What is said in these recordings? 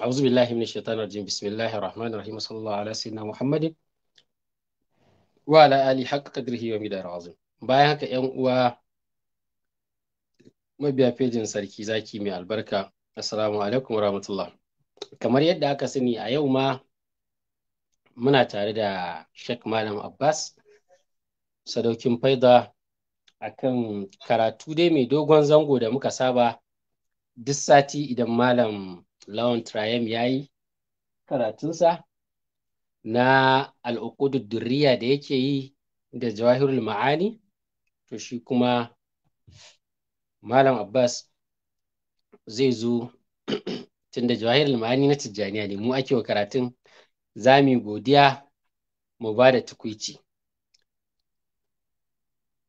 أعوذ بالله من الشيطان الرجيم بسم الله الرحمن الرحيم صلى الله على سيدنا محمد وعلى آله حق قدره ومدار عظيم bayan haka ‘yan uwa mabiya fejin sarki zaki mai albarka assalamu alaikum rahmatullah kamar yadda aka sani a yau ma muna tare da Sheikh Malam Abbas sadaukin faida akan karatu dai mai dogon zango da muka saba duk sati idan Malam lawan trayem ya yi karatunsa na al'ukudu duriya da yake yi da jawahirul ma'ani to shi kuma malam abbas zai zo tun da jawahirul ma'ani na tijjaniya ne mu ake wa karatun zami godiya mu ba da tukwici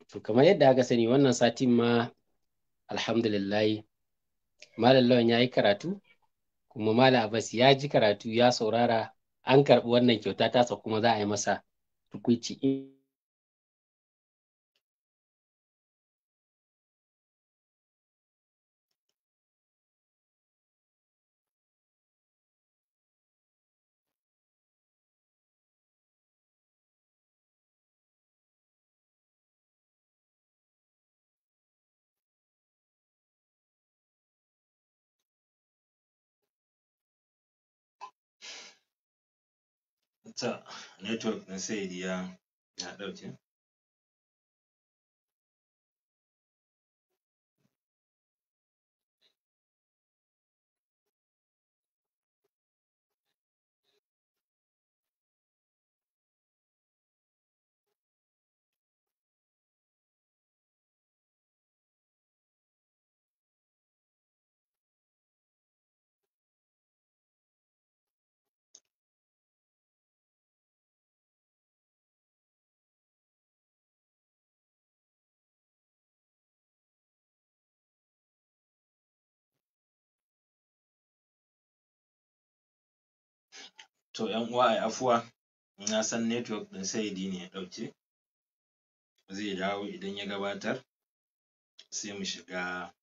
to kamar yadda aka sani wannan satin ma alhamdulillahi malam lawan ya yi karatu kuma Malam Abbas ya ji karatu ya saurara an karɓi wannan kyauta tasa kuma za a yi masa tukuici To network ɗin sai ya ɗauke. To 'yan uwa yi afuwa na san network ɗin Saidi ne ya ɗauke, zai dawo idan ya gabatar sai mu shiga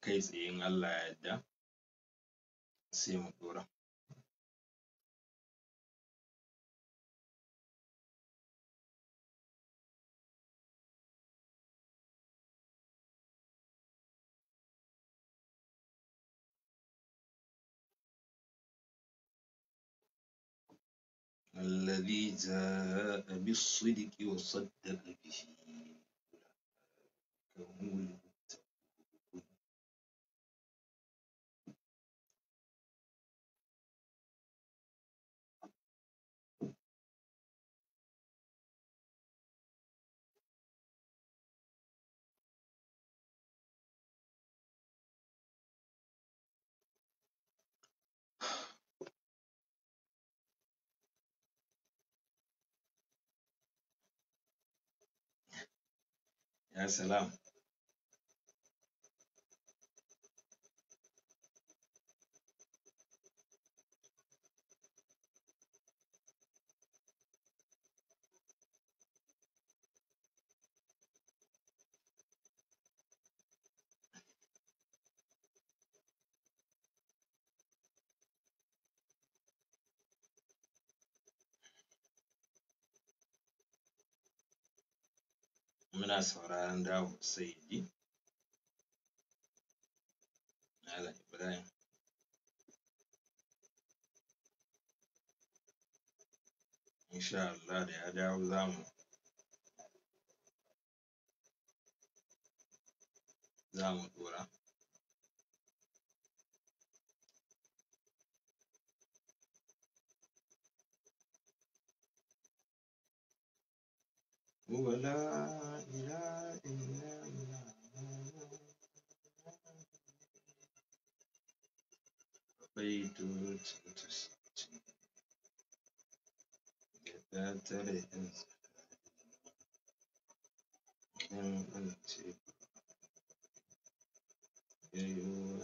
kai tsaye Allah ya yarda sai mu ɗora. الذي جاء بالصدق وصدق به أولئك هم Ya selam. Ina sauraron Dawud Saidi Malam Ibrahim insha Allah da ya dawo za mu za mu ɗora. هو لا إله إلا الله بيدوت ذات العز يا أنت يا يوم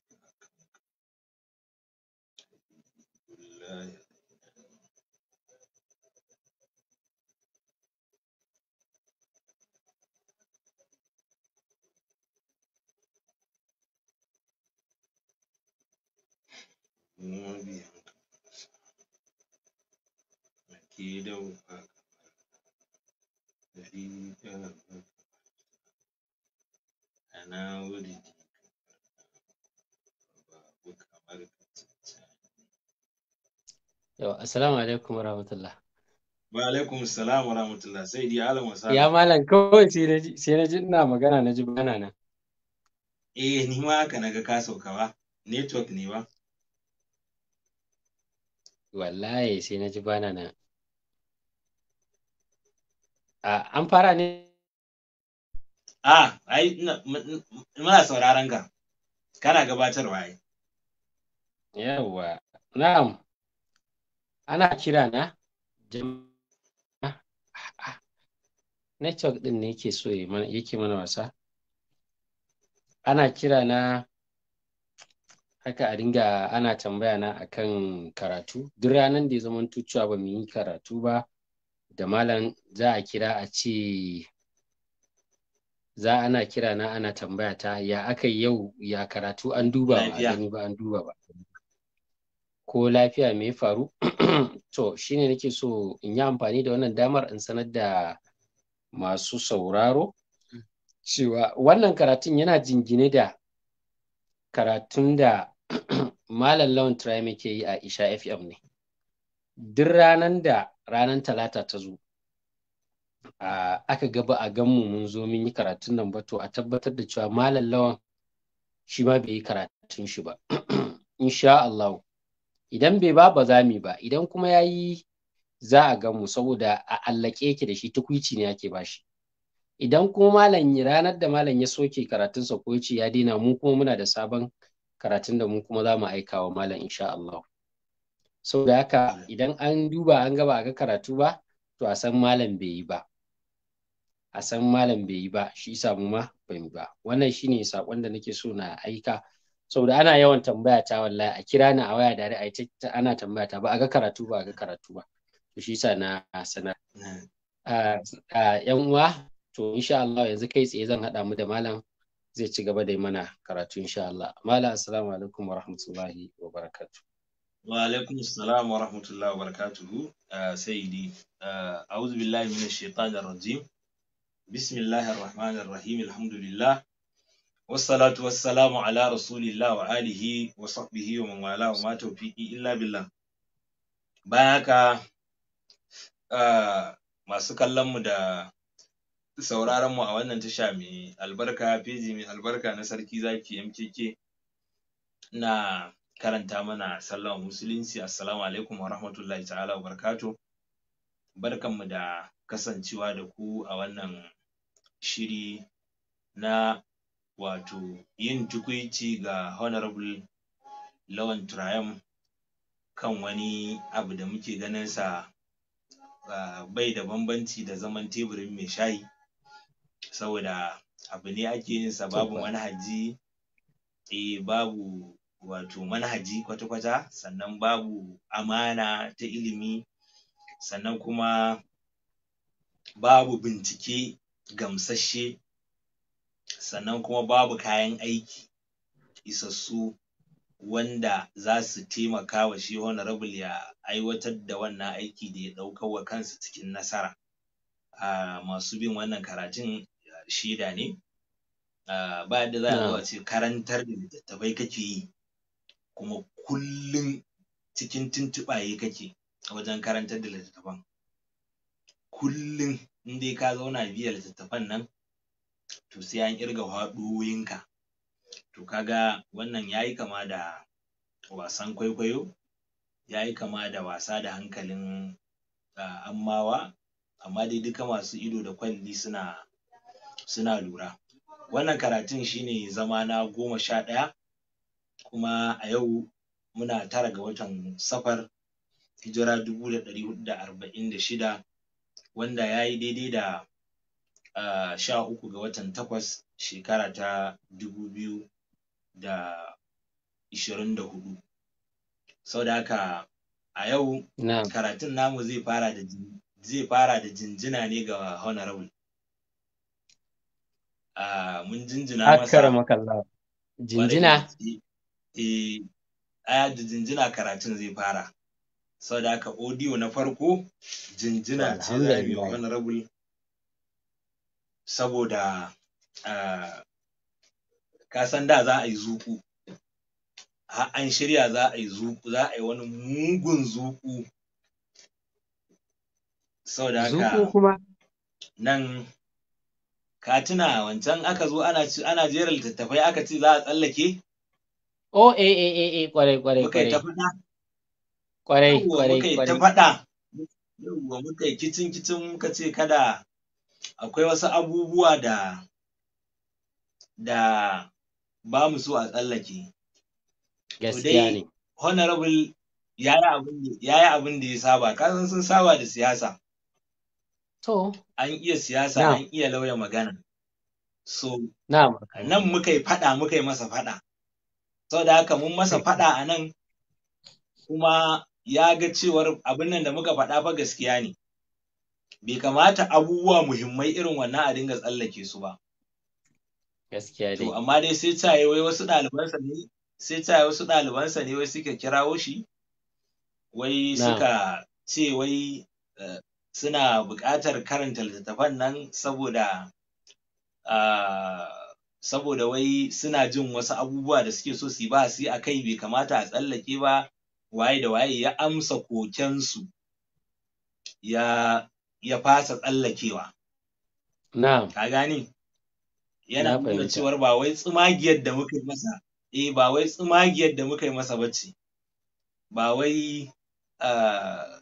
mabiyan Makedau ma ɗari Babu kamar assalamu alaikum warahmatullah. Wa alaikum salam warahmatullah, sai dai alam wasa. Ya malam kawai sai na ji ina magana na ji bana Eh, ni ma haka na ga ka sauka ba, network ne ba. wallahi sai na ji bana nan an fara ne a ai muna sauraron ka kana gabatarwa ai yawa na'am ana kira na ah, ah. network din ne yake so yake mana wasa ana kira na haka a dinga ana tambaya na akan karatu duk ranar da ya zama cewa ba mu yi karatu ba da malam za a kira a ce za ana kira na ana tambaya ta ya aka yau ya karatu an duba ba an duba ba ko lafiya me ya faru to shine nake so in yi amfani da wannan damar in sanar da masu sauraro mm. cewa wannan karatun yana jingine da karatun da Malam Lawan Tiraimi ke yi a Isha FM ne. Duk ranar da ranar Talata ta zo, aka gaba a ganmu mun zo mun yi karatun nan ba to a tabbatar da cewa Malam Lawan shi ma bai yi karatun shi ba. Insha Allah. Idan bai ba ba za mu ba, idan kuma ya yi za a ganmu saboda a allake yake da shi tukwici ne ake ba shi. idan kuma malam ranar da malam ya soke karatunsa ko ce ya dina mu kuma muna da sabon karatun da mu kuma za mu aika wa malam insha Allah so da haka idan an duba an gaba ga karatu ba to a san malam bai yi ba a san malam bai yi ba shi samu ma bai ba wannan shine sakon da nake so na aika saboda ana yawan tambaya ta wallahi a kira ni a waya dare a ta ana tambaya ta ba a ga karatu ba a ga karatu ba to shi sa na sanar ah, ah, yan uwa to insha Allah yanzu kai tsaye zan haɗa mu da malam zai ci gaba da mana karatu insha Allah malam assalamu alaikum wa rahmatullahi wa barakatuh wa alaikum assalam wa rahmatullahi wa barakatuhu ah, sayyidi ah, a'udhu billahi minash shaitanir rajim bismillahir rahmanir rahim alhamdulillah wassalatu wassalamu ala rasulillah wa alihi wa sahbihi wa man wala wa ma tawfiqi illa billah bayan haka ah, masu kallon mu da sauraron mu a wannan tasha mai albarka feji mai albarka na sarki zaki mkk na karanta mana sallama musulunci assalamu alaikum wa rahmatullahi ta'ala wa barkato barkanmu da kasancewa da ku a wannan shiri na wato yin tukuici ga honorable lawan trium kan wani abu da muke ganin sa ah, bai da bambanci da zaman teburin mai shayi saboda abu ne ake yin sa babu manhaji eh babu wato manhaji kwata-kwata sannan babu amana ta ilimi sannan kuma babu bincike gamsashe, sannan kuma babu kayan aiki isassu wanda za su taimaka wa shi honorable ya aiwatar da wannan aiki da ya ɗaukar wa kansa cikin nasara a ah, masu bin wannan karatun shida ne ah, ba yadda za a ce karantar da littattafai kake yi kuma kullum cikin tuntuɓaye kake a wajen karantar da littattafan kullum in dai ka zauna biya littattafan nan to sai an ƙirga haɗoyinka to ka ga wannan ya yi kama da wasan kwaikwayo ya yi kama da wasa da hankalin ah, ammawa amma dai duka masu ido da kwalli suna suna lura wannan karatun shine zama na goma sha ɗaya kuma a yau muna tara ga watan safar hijira dubu da ɗari hudu da arba'in da shida wanda ya yi daidai da sha uku ga watan takwas shekara ta dubu biyu da ishirin da hudu sau da haka a yau karatun namu zai fara da jinjina ne ga honorable mun jinjina masa akarama kallah jinjina eh da jinjina karatun zai fara sau da haka audio na farko jinjina ce za mu honorable saboda ka san da za a yi zuku an shirya za a yi zuku za a yi wani mugun zuku sau da haka nan ka tuna wancan aka zo ana ana jera littattafai aka ce za a tsallake o a a a eh kwarai kwarai kwarai ta faɗa kwarai kwarai kwarai ta faɗa muka yi kicin kicin muka ce kada akwai wasu abubuwa da da ba mu so a tsallake gaskiya ne honorable ya yi abin da ya saba kasan sun saba da siyasa To. An iya siyasa, an iya lauya magana. So, nan muka yi faɗa muka yi masa faɗa. Sau da haka mun masa faɗa a nan kuma ya ga cewar abin nan da muka faɗa fa gaskiya ne. Bai kamata abubuwa muhimmai irin wannan a dinga tsallake su ba. Gaskiya dai. To, amma dai sai ta wai wasu ɗalibansa ne, sai ta wasu ɗalibansa ne wai suka kirawo shi, wai suka ce wai eh, suna buƙatar karanta littattafan nan saboda saboda wai suna jin wasu abubuwa da suke so su ba su a kai bai kamata a tsallake ba waye da waye ya amsa kokensu ya ya fasa tsallakewa na'am ka gane yana nuna cewar ba wai tsumagiyar da muka yi masa eh ba wai tsumagiyar da muka yi masa bace ba wai uh,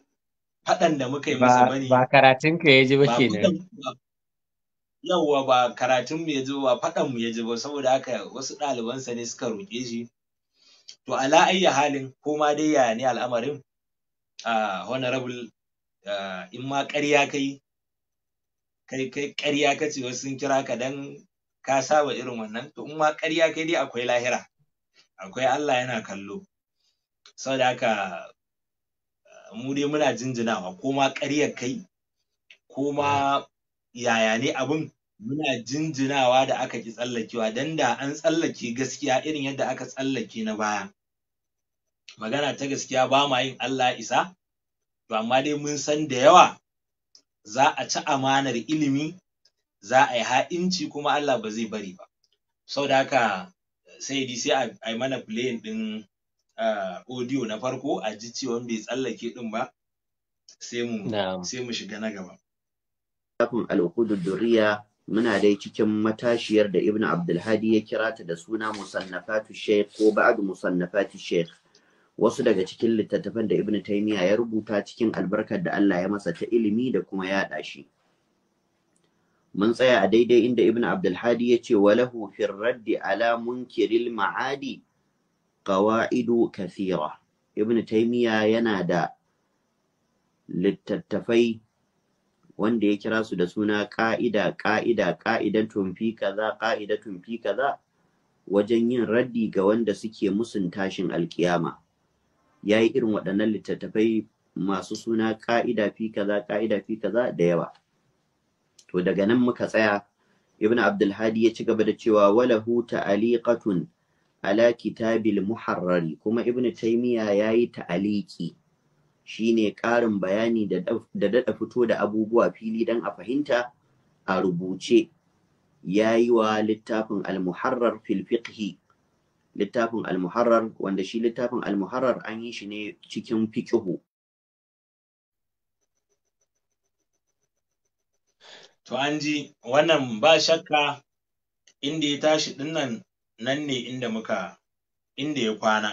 faɗan da muka yi masa bane ba karatun ka yaji ba kenan yawwa ba karatun mu yaji ba faɗan mu yaji ba saboda haka wasu ɗaliban sa ne suka roƙe shi to ala ayyi halin ko ma dai ya ne al'amarin a honorable in ma ƙarya kai kai kai ƙarya kace wasu sun kira ka dan ka saba irin wannan to in ma ƙarya kai dai akwai lahira akwai Allah yana kallo saboda haka mu dai muna jinjinawa ko ma ƙaryar kai ko ma yaya ne abin muna jinjinawa da aka ki tsallakewa dan da an tsallake gaskiya irin yadda aka tsallake na baya magana ta gaskiya ba ma yin Allah isa to amma dai mun san da yawa za a ci amanar ilimi za a yi ha'inci kuma Allah ba zai bari ba sau da haka sai sai a yi mana playing din audio na farko a ji cewa bai tsallake din ba sai mu sai mu shiga na gaba kafin al'uqudud muna dai cikin matashiyar da Ibn Abdulhadi ya kira ta da suna musannafatu sheikh ko ba'ad musannafatu sheikh wasu daga cikin littattafan da Ibn Taimiya ya rubuta cikin albarkar da Allah ya masa ta ilimi da kuma yaɗa shi mun tsaya a daidai inda Ibn Abdulhadi ya ce walahu firraddi ala munkiril ma'adi qawa'idu kathira ibn taymiya yana da littattafai wanda ya kira su da suna ƙa'ida ƙa'ida ƙa'idan tumfi kaza ƙa'ida tumfi kaza wajen yin raddi ga wanda suke musun tashin alkiyama ya yi irin waɗannan littattafai masu suna ƙa'ida fi kaza ƙa'ida fi kaza da yawa to daga nan muka tsaya ibn abdulhadi ya ci gaba da cewa walahu ta'aliqatun ala kitabil muharrari kuma ibn taymiya yayi ta'aliki shine ƙarin bayani da dada fito da abubuwa fili don a fahimta a rubuce ya yi wa littafin almuharrar filfiqhi littafin almuharrar wanda shi littafin almuharrar an yi shi ne cikin fiƙihu to an ji wannan ba shakka inda ya tashi dinnan nan ne inda muka inda ya kwana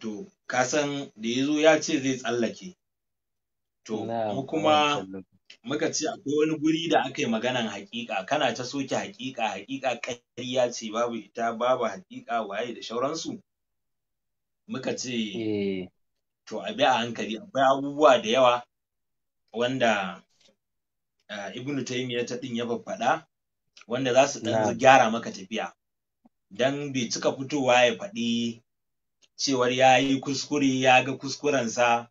to ka san da ya zo ya ce zai tsallake to mu kuma muka ce akwai wani guri da aka yi maganan haƙiƙa kana ta soke haƙiƙa haƙiƙa ƙarya ce babu ita babu haƙiƙa waye da shauransu muka ce eh. to a bi a hankali akwai abubuwa da yawa wanda eh, Ibn ibnu taymiyya ta ɗin ya faɗa wanda za su ɗan gyara maka tafiya dan bai cika fitowa ya faɗi cewar ya yi kuskure ya ga kuskurensa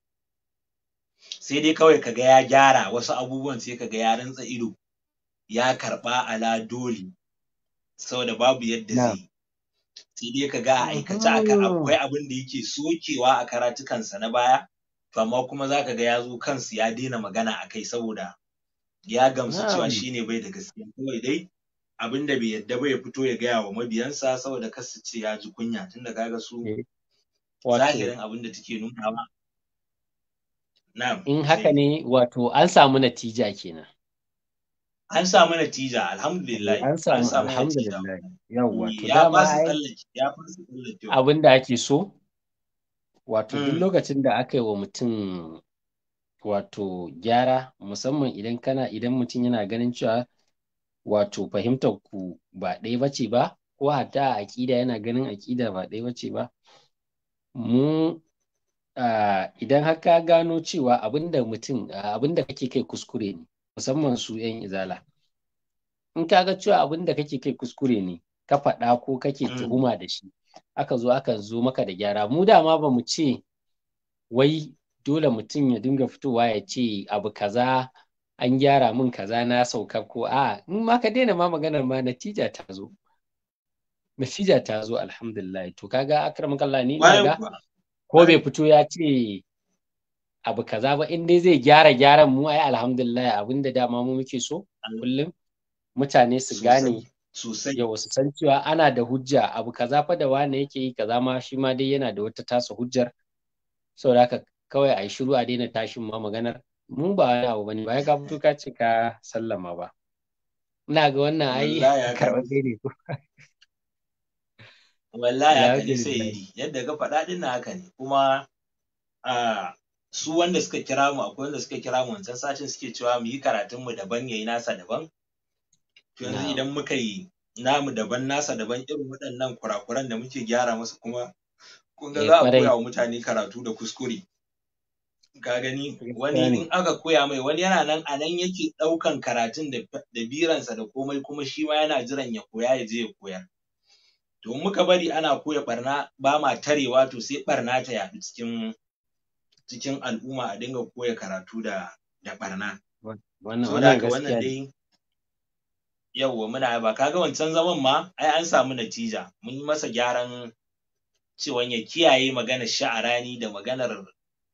sai dai kawai kaga ya gyara wasu abubuwan sai kaga ya rantsa ido ya karɓa ala dole saboda babu yadda zai sai dai kaga a aikace aka akwai abin da yake sokewa a karatukansa na baya to amma kuma zaka ga ya zo kansu ya daina magana a kai saboda ya gamsu cewa shine bai da gaskiya kawai dai abin da bai yadda ba ya fito ya gaya wa mabiyansa saboda kar su ce ya ji kunya tunda kaga su eh, zahirin abin da take nuna ma. in haka ne wato an samu natija kenan an samu natija alhamdulillah an samu alhamdulillah yawa to ya ba su tsallake ya ba su abin da ake so wato duk hmm. lokacin da aka yi wa mutum wato gyara musamman idan kana idan mutum yana ganin cewa wato fahimtar ku ba ɗaya ba ce ba ko hatta a aƙida yana ganin aƙida ba ɗaya ba ce ba mu idan har ka gano cewa abinda mutum abinda kake kai kuskure ne musamman su 'yan izala in ka ga cewa abinda kake kai kuskure ne ka faɗa ko kake mm. tuhuma da shi aka zo aka zo maka da gyara mu dama ba mu ce wai dole mutum ya dinga fitowa ya ce abu kaza an gyara mun kaza na sauka ko a in ma ka daina ma maganar ma natija ta zo natija ta zo alhamdulillah to kaga akramin Allah ni ga ko bai fito ya ce abu kaza ba in dai zai gyara gyaran mu ai alhamdulillah abinda dama mu muke so kullum mutane su gane sosai yawa su san cewa ana da hujja abu kaza fa da wani yake yi kaza ma shi ma dai yana da wata tasa hujjar saboda haka kawai a yi shiru a daina tashin ma maganar mu ba wani abu bane ba ya ga fito ka ce ka sallama ba ina ga wannan ai dai ne ko wallahi haka kai sai yadda ka faɗa din haka ne kuma a su wanda suka kira mu akwai wanda suka kira mu wancan satin suke cewa mu yi karatun mu daban yayi nasa daban to yanzu idan muka yi namu daban nasa daban irin waɗannan kurakuran da muke gyara musu kuma kun ga za a eh, koya wa mutane karatu da kuskure ka gani wani in aka koya mai wani yana nan a nan yake ɗaukan karatun da biransa da komai kuma shi ma yana jiran ya koya ya je ya koyar to muka bari ana koya barna ba ma tarewa to sai barna ta yaɗu cikin cikin al'umma a dinga koya karatu da da barna wannan wannan dai yawwa muna ba ga wancan zaman ma ai an samu natija mun yi masa gyaran cewa ya kiyaye maganar sha'arani da maganar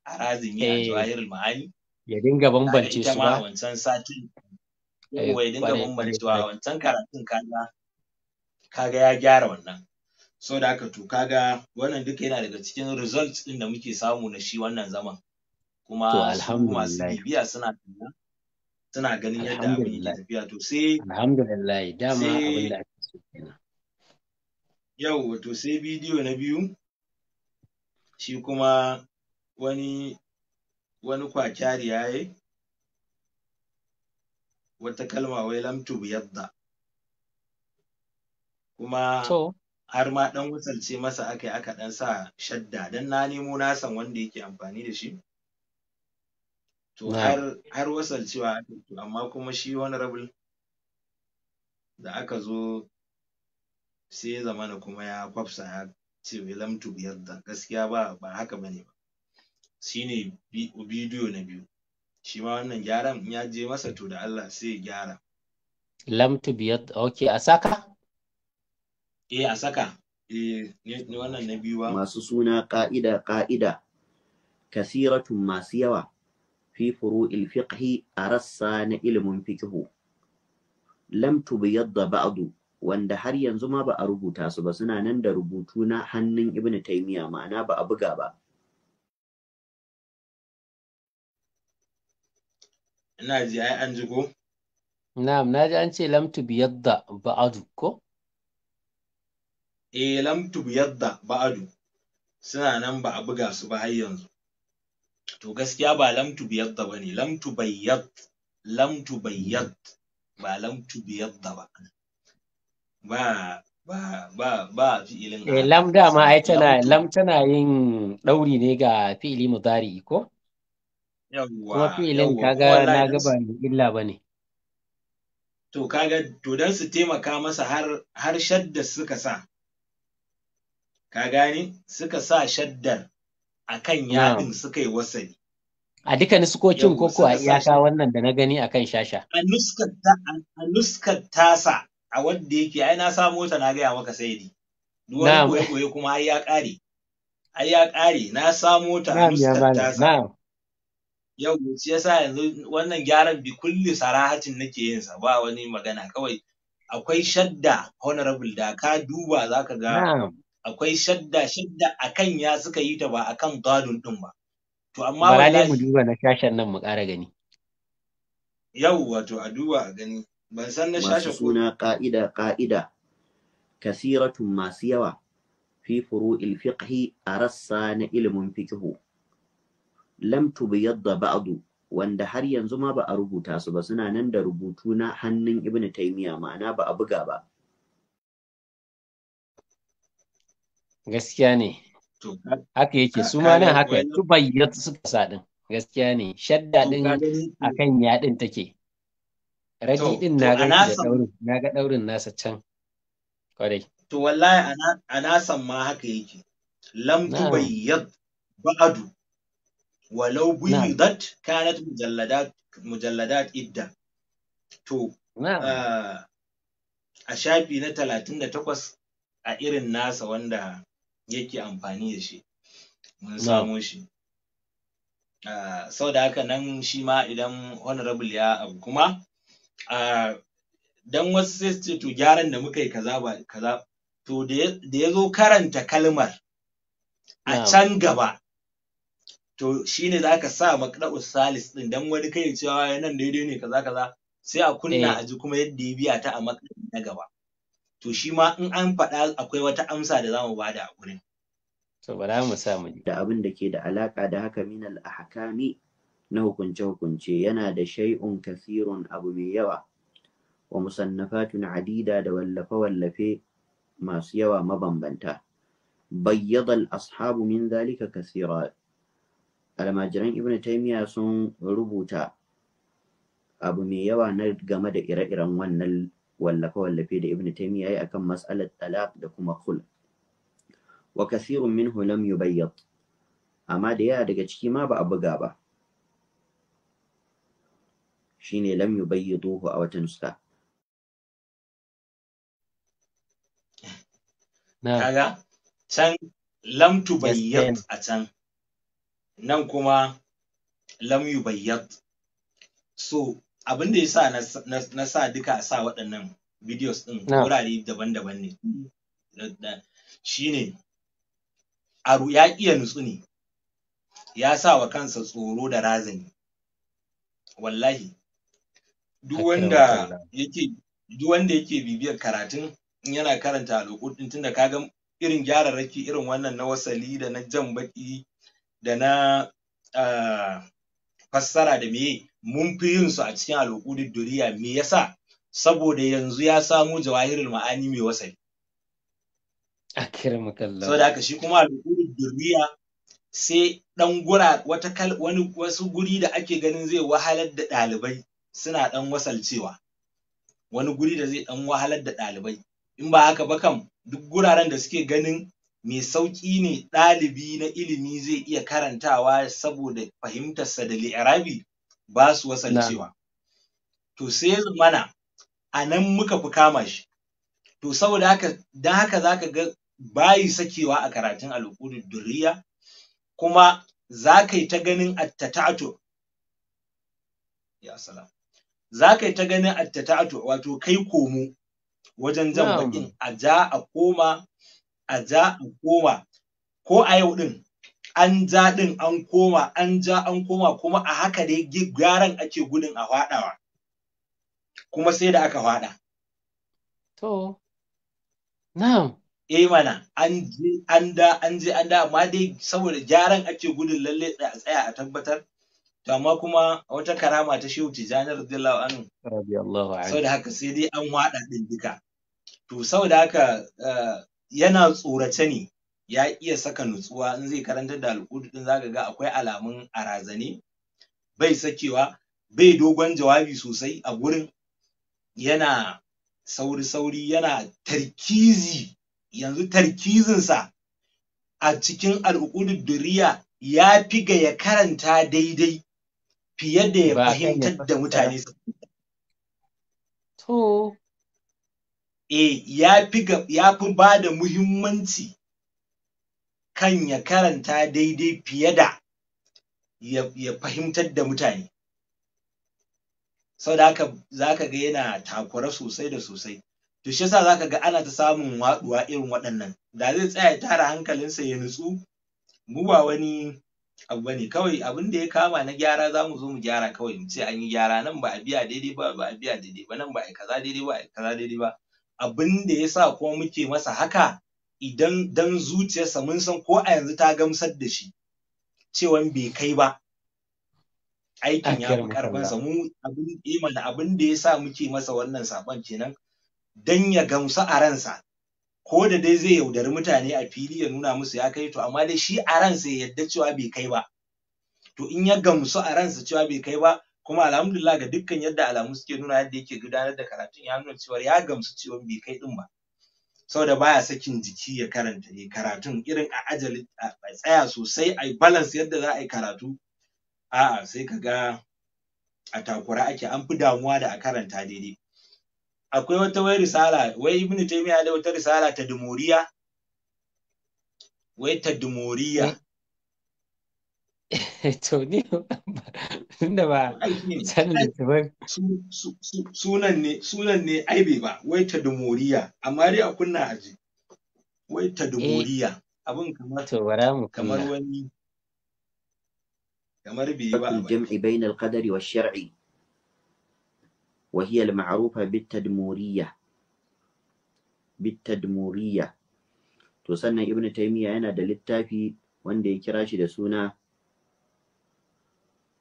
a yi a jawahir ma'ani ya dinga bambance su ba wancan satin eh, yawa ya dinga bambance wa wancan karatun kaga kaga ya gyara wannan so da haka to kaga wannan duka yana daga cikin results din da muke samu na shi wannan zaman kuma masu bibiya suna suna ganin yadda abin yake tafiya to sai alhamdulillah dama abin da yau to sai bidiyo na biyu shi kuma wani wani kwakyari yayi wata kalma wai lamtu yadda kuma har ma dan wusalce masa aka aka dan sa shadda dan na nemo na san wanda yake amfani da shi to har har wasalcewa amma kuma shi wani rabul da aka zo sai ya zamana kuma ya kwafsa ya ce wai lamtu yadda gaskiya ba ba haka bane ba shine bidiyo na biyu shi ma wannan gyaran in ya je masa to da Allah sai ya gyara lam to biyat okay a saka eh a saka eh ni wannan na biyu ba masu suna ka'ida ka'ida kasiratun masu yawa fi furu'il fiqhi a rassa na ilimin fiqhu lam tubiyad da ba'du wanda har yanzu ma ba a rubuta su ba suna nan da rubutu na hannun ibn taymiya ma'ana ba a buga ba ina ji ai an ji ko na'am naji an ce lam tubyadda ba'adu ko eh lam tubyadda ba'adu suna nan ba a buga su ba har yanzu to gaskiya ba Lamtu lam ba ne. Lamtu tubayyad Lamtu tubayyad ba lam tubyadda ba ba ba ba ba fi'ilin eh lam dama ai tana lam tana yin dauri ne ga fi'ili mudari ko kuma fi'ilin kaga na ga illa ba ne to kaga to don su taimaka masa har har shadda suka sa ka gane suka sa shaddar akan yaɗin suka yi wasali a duka nuskokin koko a iyaka wannan da na gani akan shasha a nuskar tasa a wanda yake ai na samo ta na gaya maka sai duk wani koye-koye kuma ai ya ƙare ai ya ƙare na samo ta a nuskar tasa yau shi yasa yanzu wannan gyaran bi kulli sarahatin nake yin sa ba wani magana kawai akwai shadda honorable da ka duba zaka ga akwai shadda shadda akan ya suka yi ta ba akan gadon din ba to amma wallahi mu duba na shashan nan mu ƙara gani yau wato a duba a gani ban san na shashan suna ka'ida qaida kasiratun masu yawa fi furu'il fiqhi a rassa na ilmin fiqhu lam yadda ba'du wanda har yanzu ma ba a rubuta su ba suna nan da rubutu na hannun ibn taymiya ma'ana ba a buga ba gaskiya ne haka yake su ma nan haka tubayyat suka sadin gaskiya ne shadda din akan yadin take raji din na ga daurin na ga daurin nasa can kwarai to wallahi ana san ma haka yake lam tubayyat ba'du walau buyidat kanat mujalladat mujalladat idda to ah, a shafi na talatin da takwas a irin nasa wanda yake amfani da shi mun samo shi ah, sau da haka nan shi ma idan honorable ya abu kuma ah, dan wasu sai ce to gyaran da muka yi kaza ba kaza to da ya zo karanta kalmar a can gaba to shi ne za ka sa makda'u salis ɗin don wani kai cewa nan daidai ne kaza kaza sai a kunna eh. a ji kuma yadda ya biya ta a makda'u na gaba to shi ma in an faɗa akwai wata amsa da za mu bada a gurin to za mu sa mu da abin da ke da alaƙa da haka Minal al ahkami na hukunce hukunce yana da shay'un kasirun abu mai yawa wa musannafatun adida da wallafe wallafe masu yawa mabambanta bayyadal ashabu min zalika kasira almajiran ibn taymiya sun rubuta abu mai yawa na game da ire-iren wannan wallafe-wallafe da ibn taymiya ya akan mas'alar talaq da kuma khul wa kasirun minhu lam yubayyad amma da yawa daga ciki ma ba a buga ba shine lam yubayyiduhu a wata nuska kaga can lam tubayyad a can nan kuma lam bayyad so abin da yasa na sa duka sa waɗannan videos ɗin wurare daban-daban ne shine aru ya iya nutsu ne ya sa wa kansa tsoro da razani wallahi duk wanda yake bibiyar karatun yana karanta alƙur'ani tunda kaga irin gyararraki irin wannan na wasali da na jan baƙi. da na ah, fassara da meye mun fi yin su a cikin al'uqudud duriya me yasa saboda yanzu ya samu jawahirul ma'ani mai wasali akramakallah saboda haka shi kuma al'uqudud duriya sai dan gura wata kal, wani wasu guri da ake ganin zai wahalar da ɗalibai suna dan wasalcewa wani guri da zai dan wahalar da ɗalibai in ba haka ba kam duk guraren da suke ganin mai sauƙi ne ɗalibi na ilimi zai iya karantawa saboda fahimtarsa da li'arabi ba su wasancewa. To sai ya mana a nan muka fi kama shi. To saboda haka don haka za ka ga bayi sakewa a karatun al'ukudu duriya kuma za ka yi ta ganin attatato. ya salam za ka yi ta ganin attatato wato kai komo wajen jan baƙin a ja a koma a ja mu koma ko a yau din an ja din an koma an ja an koma kuma a haka dai gyaran ake gudun a faɗawa kuma sai da aka faɗa. To, na'am. Eh mana an je an da an je an da amma dai saboda gyaran ake gudun lalle a tsaya a tabbatar to amma kuma wata karama ta shehu tijani radiyallahu anhu radiyallahu anhu saboda haka sai dai an wada din duka to saboda haka eh, yana tsorace ne ya iya saka nutsuwa in zai karantar da alƙudu din zaka ga akwai alamun a razane bai sakewa bai dogon jawabi sosai a gurin yana sauri-sauri yana tarkizi yanzu tarkizinsa a cikin al'ukudu duriya ya fi ga ya karanta daidai fiye da ya fahimtar da mutane. To, e ya fi ba da muhimmanci kan ya karanta daidai fiye da ya fahimtar da mutane saboda haka za ka ga yana takura sosai da sosai to shi yasa za ga ana ta samun waɗuwa irin waɗannan da zai tsaya ya tara hankalinsa ya nutsu mu ba wani abu bane kawai abin da ya kama na gyara za mu zo mu gyara kawai mu ce an yi gyara nan ba a biya daidai ba ba a biya daidai ba nan ba a kaza daidai ba a kaza daidai ba abin da ya sa kuma muke masa haka idan dan zuciyarsa mun san ko a yanzu ta gamsar da shi cewan bai kai ba aikin ya fi karfinsa mu abin da eh abin da ya sa muke masa wannan saban kenan dan ya gamsu a ransa ko da dai zai yaudari mutane a fili ya nuna musu ya kai to amma dai shi a ransa ya yarda cewa bai kai ba to in ya gamsu a ransa cewa bai kai ba kuma alhamdulillah ga dukkan yadda alamu suke nuna yadda yake gudanar da karatun ya nuna cewa ya gamsu cewa bai kai din ba saboda baya sakin jiki ya karanta ne karatun irin a ajali a tsaya sosai a balance yadda za a yi karatu a'a sai ka ga a takura ake an fi damuwa da a karanta daidai akwai wata wai risala wai ibnu taymiya da wata risala ta dumuriya wai ta dumuriya Eh, to ni tunda ba sanin da sunan ne sunan ne ai bai ba wai ta dumuriya amma dai a kunna aji wai ta dumuriya eh, abin kamar to bara mu kamar wani kamar bai ba jam'i bain al-qadari wa shar'i wa hiya al-ma'rufa bit-tadmuriyya bit-tadmuriyya to sannan ibnu taymiya yana da littafi wanda ya kira shi da suna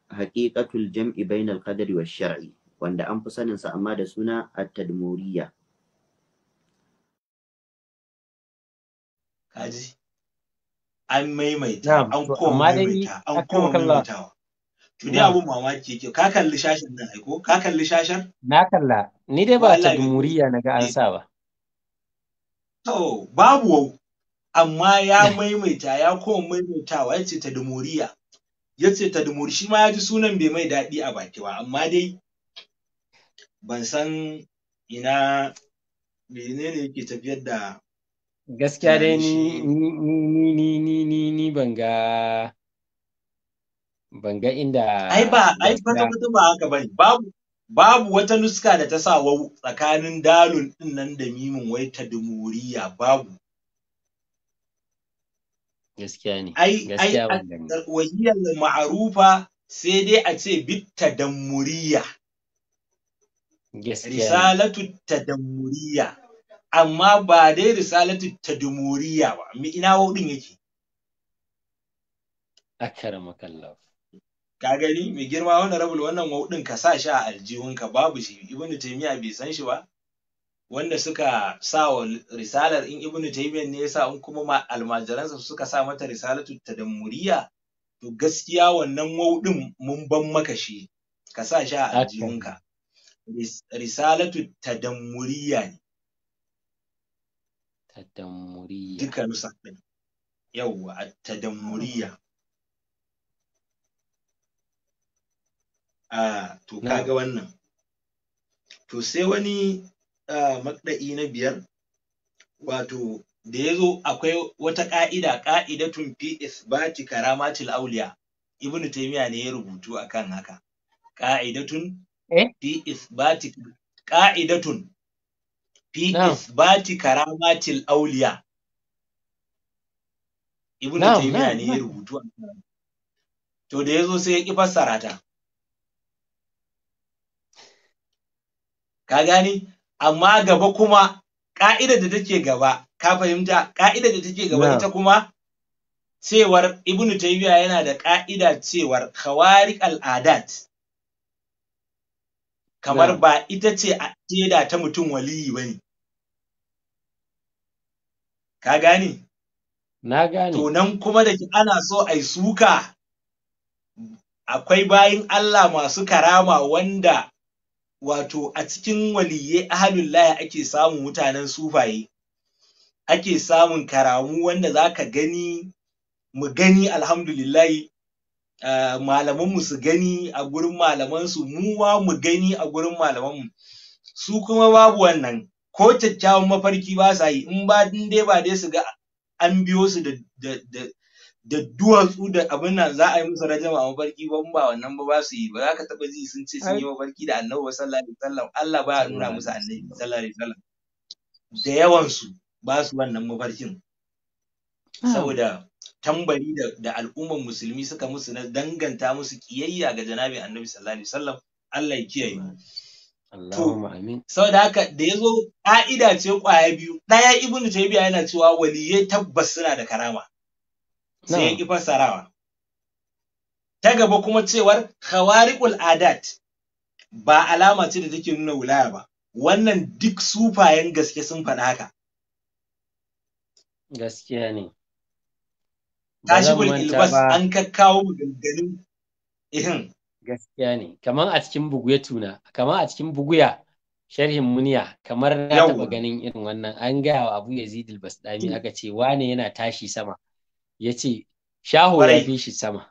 haƙiƙatul jam'i bainal qadari wa shar'i wanda an fi saninsa amma da suna at-tadmuriyya kaji an maimaita an koma maimaita an koma maimaitawa to dai abun mamaki ke ka kalli shashin nan aiko ka kalli shashin na kalla ni dai ba at jumhuriya na ga an sa ba to babu wau amma ya maimaita ya koma maimaitawa yace ce ya ce tadmur shi ma ya ji sunan bai mai daɗi a baki ba amma dai ban san ina menene yake tafiyar da gaskiya dai ni ni ni ni ni ni ban ga ban ga inda ai ba ai kwata kwata ba haka bane babu babu wata nuska da ta sa wau tsakanin dalun din nan da mimin wai ta dumuriya babu gaskiya ne ai ai wajiyar ma'arufa sai dai a ce bit ne? risalatu tadammuriya amma ba dai risalatu tadumuriya ba mi ina wudin yake akarama kallahu ka gani mai girma wannan rabul wannan wudin ka sa shi a aljihunka babu shi ibnu taymiya bai san shi ba wanda suka sa wa risalar in Ibn taymiyyah ne yasa in kuma almajiransa suka sa mata risalatu tadammuriya to gaskiya wannan mauɗin mun ban maka shi ka sa shi a aljihunka risalatu tadammuriya ne tadammuriya duka nusa ɗin yawwa a tadammuriya a ah, to kaga wannan to sai wani makda'i na biyar wato da ya zo akwai wata ƙa'ida ƙa'idatun fi isbati karamatil auliya ibn taymiya ne ya rubutu akan haka ƙa'idatun eh? fi isbati ƙa'idatun fi isbati karamatil auliya ibn taymiya ne ya rubutu akan to da ya zo sai ya ƙi fassara ta ka gani amma gaba kuma ka'idar da take gaba ka fahimta ka'idar da take gaba ita kuma cewar ibnu taymiya yana da ka'ida cewar khawariq al'adat kamar ba ita ce a jeda ta mutum waliyi bane ka gane na gane to nan kuma da ana so ai suka akwai bayin Allah masu karama wanda wato a cikin waliyyai ahalullahi ake samun mutanen sufaye ake samun karamu wanda za ka gani mu gani alhamdulillahi malamanmu su gani a gurin malamansu mu ma mu gani a gurin malamanmu su kuma babu wannan ko kyakkyawan mafarki ba sa yi in ba dai ba dai su ga an biyo su da da duwatsu da abin nan za a yi musu rajama a mafarki ba ba wannan ba ba su yi ba za ka taba ji sun ce sun yi mafarki da annabi sallallahu alaihi wasallam Allah ba ya nuna musu annabi sallallahu alaihi wasallam da yawan su ba su wannan mafarkin ah. saboda tambari da, da al'umman musulmi suka musu na danganta musu kiyayya ga janabi annabi sallallahu alaihi wasallam Allah ya kiyaye Allahumma amin saboda haka da yazo ka'ida ce kwaya biyu daya ibnu taybiya yana cewa waliyai tabbas suna da karama sai ya ƙi sarawa. ta gaba kuma cewar khawariqul adat ba alama ce da take nuna wilaya ba wannan duk sufayen gaske sun faɗa haka gaskiya ne tashibul ilbas an kakkawo maganganun ihin gaskiya ne kamar a cikin buguya tuna kamar a cikin buguya sharhin muniya kamar na taɓa ganin irin wannan an gaya wa abu yazid ɗami aka ce wane yana tashi sama ya ce shaho ya fi shi sama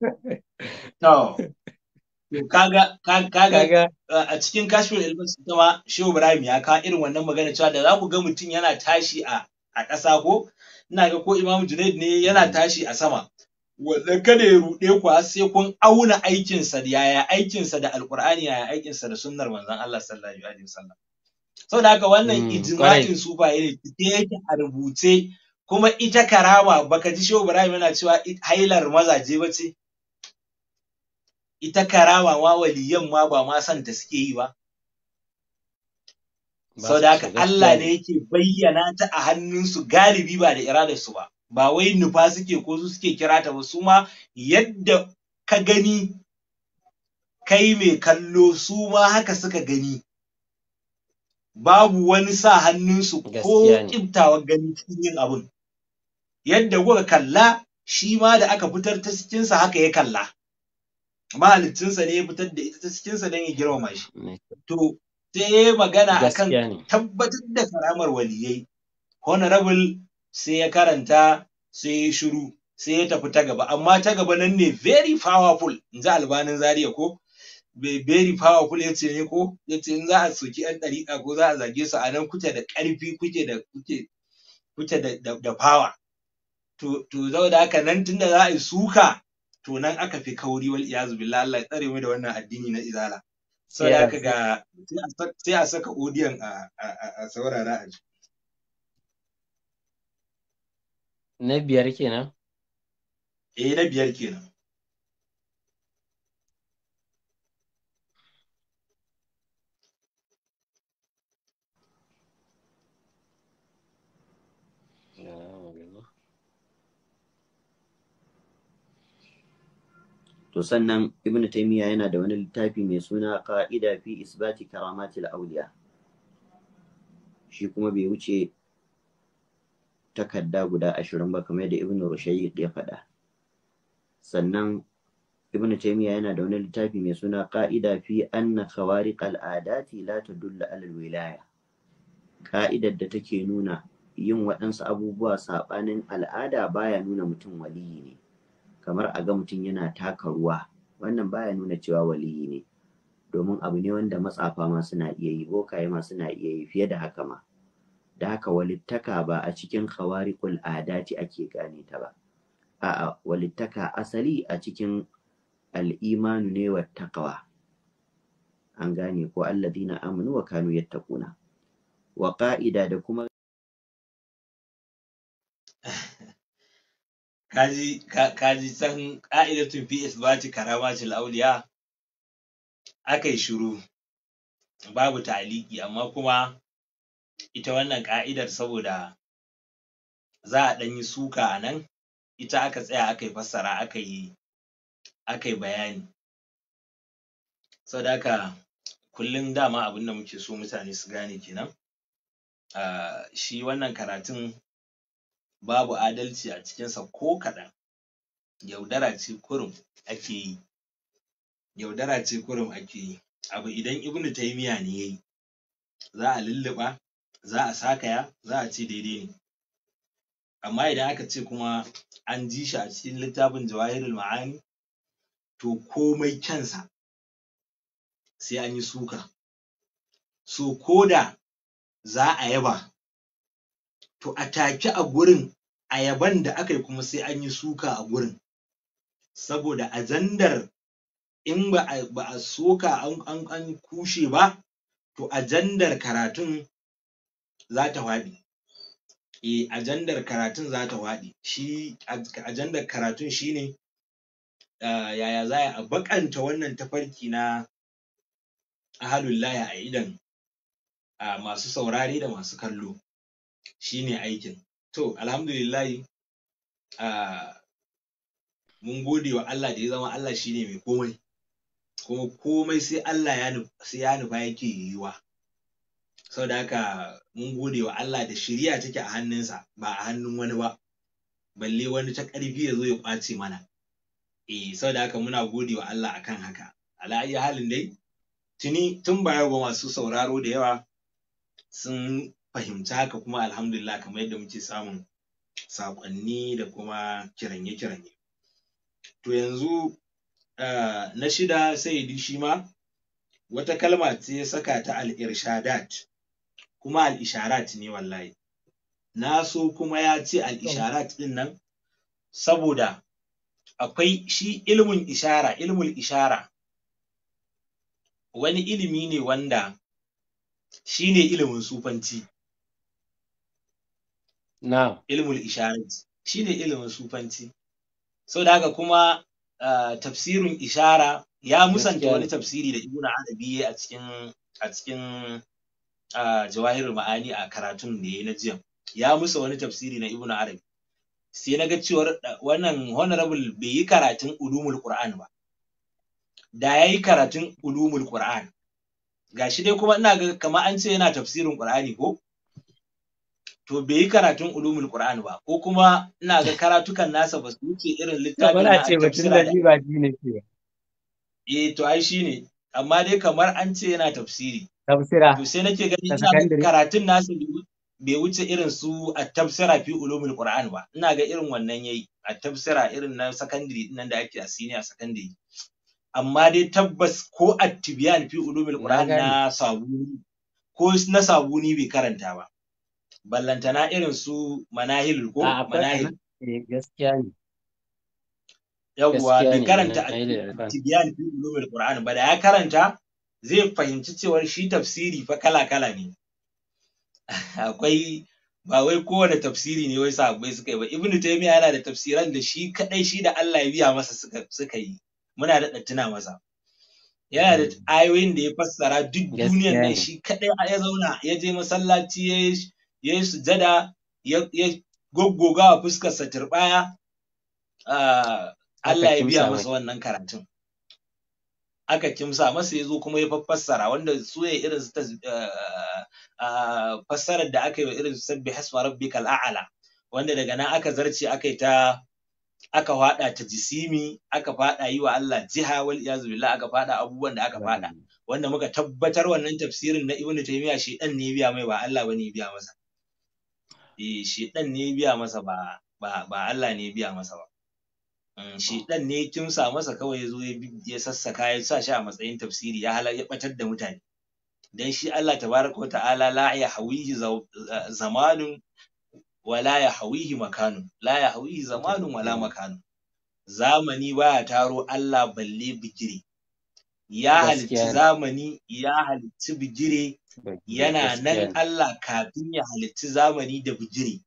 kaga kaga a cikin kashfin ilmin sistema shehu ibrahim ya ka irin wannan magana cewa da za ku ga mutum yana tashi a ƙasa ko ina ga ko imamu junaid ne yana hmm. tashi a sama wanda kada ya ruɗe ku sai kun auna aikinsa da yaya aikinsa da alƙur'ani yaya aikinsa da sunnar manzon Allah sallallahu alaihi wasallam saboda haka wannan hmm, ijma'in sufaye ne da yake a rubuce kuma ita karama baka ji shehu ibrahim yana cewa hailar mazaje ba ce ita karama ma waliyan ma ba ma san ta suke yi ba sau da haka Allah ne yake bayyana ta a hannunsu galibi ba da su ba ba wai nufa suke ko su suke kira ta ba su ma yadda ka gani kai mai kallo su ma haka suka gani babu wani sa hannunsu ko kibtawa gani cikin yin abun yadda kuka kalla shi ma da aka fitar ta cikinsa haka ya kalla mahalicinsa ne ya fitar da ita ta cikinsa don ya girmama shi to ta yi magana a kan tabbatar da karamar waliyai honorable sai ya karanta sai ya shiru sai ya tafi ta gaba amma ta gaba nan ne very powerful in ji albanin zariya ko very powerful ya ce ne ko ya ce in za a soki yan ɗariƙa ko za a zage su a nan kuke da ƙarfi kuke da kuke kuke da, da, power to to saboda haka nan tunda za a yi suka to nan aka fi kauri wal iyazu billahi Allah ya tsare mu da wannan addini na izala saboda haka ga sai a saka odiyan a, a saurara a ji na biyar kenan eh na biyar kenan to sannan Ibn Taimiyya yana da wani littafi mai suna ka'ida fi isbati karamatil auliya shi kuma bai wuce takarda guda ashirin ba kamar da Ibn Rushayi ya faɗa sannan Ibn Taimiyya yana da wani littafi mai suna ƙa'idafi fi anna khawariq al'adati la tadullu ala wilaya ka'idar da take nuna yin waɗansu abubuwa saɓanin al'ada baya nuna mutum waliyi ne kamar a ga mutum yana taka ruwa wannan baya nuna cewa waliyi ne domin abu ne wanda matsafa ma suna iya yi bokaye ma suna iya yi fiye da haka ma da haka walittaka ba a cikin khawariqul adati ake gane ta ba a'a walittaka asali a cikin al'imanu ne wa taqwa an gane ko alladina amanu wa kanu yattaquna wa qa'ida da kuma kaji kaji san ka'idatun fi isbati karamatil auliya akai shiru babu ta'aliki amma kuma ita wannan ka'idar saboda za a ɗan yi suka a nan ita aka tsaya aka fassara aka yi bayani saboda haka kullum dama abin da muke so mutane su gane kenan ah, shi wannan karatun babu adalci a cikinsa ko kaɗan yaudara ce kurum ake yi yaudara ce kurum ake yi abu idan Ibn Taymiyyah ne yayi yi za a lulluɓa za a sakaya za a ce daidai ne amma idan aka ce kuma an ji shi a cikin littafin Jawahirul Ma'ani to komai kyansa sai an yi suka so ko da za a yaba to a take a gurin a yaban da aka yi kuma sai an yi suka a gurin saboda ajandar in ba a soka an kushe ba to ajandar karatun za ta waɗi. eh ajandar karatun za ta waɗi. shi ajandar karatun shine ah, yaya za a baƙanta wannan tafarki na ahalullahi a idan ah, masu saurare da masu kallo shi ne aikin to alhamdulillahi a mun gode wa Allah da ya zama Allah shi ne mai komai kuma komai sai Allah ya nufa yake yiwuwa saboda haka mun gode wa Allah da shirya take a hannunsa ba a hannun wani ba balle wani ta ƙarfi ya zo ya ƙwace mana eh saboda haka muna gode wa Allah akan haka ala halin dai tuni tun baya yau ba masu sauraro da yawa sun fahimci haka kuma alhamdulillah kamar yadda muke samun saƙonni da kuma kiranye-kiranye to yanzu eh, na shida sai shi ma wata kalma ce ya saka ta alirshadat kuma al’isharat isharat ne wallahi na so kuma ya ce alisharat ɗin nan saboda akwai shi ilmin ishara ilmul ishara wani ilimi ne wanda shi ne ilimin sufanci ilmul isharati shine ilimin sufanci sau da haka kuma tafsirin ishara ya musanta wani tafsiri da ibnu arabi a cikin a cikin jawahir ma'ani a karatun da yayi na jiya ya musa wani tafsiri na ibnu arabi sai na ga cewar wannan honorable bai yi karatun ulumul qur'an ba da ya yi karatun ulumul qur'an gashi dai kuma ina ga kamar an ce yana tafsirin qur'ani ko to bai yi karatun ulumul qur'an ba ko kuma ina ga karatukan nasa ba su wuce irin littafin na ce batun da ba ne ke eh to ai shine amma dai kamar an ce yana tafsiri tafsira to sai nake gani ina karatun nasa bai wuce irin su a tafsira fi ulumul qur'an ba ina ga irin wannan yayi a tafsira irin na secondary din nan da ake a senior secondary amma dai tabbas ko at tibyan fi ulumul qur'an na sabuni ko na sabuni bai karanta ba ballantana irin su ah, manahil ko manahil eh, gaskiya ne yawwa bai karanta tibiyan fi ulumul qur'an ba da ya karanta zai fahimci cewar shi tafsiri fa kala kala ne akwai ba wai kowane tafsiri ne wai sahabbai suka yi ba ibnu taymiya yana da tafsiran da shi kadai shi da Allah ya biya masa suka suka yi muna da dattuna masa yana da mm. ayoyin da ya fassara duk duniyar da shi kadai ya zauna ya je masallaci ya ya yi sujada ya goggoga a fuskarsa turbaya Allah ya biya masa wannan karatun aka kimsa masa ya zo kuma ya fassara wanda su ya irin su ta eh, fassarar da aka yi wa irin sabbi hasma rabbikal a'ala wanda daga nan aka zarce aka yi ta aka fada ta jisimi aka fada yi wa Allah jiha wal iyazu billah aka fada abubuwan da aka fada wanda muka tabbatar wannan tafsirin na ibnu taymiya shi dan ne biya mai ba Allah bane biya masa eh ɗan ne biya masa ba ba ba Allah ne biya masa ba ɗan mm, ne kimsa masa kawai ya zo ya sassaka ya sa shi a matsayin tafsiri ya halar ya batar da mutane dan shi Allah tabaraka wa ta'ala la ya hawihi zamanun wala ya hawihi makanun la ya hawihi zamanun wala makanun zamani baya taro Allah balle bigire ya halicci zamani ya halicci bigire yana nan Allah kafin ya halitti zamani da bijiri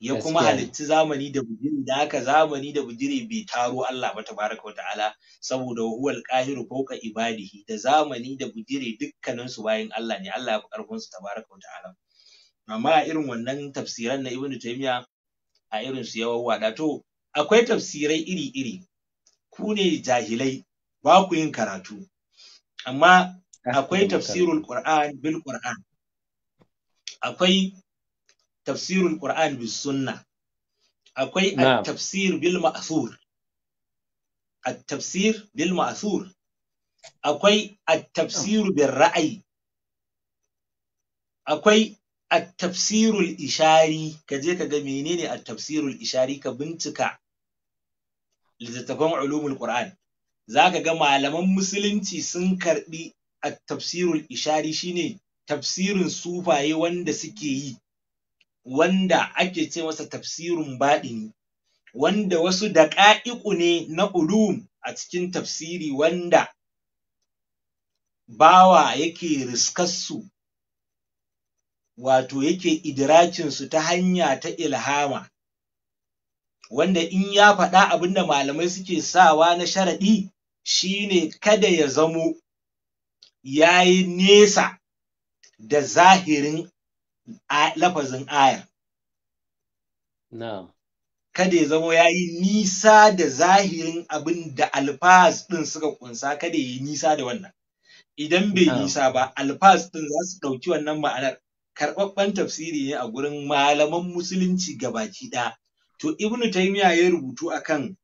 ya kuma halitti zamani da bijiri da haka zamani da bijiri bai taro Allah ba tabaraka wa ta'ala saboda huwal qahiru fawqa ibadihi da zamani da bijiri dukkanin su bayan Allah ne Allah ya fi karfin su tabaraka wa ta'ala amma a irin wannan tafsiran na Ibn Taymiya a irin su yawan wada to akwai tafsirai iri-iri ku ne jahilai ba ku yin karatu amma akwai tafsirul qur'an bil qur'an akwai tafsirul qur'an bis sunna akwai at-tafsir bil ma'thur at-tafsir bil ma'thur akwai at-tafsir oh. bil ra'ayi akwai at-tafsirul ishari ka je ka ga menene at-tafsirul ishari ka bincika littattafan ulumul qur'an ka ga malaman musulunci sun karbi a tafsirul ishari shine tafsirin sufaye wanda suke yi wanda ake ce masa tafsirin baɗini wanda wasu da ƙa'iƙu ne na ulum a cikin tafsiri wanda bawa yake riskassu wato yake idirakinsu ta hanya ta ilhama wanda in ya faɗa abinda malamai suke sawa na sharaɗi shine kada ya zamo ya yi nesa da zahirin lafazin ayar. Kada ya zama ya yi nisa da zahirin abin da alfaz ɗin suka kunsa kada ya yi nisa da wannan. Idan bai nisa ba, alfaz ɗin za su ɗauki wannan ma'anar. Karɓaɓɓen tafsiri ne a gurin malaman musulunci gabaki ɗaya. To Ibn Taymiyyah ya rubutu akan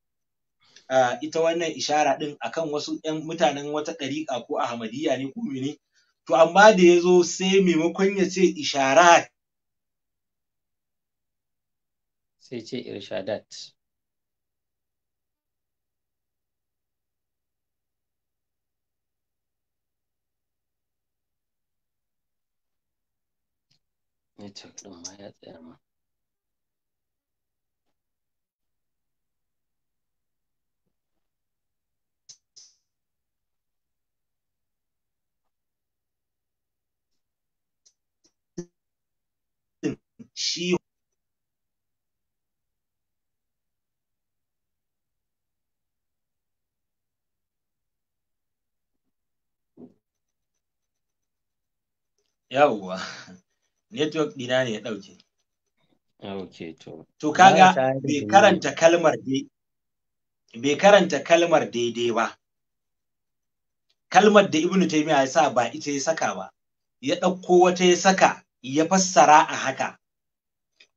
ita wannan ishara ɗin akan wasu yan mutanen wata ɗariƙa ko Hamadiyya ne ko mene to amma da ya zo sai maimakon ya ce ishara. sai ce irshadat Network ɗin ma ya tsaya ma. shi yawwa network dina ne ya ɗauke. Okay, to. To kaga bai karanta kalmar bai karanta kalmar daidai ba. Kalmar da Ibn Taymiyyah ya sa ba ita ya saka ba, ya ɗauko wata ya saka ya fassara a haka.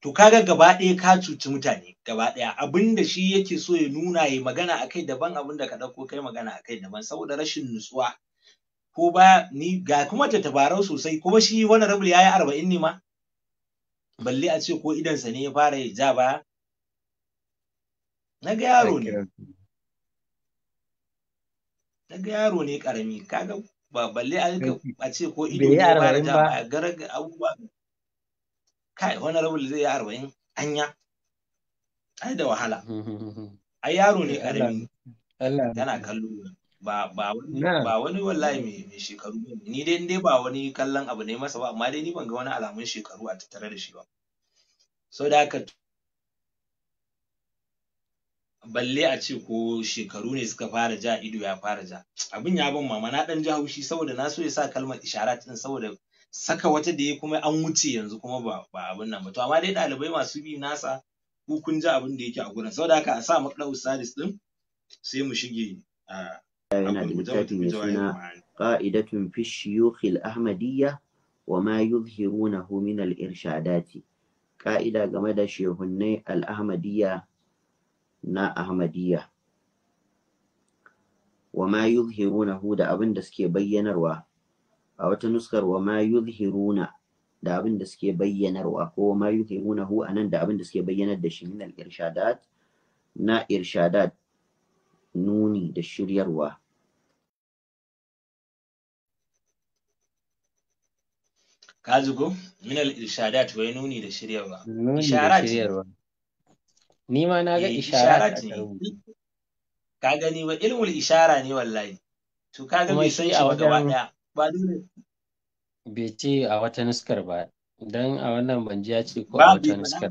to kaga gaba ɗaya ka cuci mutane gaba ɗaya abin da shi yake so ya nuna ya magana akai daban abin da ka ɗauko kai magana akai daban saboda rashin nutsuwa ko ba ni ga kuma ta tabarau sosai kuma shi wani rabul ya yi arba'in ne ma balle a ce ko idansa ne ya fara ja baya na ga yaro ne na ga yaro ne karami kaga ba balle a ce ko ido ne ya fara ja baya abubuwa kai wani rabu zai yi arba'in anya ai da wahala ai yaro ne karami yana kallo ba wani wani wallahi mai mai shekaru ni dai dai ba wani kallon abu ne masa ba amma dai ni ban ga wani alamun shekaru a tattare da shi ba so da haka balle a ce ko shekaru ne suka fara ja ido ya fara ja abin ya ban mama na dan ji haushi saboda na so ya sa kalmar isharat din saboda saka wata da ya kuma an wuce yanzu kuma ba ba abin nan ba to amma dai ɗalibai masu bi nasa ku kun ji abin da yake a gurin saboda haka a sa maɗau ustadis ɗin sai mu shige a yana da qa'idatun fi shuyukh al-ahmadiyya wa ma yuzhirunahu min al-irshadati ka'ida game da shehunnai al-ahmadiyya na ahmadiyya wa ma yuzhirunahu da abin da suke bayyanarwa a wata nuskar wa ma yuzhiruna da abin da suke bayyanarwa ko ma yuzhiruna hu anan da abin da suke bayyanar da shi min al irshadat na irshadat nuni da shiryarwa ka zugo min al irshadat wai nuni da shiryarwa isharat ni ma na ga eh, isharat ka gani ba ilmul ishara ne wallahi to ka bai sai a wata daya ba dole bai ce a wata nuskar ba don a wannan ban ya ce ko a wata nuskar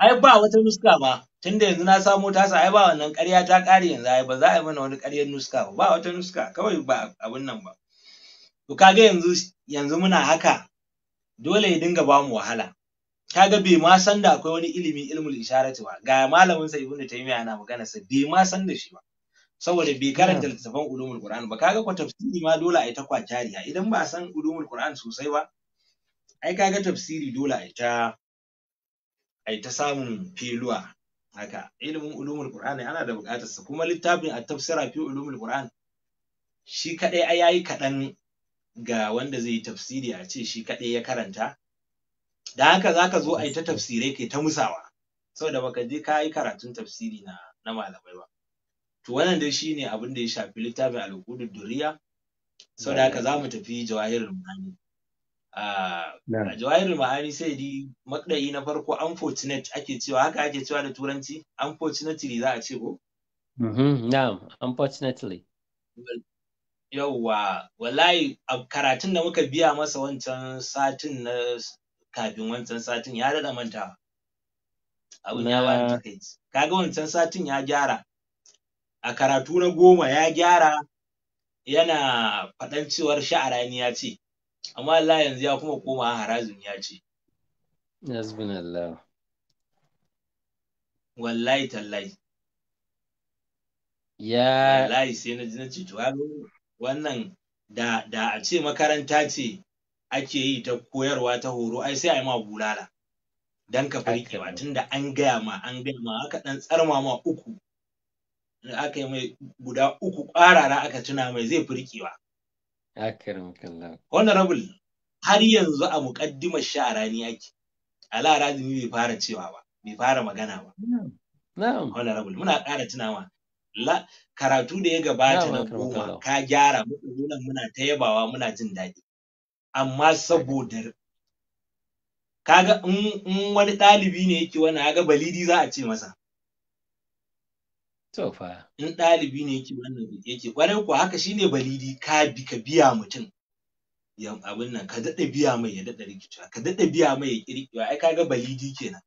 ai ba wata nuska ba tunda yanzu na samo tasa ai ba wannan ƙarya ta ƙare yanzu ai ba za a yi mana wani ƙaryar nuska ba ba wata nuska kawai ba abun nan ba to kaga yanzu yanzu muna haka dole ya dinga ba mu wahala kaga bai ma san da akwai wani ilimi ilmul isharatu ba ga malamin sa ibnu taymiya na magana sa bai ma san da shi ba saboda bai karanta littattafan ulumul qur'an ba kaga ko tafsiri ma dole a ta kwakiyariya idan ba a san ulumul qur'an sosai ba ai kaga tafsiri dole a ta ai ta samun filuwa haka ilimin ulumul qur'an ana da buƙatar sa kuma littafin at-tafsira fi ulumul qur'an shi kadai ai yayi kadan ga wanda zai yi tafsiri a ce shi kadai ya karanta da haka zaka zo a yi ta tafsirai kai ta musawa saboda baka je ka yi karatun tafsiri na na malamai ba to wannan dai shine abin da ya shafi littafin al'ukudu duriya sau da haka za mu tafi jawahirul ma'ani a jawahirul ma'ani sai di makɗayi na farko unfortunate ake cewa haka ake cewa da turanci unfortunately za a ce ko mm-hmm. na'am unfortunately yauwa wallahi a karatun da muka biya masa wancan satin na kafin wancan satin ya daɗa manta abu ya ba ta kai kaga wancan satin ya gyara a karatu na goma ya gyara yana faɗan cewar sha'arani ya ce amma Allah yanzu ya kuma koma harazin ya ce wallahi tallai ya wallahi sai na ji na ce wannan da da a ce makaranta ce ake yi ta koyarwa ta horo ai sai a yi ma bulala dan ka farke ba tunda an gaya ma an gaya ma aka ɗan tsarma ma uku in aka yi mai guda uku ƙwarara aka tuna mai zai fi riƙewa. Honorable har yanzu a muƙaddimar sha'arani yake. Ala Razumi bai fara cewa ba, bai fara magana ba. Honorable muna ƙara tunawa. karatu da ya gabata na goma ka gyara muka muna ta yabawa muna jin daɗi. Amma saboda kaga in wani ɗalibi ne yake wani ga balidi za a ce masa. To fa. In ɗalibi ne yake wannan yake ƙwarai kuwa haka shi ne balidi ka bi ka biya mutum. Yan abin nan ka daɗa biya mai ya daɗa rikicewa ka daɗa biya mai ya ƙirƙiwa ai kaga balidi kenan.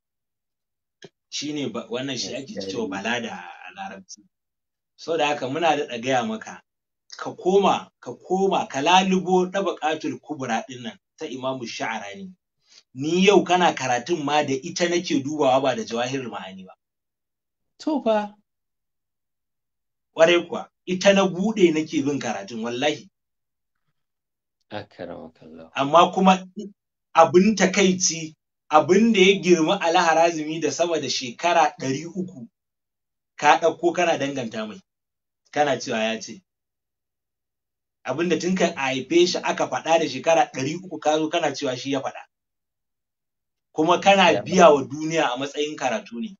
Shi ne wannan shi ake cewa balada a larabci. da haka muna daɗa gaya maka ka koma ka koma ka lalubo ɗabaƙatul kubra ɗin nan ta imamu sha'arani. Ni yau kana karatun ma da ita nake dubawa ba da jawahirul ma'ani ba. To fa. Ƙwarai kuwa, ita na buɗe nake bin karatun wallahi. Amma kuma abin takaici abin da ya girmi alharazumi da sama da shekara ɗari uku ka ɗauko kana danganta mai kana cewa ya ce abin da tun kan a haife shi aka faɗa da shekara ɗari uku ka zo kana cewa shi ya faɗa kuma kana biya wa duniya a matsayin karatu ne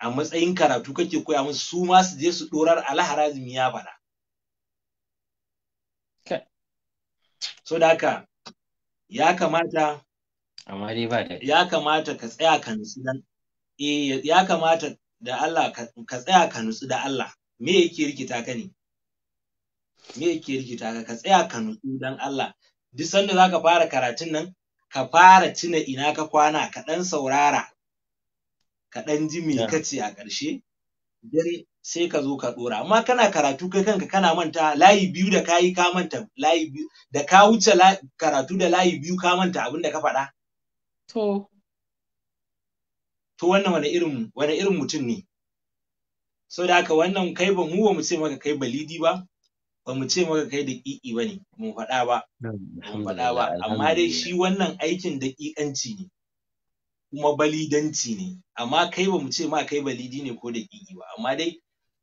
a matsayin karatu kake koya musu su ma su je su dorar alharazimi ya faɗa so da haka ya kamata amma dai ba da ya kamata ka tsaya ka nutsu dan eh ya kamata da Allah ka tsaya ka nutsu da Allah me yake rikita ka ne me yake rikita ka ka tsaya ka nutsu dan Allah duk sanda zaka fara karatun nan ka fara tuna ina ka kwana ka dan saurara ka ɗan ji me kace a ƙarshe dare sai ka zo ka ɗora amma kana karatu kai kanka kana manta layi biyu da kayi ka manta layi biyu da ka wuce karatu da layi biyu ka manta abin da ka faɗa to to wannan wani irin wani irin mutum ne so da haka wannan kai ba mu ba mu ce maka kai balidi ba ba mu ce maka kai daƙiƙi ba ne mu faɗa ba mu faɗa ba amma dai shi wannan aikin daƙiƙanci ne kuma balidanci ne amma kai ba mu ce ma kai balidi ne ko da gigi ba amma dai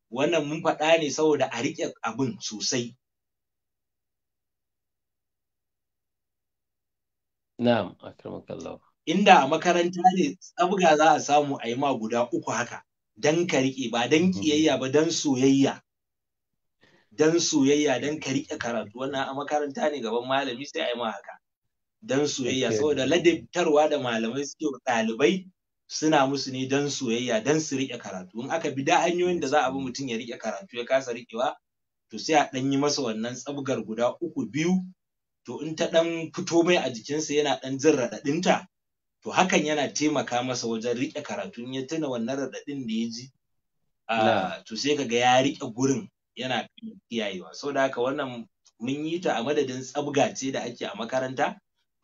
wannan mun faɗa ne saboda a riƙe abin sosai na'am akramakallah inda a makaranta ne tsabga za a samu a yi ma guda uku haka dan ka riƙe ba dan kiyayya mm-hmm. ba dan soyayya dan soyayya dan ka riƙe karatu wannan a makaranta ne gaban malami sai a yi ma haka don soyayya saboda ladabtarwa da malamai suke ɗalibai suna musu ne don soyayya don su riƙe karatu in aka bi da hanyoyin da za a bi mutum ya riƙe karatu ya kasa riƙewa to sai a ɗan yi masa wannan tsabgar guda uku biyu to in ta ɗan fito mai a jikinsa yana ɗan jin raɗaɗinta to hakan yana taimaka masa wajen riƙe karatu in ya tuna wannan raɗaɗin da ya ji to sai ka ga ya riƙe gurin yana kiyayewa saboda haka wannan mun yi ta a madadin tsabga ce da ake a makaranta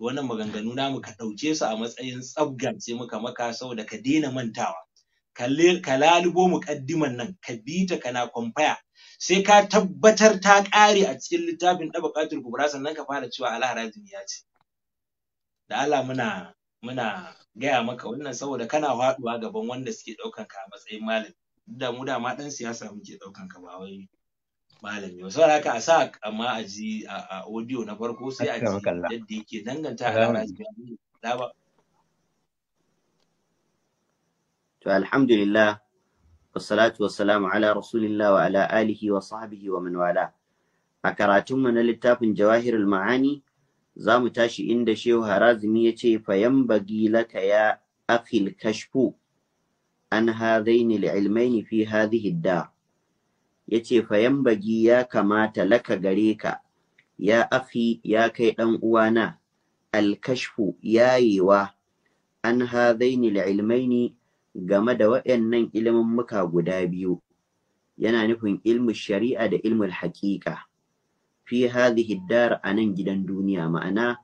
wannan maganganu namu ka ɗauke su a matsayin tsabga ce muka maka saboda ka daina mantawa kalle ka lalubo muƙaddiman nan ka bi ta kana kwamfaya sai ka tabbatar ta ƙare a cikin littafin ɗabaqatul kubra sannan ka fara cewa alharazimi ya ce da Allah muna muna gaya maka wannan saboda kana faɗuwa gaban wanda suke ɗaukan ka a matsayin malami da mu dama ɗan siyasa muke ɗaukan ka ba wai malami wasu haka a sa amma a ji a audio na farko sai a ji yadda yake danganta a ra'ayi ba to alhamdulillah wassalatu wassalamu ala rasulillah wa ala alihi wa sahbihi wa man wala a karatunmu na littafin jawahirul ma'ani za mu tashi inda shehu harazimi ya ce fayan bagi laka ya akhil kashfu an hadaini ilmaini fi hadhihi dar yace fayan bagi ya kamata laka gare ka ya afi ya kai ɗan uwana alkashfu yayewa an hadaini ilmaini game da waɗannan muka guda biyu yana nufin ilmin shari'a da ilmin haƙiƙa fi hadhihi dar a nan gidan duniya ma'ana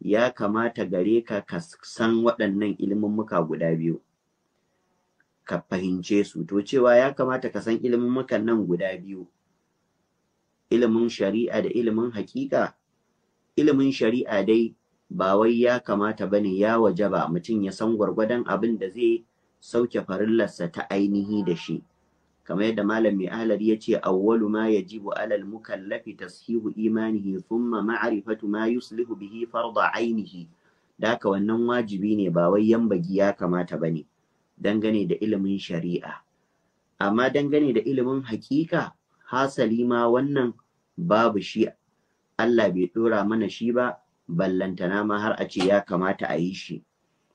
ya kamata gare ka ka san waɗannan muka guda biyu ka fahimce su to cewa ya kamata ka san ilimin makan nan guda biyu ilimin shari'a da ilimin hakika ilimin shari'a dai ba wai ya kamata bane ya waje ba, mutum ya san gwargwadon abin da zai sauke farillarsa ta ainihi da shi kamar yadda malam mai alar ya ce awwalu ma yajibu alal mukallafi tashihu imanihi thumma ma'rifatu ma yuslihu bihi farda ainihi daka wannan wajibi ne ba wai 'yan bagi ya kamata ba ne. dangane da ilimin shari'a amma dangane da ilimin hakika hasali ma wannan babu shi Allah bai ɗora mana shi ba ballantana ma har a ce ya kamata a yi shi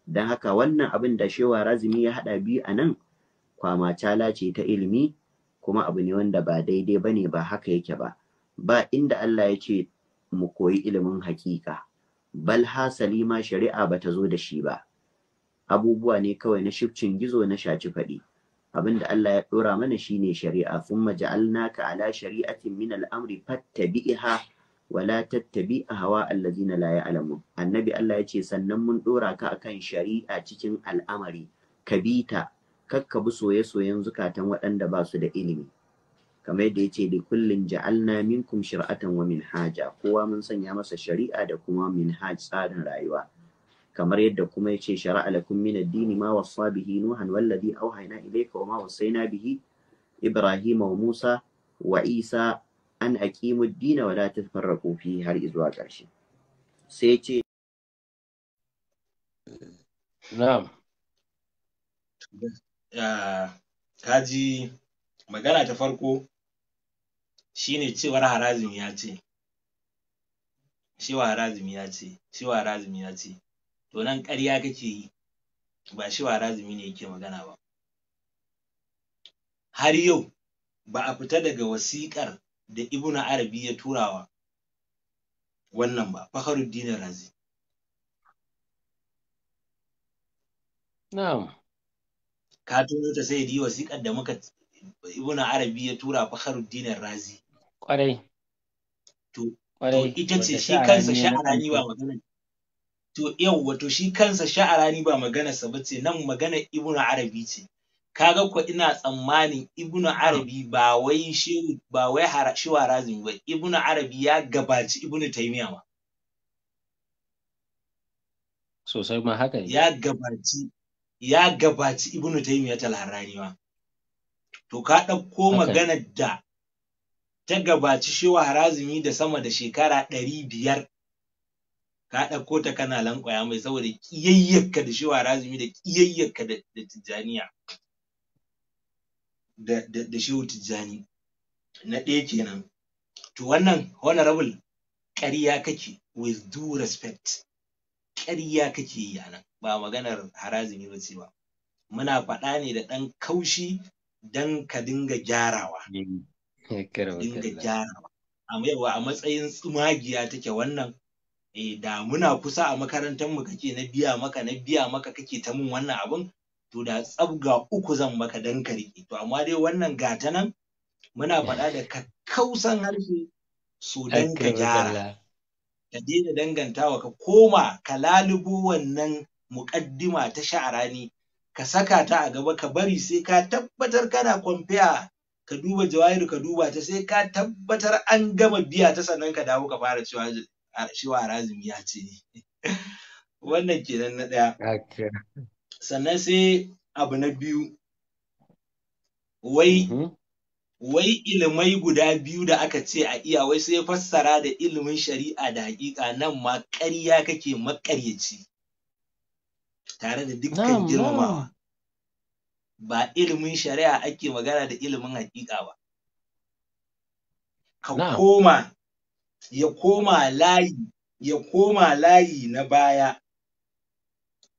don haka wannan abin da shewa razumi ya haɗa biyu a nan kwama lace ta ilimi kuma abu ne wanda ba daidai ba ne ba haka yake ba ba inda Allah ya ce mu koyi ilimin hakika bal hasali ma shari'a ba ta zo da shi ba abubuwa ne kawai na shifcin gizo na shaci faɗi abin da Allah ya ɗora mana shine shari'a thumma ja'alnaka ala shari'atin min al'amri fattabi'ha wala tattabi hawa allazina la ya'lamu annabi Allah yace sannan mun ɗora ka akan shari'a cikin al'amari kabita kakka bi soye-soyen zukatan waɗanda ba su da ilimi kamar yadda yace ce da ja'alna minkum shir'atan wa minhaja kowa mun sanya masa shari'a da kuma minhaj tsarin rayuwa kamar yadda kuma yace shara'a lakum min ad-din ma wasa bihi nuhan wallazi awhayna ilayka wa ma wasayna bihi ibrahim wa musa wa isa an aqimu ad-din wa la tafarraqu fi har zuwa ƙarshe sai yace na'am kaji magana ta farko shine cewar harazim ya ce cewa harazim ya ce cewa harazim ya ce to nan ƙarya kake yi ba shi razumi ne yake magana ba har yau ba a fita daga wasiƙar da ibnu arabi ya turawa wannan ba fakhruddin razi na'am ka tuno ta sai di wasiƙar da muka ibnu arabi ya tura fakhruddin razi kwarai to ita ce shi kansa sha'ani ba maganar to yawwa to shi kansa sha'arani ba maganarsa ba ce nan maganar ibnu arabi ce kaga ko ina tsammanin ibnu arabi ba wai shi ba wai shiwa razumi ba ibnu arabi ya gabaci ibnu taymiya ma sosai ma haka ne ya gabaci ya gabaci ibnu taymiya ta laharani ma to ka ɗauko maganar da ta gabaci shiwa razumi da sama da shekara ɗari biyar ka ɗauko ta kana lankwaya mai saboda ƙiyayyarka da shi razumi da ƙiyayyarka da tijjaniya da da shehu tijjani na ɗaya kenan to wannan honorable ƙarya kake with due respect ƙarya kake yi anan ba maganar harazumi ba ce ba muna faɗa ne da ɗan kaushi don ka dinga gyarawa dinga gyarawa a matsayin tsumagiya take wannan eh da muna kusa a makarantar mu kake na biya maka na biya maka kake ta min wannan abun to da tsabga uku zan maka dan ka riƙe to amma dai wannan gata nan muna faɗa da kakkausan harshe so dan ka gyara ka daina dangantawa ka koma ka lalubo wannan muƙaddima ta sha'arani ka saka ta a gaba ka bari sai ka tabbatar kana kwamfiya ka duba jawahiru ka duba ta sai ka tabbatar an gama biya ta sannan ka dawo ka fara cewa shi wa razumi ya ce wannan kenan na ɗaya sannan sai abu na biyu wai mhm. wai ilimai guda biyu da aka ce a iya wai sai fassara da ilimin shari'a da hakika nan ma ƙarya kake maƙaryaci tare da dukkan girmamawa ba ilimin shari'a ake magana da ilimin hakika ba ka koma ya koma layi ya koma layi na baya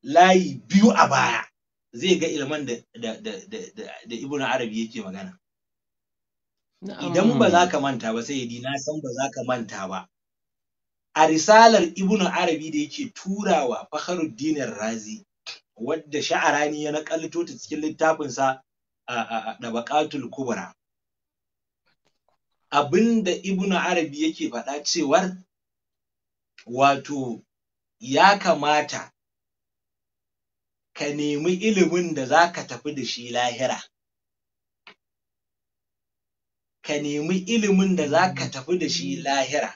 layi biyu a baya zai ga ilman da da da da ibn arabi yake magana idan ba za ka manta ba sai yadi na san ba za ka manta ba a risalar ibn arabi da yake turawa fakharuddin razi wadda sha'arani ya nakalto ta cikin littafinsa a dabaqatul kubra abinda Ibn Arabi yake faɗa cewar wato ya kamata ka nemi ilimin da za ka tafi da shi lahira. Ka nemi ilimin da za ka tafi da shi lahira.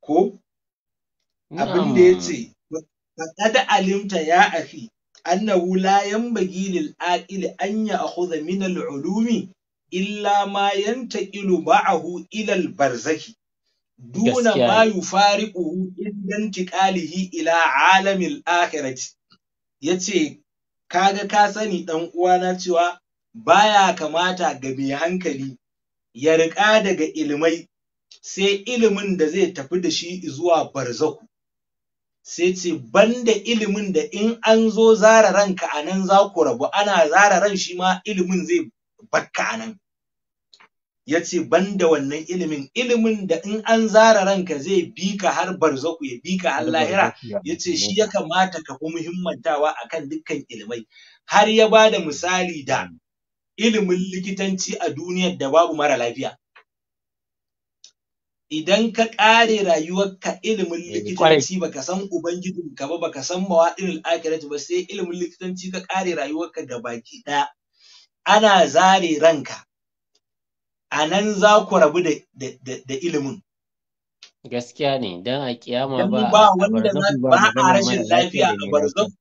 Ko? Abin da ya ce, faɗaɗa alimta ya afi, annahu la yanbaghi lil aqil an ya'khudha min al-ulumi illa ma yanta ilu ma'ahu ilal barzaki, duna ma yufariquhu indantiqalihi ila alamil akhirati yace kaga ka sani dan na cewa baya kamata ga mai hankali ya riƙa daga ilimai sai ilimin da zai tafi da shi zuwa barzaku sai ce banda ilimin da in an zo zara ranka a nan za ku rabu ana zara ran shi ma ilimin zai Bakkanan, yace ya ce banda wannan ilimin ilimin da in an zara ranka zai bi ka har barzaku ya bi ka har lahira ya ce shi ya kamata ka fi muhimmantawa akan dukkan ilimai har ya ba da misali da ilimin likitanci a duniyar da babu mara lafiya idan ka ƙare rayuwarka ilimin eh, likitanci baka san ubangijinka ba baka san mawaɗin al'akirati ba sai ilimin likitanci ka ƙare rayuwarka ga baki ɗaya ana zare ranka a nan za ku rabu da ilimin gaskiya ne don a kiyama ba ba wanda a rashin lafiya a barzaku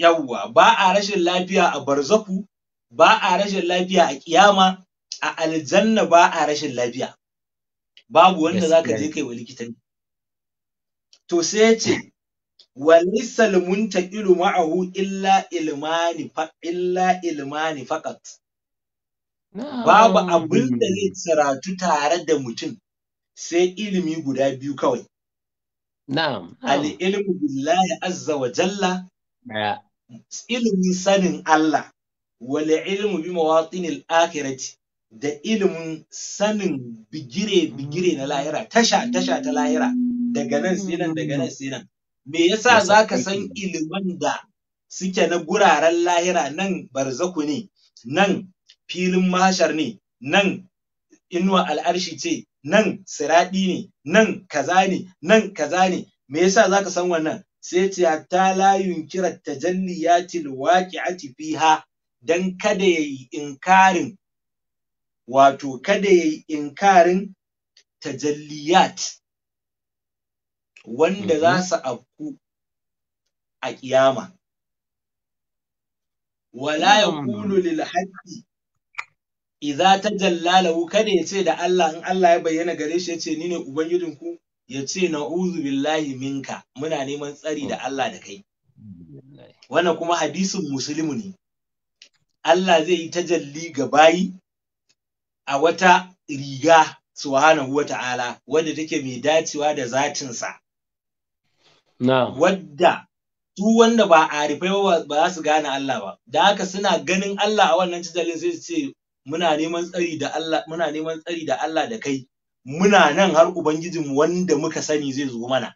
yawwa ba a rashin lafiya a barzaku ba a rashin lafiya a kiyama a aljanna ba a rashin lafiya babu wanda za ka je kai wa likitan to sai ya ce وليس ma'ahu illa ilmani fa illa ilmani babu abin da zai tare da mutum sai ilimi guda biyu kawai na'am al-ilmu billahi azza wa jalla ilimin sanin Allah wal ilmu bi al akhirati da ilimin sanin bigire bigire na lahira tasha tasha ta lahira daga nan sai daga nan sai me yasa za ka san iliman da suke na guraren lahira nan barzaku ne nan filin mahashar ne nan inuwa al'arshi ce nan siraɗi ne nan kaza ne nan kaza ne me yasa za ka san wannan sai ce ta layun kira tajalliyatil waqi'ati fiha dan kada yayi inkarin wato kada yayi inkarin tajalliyat wanda za mhm. su afku a kiyama wala yaqulu lil haqqi idza tajalla lahu kada ya ce da Allah in Allah ya bayyana gare shi ya ce ni ne ubangijinku ya ce na'udhu billahi minka muna neman tsari da Allah da kai wannan kuma hadisin musulmi ne Allah zai yi tajalli ga bayi a wata riga subhanahu wa ta'ala wanda take mai dacewa da zatinsa wadda duk wanda ba a rifai ba za su gane Allah ba da haka suna ganin Allah a wannan cijalin sai su ce muna neman tsari da Allah muna neman tsari da Allah da kai muna nan har ubangijin wanda muka sani zai zo mana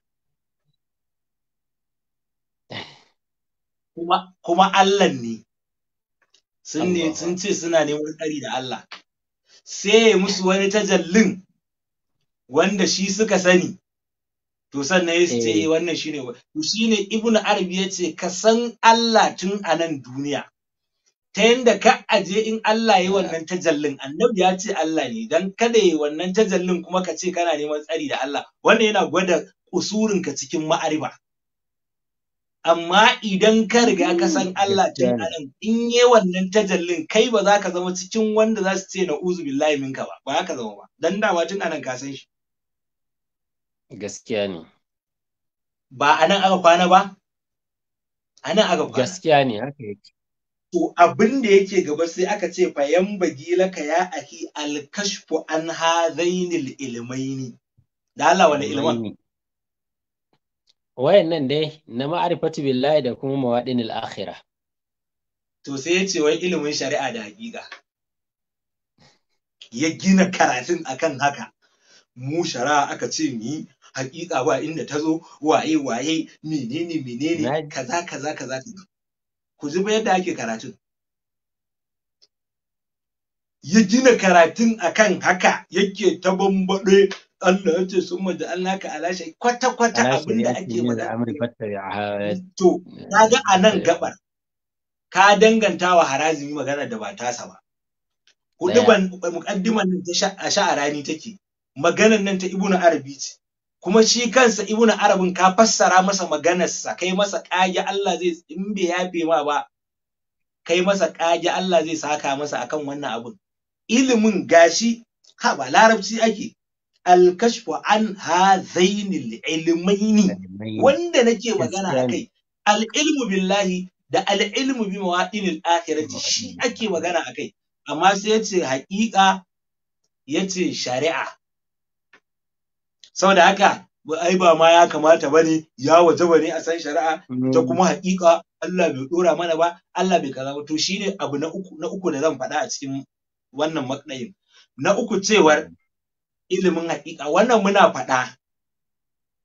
kuma kuma Allah ne sun ne sun ce suna neman tsari da Allah sai musu wani tajallin wanda shi suka sani to sannan ya ce eh. wannan shine to shine ibnu arabi ya ce ka san Allah tun a nan duniya ta yanda ka aje in Allah ya wannan tajallin annabi ya ce Allah ne dan kada ya wannan tajallin kuma ka ce kana neman tsari da Allah wannan yana gwada usurin ka cikin ma'arifa amma idan ka riga ka san hmm, Allah tun a nan in yi wannan tajallin kai ba za ka zama cikin wanda za su ce na uzu billahi minka ba ba ka zama ba dan dawa tun a nan ka san shi Gaskiya ne. Ba a nan aka kwana ba? A nan aka kwana. Gaskiya ne haka yake. To abin da yake gaba sai aka ce fayan laka ya ahi alkashfu an zainil ilmaini. Da Allah wani ilman. Wayan nan dai na ma'arifatu billahi da kuma mawaɗinil akhira. To sai ya ce wai ilimin shari'a da haƙiƙa. Ya gina karatun akan haka. Mu shari'a aka ce mu yi hakika ba inda ta zo waye waye menene menene kaza kaza kaza ku zuba yadda ake karatun ya gina karatun akan haka yake ta bambaɗe Allah ya ce sun maji Allah ka alashe kwata-kwata abin da ake magana. To, ta ga a nan eh. gabar, ka danganta wa harazimi magana da ba tasa ba. Hudu ban mukaddiman nan ta sha'arani take, maganan nan ta Ibnu Arabi ce. kuma shi kansa ibuna arabin ka fassara masa maganarsa kai masa kage Allah zai in bai yafe ma ba kai masa kage Allah zai saka masa akan wannan abun ilimin gashi ha ba larabci ake al alkashfu an hazainil ilmaini wanda nake magana akai al'ilmu billahi da al'ilmu bi mawaɗinil akhirati shi ake magana akai amma sai yace haƙiƙa yace shari'a saboda haka ai ba ma ya kamata ba ne ya waje ba ne a san shari'a mm. ta kuma haƙiƙa Allah bai ɗora mana ba Allah bai kaza ba to shine abu na uku na uku da zan faɗa a cikin wannan maɗayin na uku cewar ilimin haƙiƙa wannan muna faɗa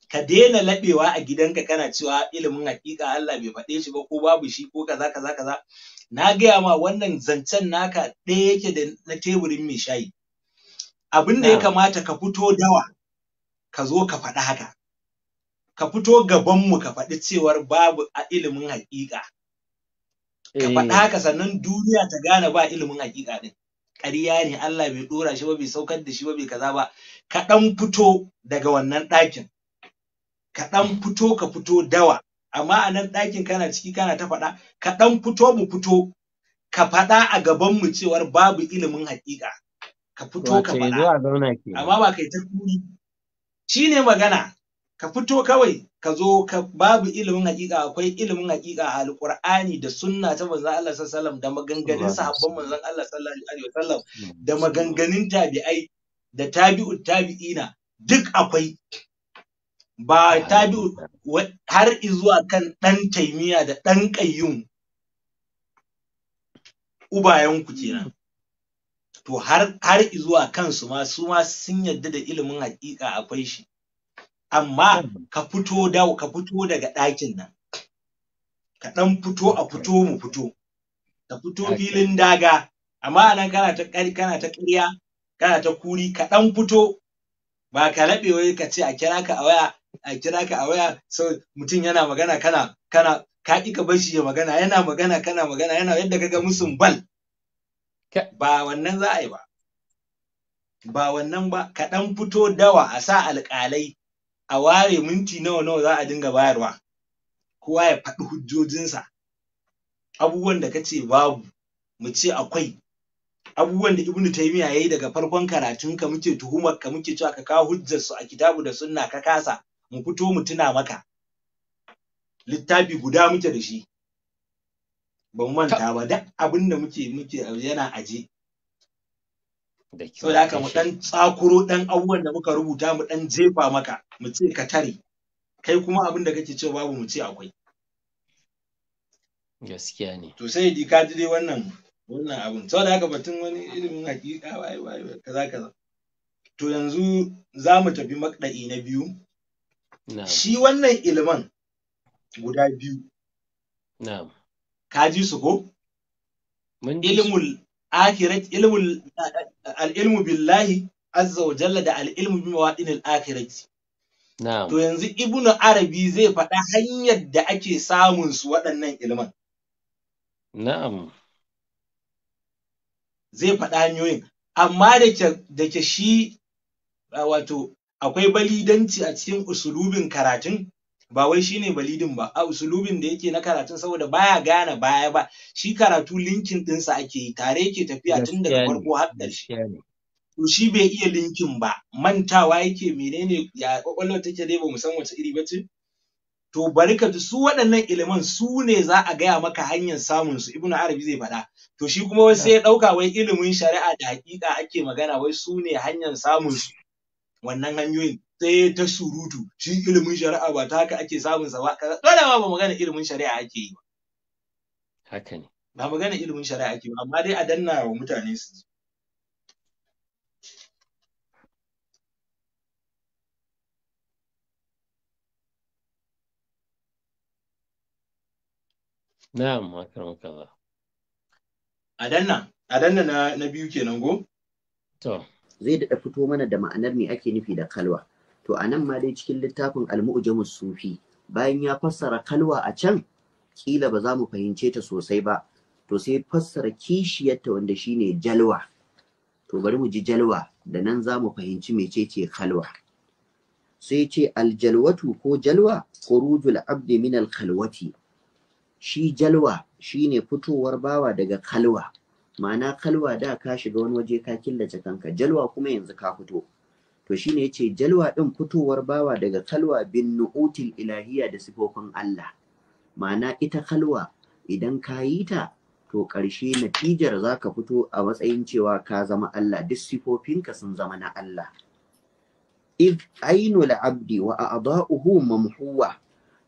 ka daina laɓewa a gidanka kana cewa ilimin haƙiƙa Allah bai faɗe shi ba ko babu shi ko kaza kaza kaza na gaya ma wannan zancen naka ɗaya yake da na teburin mai shayi abin da ya kamata ka fito dawa ka zo ka faɗa haka ka fito gabanmu ka faɗi cewar babu a ilimin haƙiƙa ka eh. faɗa haka sannan duniya ta gane ba ilimin haƙiƙa ɗin ƙarya ne Allah bai ɗora shi ba bai saukar da shi ba bai kaza ba ka ɗan fito daga wannan ɗakin ka ɗan fito ka fito dawa amma a nan ɗakin kana ciki kana ta faɗa ka ɗan fito mu fito ka faɗa a gaban mu cewar babu ilimin haƙiƙa ka fito ka faɗa amma ba kai ta kuri shi ne magana ka fito kawai ka zo ka babu ilimin hakika akwai ilimin hakika a alqur'ani da sunna ta manzon Allah sallallahu alaihi wasallam da maganganun sahabban manzon Allah sallallahu alaihi wasallam da maganganun tabi'ai da tabi'u tabi'ina duk akwai ba tabi'u har zuwa kan dan taimiya da dan qayyum ubayenku kenan to har har zuwa kansu ma su ma sun yadda da ilimin haƙiƙa akwai shi amma ka fito da ka fito daga ɗakin nan ka ɗan fito a fito mu fito ka fito filin daga amma anan kana ta kana ta ƙarya kana ta kuri ka ɗan fito ba ka laɓe wai ka ce a kira ka a waya a kira ka a waya so mutum yana magana kana kana ka ƙi ka bar shi ya magana yana magana kana magana yana yadda kaga musun bal ba wannan za a yi ba ba wannan ba kaɗan fito dawa a sa alƙalai a ware minti nawa nawa za a dinga bayarwa kowa ya faɗi hujjojinsa abubuwan da kace babu mu ce akwai abubuwan da ibnu taymiya yayi daga farkon karatun ka muke tuhumar ka muke cewa ka kawo hujjar su a kitabu da sunna ka kasa mu fito mu tuna maka littafi guda muke da shi ban manta ba duk abin da muke muke yana aje so da haka mu dan tsakuro dan abubuwan da muka rubuta mu dan jefa maka mu ce ka tare kai kuma abin da kake cewa babu mu ce akwai gaskiya ne to sai di ka ji dai wannan wannan abin so da haka batun wani ilimin hakika wai wai kaza kaza to yanzu za mu tafi makdai na biyu shi wannan ilimin guda biyu na'am ka ji su ko ilmul akhirat ilmul al ilmu billahi azza wa jalla da al ilmu bi mawadin al akhirati na'am to yanzu ibnu arabi zai faɗa hanyar da ake samun su waɗannan ilman na'am zai faɗa hanyoyin amma da ke shi wato akwai balidanci a cikin usulubin karatun ba wai shi ne balidin ba a usulubin da yake na karatun saboda baya gane baya ba shi karatu linkin ɗinsa ake yi tare yake tafiya tun daga farko har ƙarshe to shi bai iya linkin ba mantawa yake menene ya kwakwalwa take dai ba mu san wace iri ba to bari ka su waɗannan ilimin su ne za a gaya maka hanyar samun su ibnu arabi zai faɗa to shi kuma wai sai ya ɗauka wai ilimin shari'a da haƙiƙa ake magana wai su ne hanyar samun su wannan hanyoyin sai ta surutu shi ilimin shari'a ba ta haka ake samun sa ba dole ma ba magana ilimin shari'a ake yi ba haka ne ba magana ilimin shari'a ake ba amma dai a danna wa mutane su ji Na'am, makaranka ba. A danna, a danna na, na biyu kenan go? To. Zai daɗa fito mana da ma'anar me ake nufi da kalwa. to a nan ma dai cikin littafin almu'jamus sufi bayan ya fassara kalwa a can kila ba za mu fahimce ta sosai ba to sai fassara kishiyarta wanda shine jalwa to bari mu ji jalwa da nan za mu fahimci mecece kalwa sai ce aljalwatu ko jalwa khurujul abdi min alkhalwati shi jalwa shine fitowar bawa daga kalwa ma'ana kalwa da ka shiga wani waje ka killace kanka jalwa kuma yanzu ka fito to shine yace jalwa din fitowar bawa daga kalwa bin nu'util ilahiyya da sifofin Allah ma'ana ita kalwa idan ka yi ta to ƙarshe natijar za ka fito a matsayin cewa ka zama Allah duk sifofinka sun zama na Allah id ainu abdi wa a'dahu mamhuwa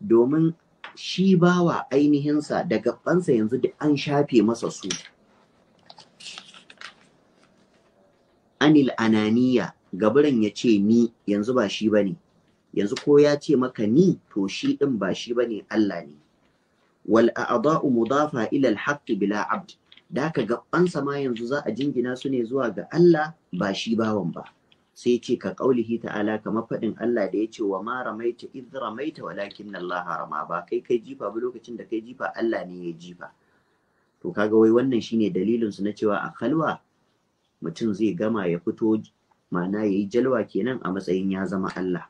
domin shi bawa ainihinsa da gabansa yanzu duk an shafe masa su anil ananiya Gabirin ya ce ni yanzu ba shi bane yanzu ko ya ce maka ni to shi din ba shi bane Allah ne wal a'da'u mudafa ila al bila abd da ka gabansa ma yanzu za a jingina su ne zuwa ga Allah ba shi bawan ba sai ce ka qaulihi ta'ala kamar faɗin Allah da ya ce wa ma ramaita idh ramaita walakin Allah rama ba kai kai jifa ba lokacin da kai jifa Allah ne ya jifa to kaga wai wannan shine dalilin su na cewa a kalwa mutum zai gama ya fito ma'ana yayi jalwa kenan a matsayin ya zama Allah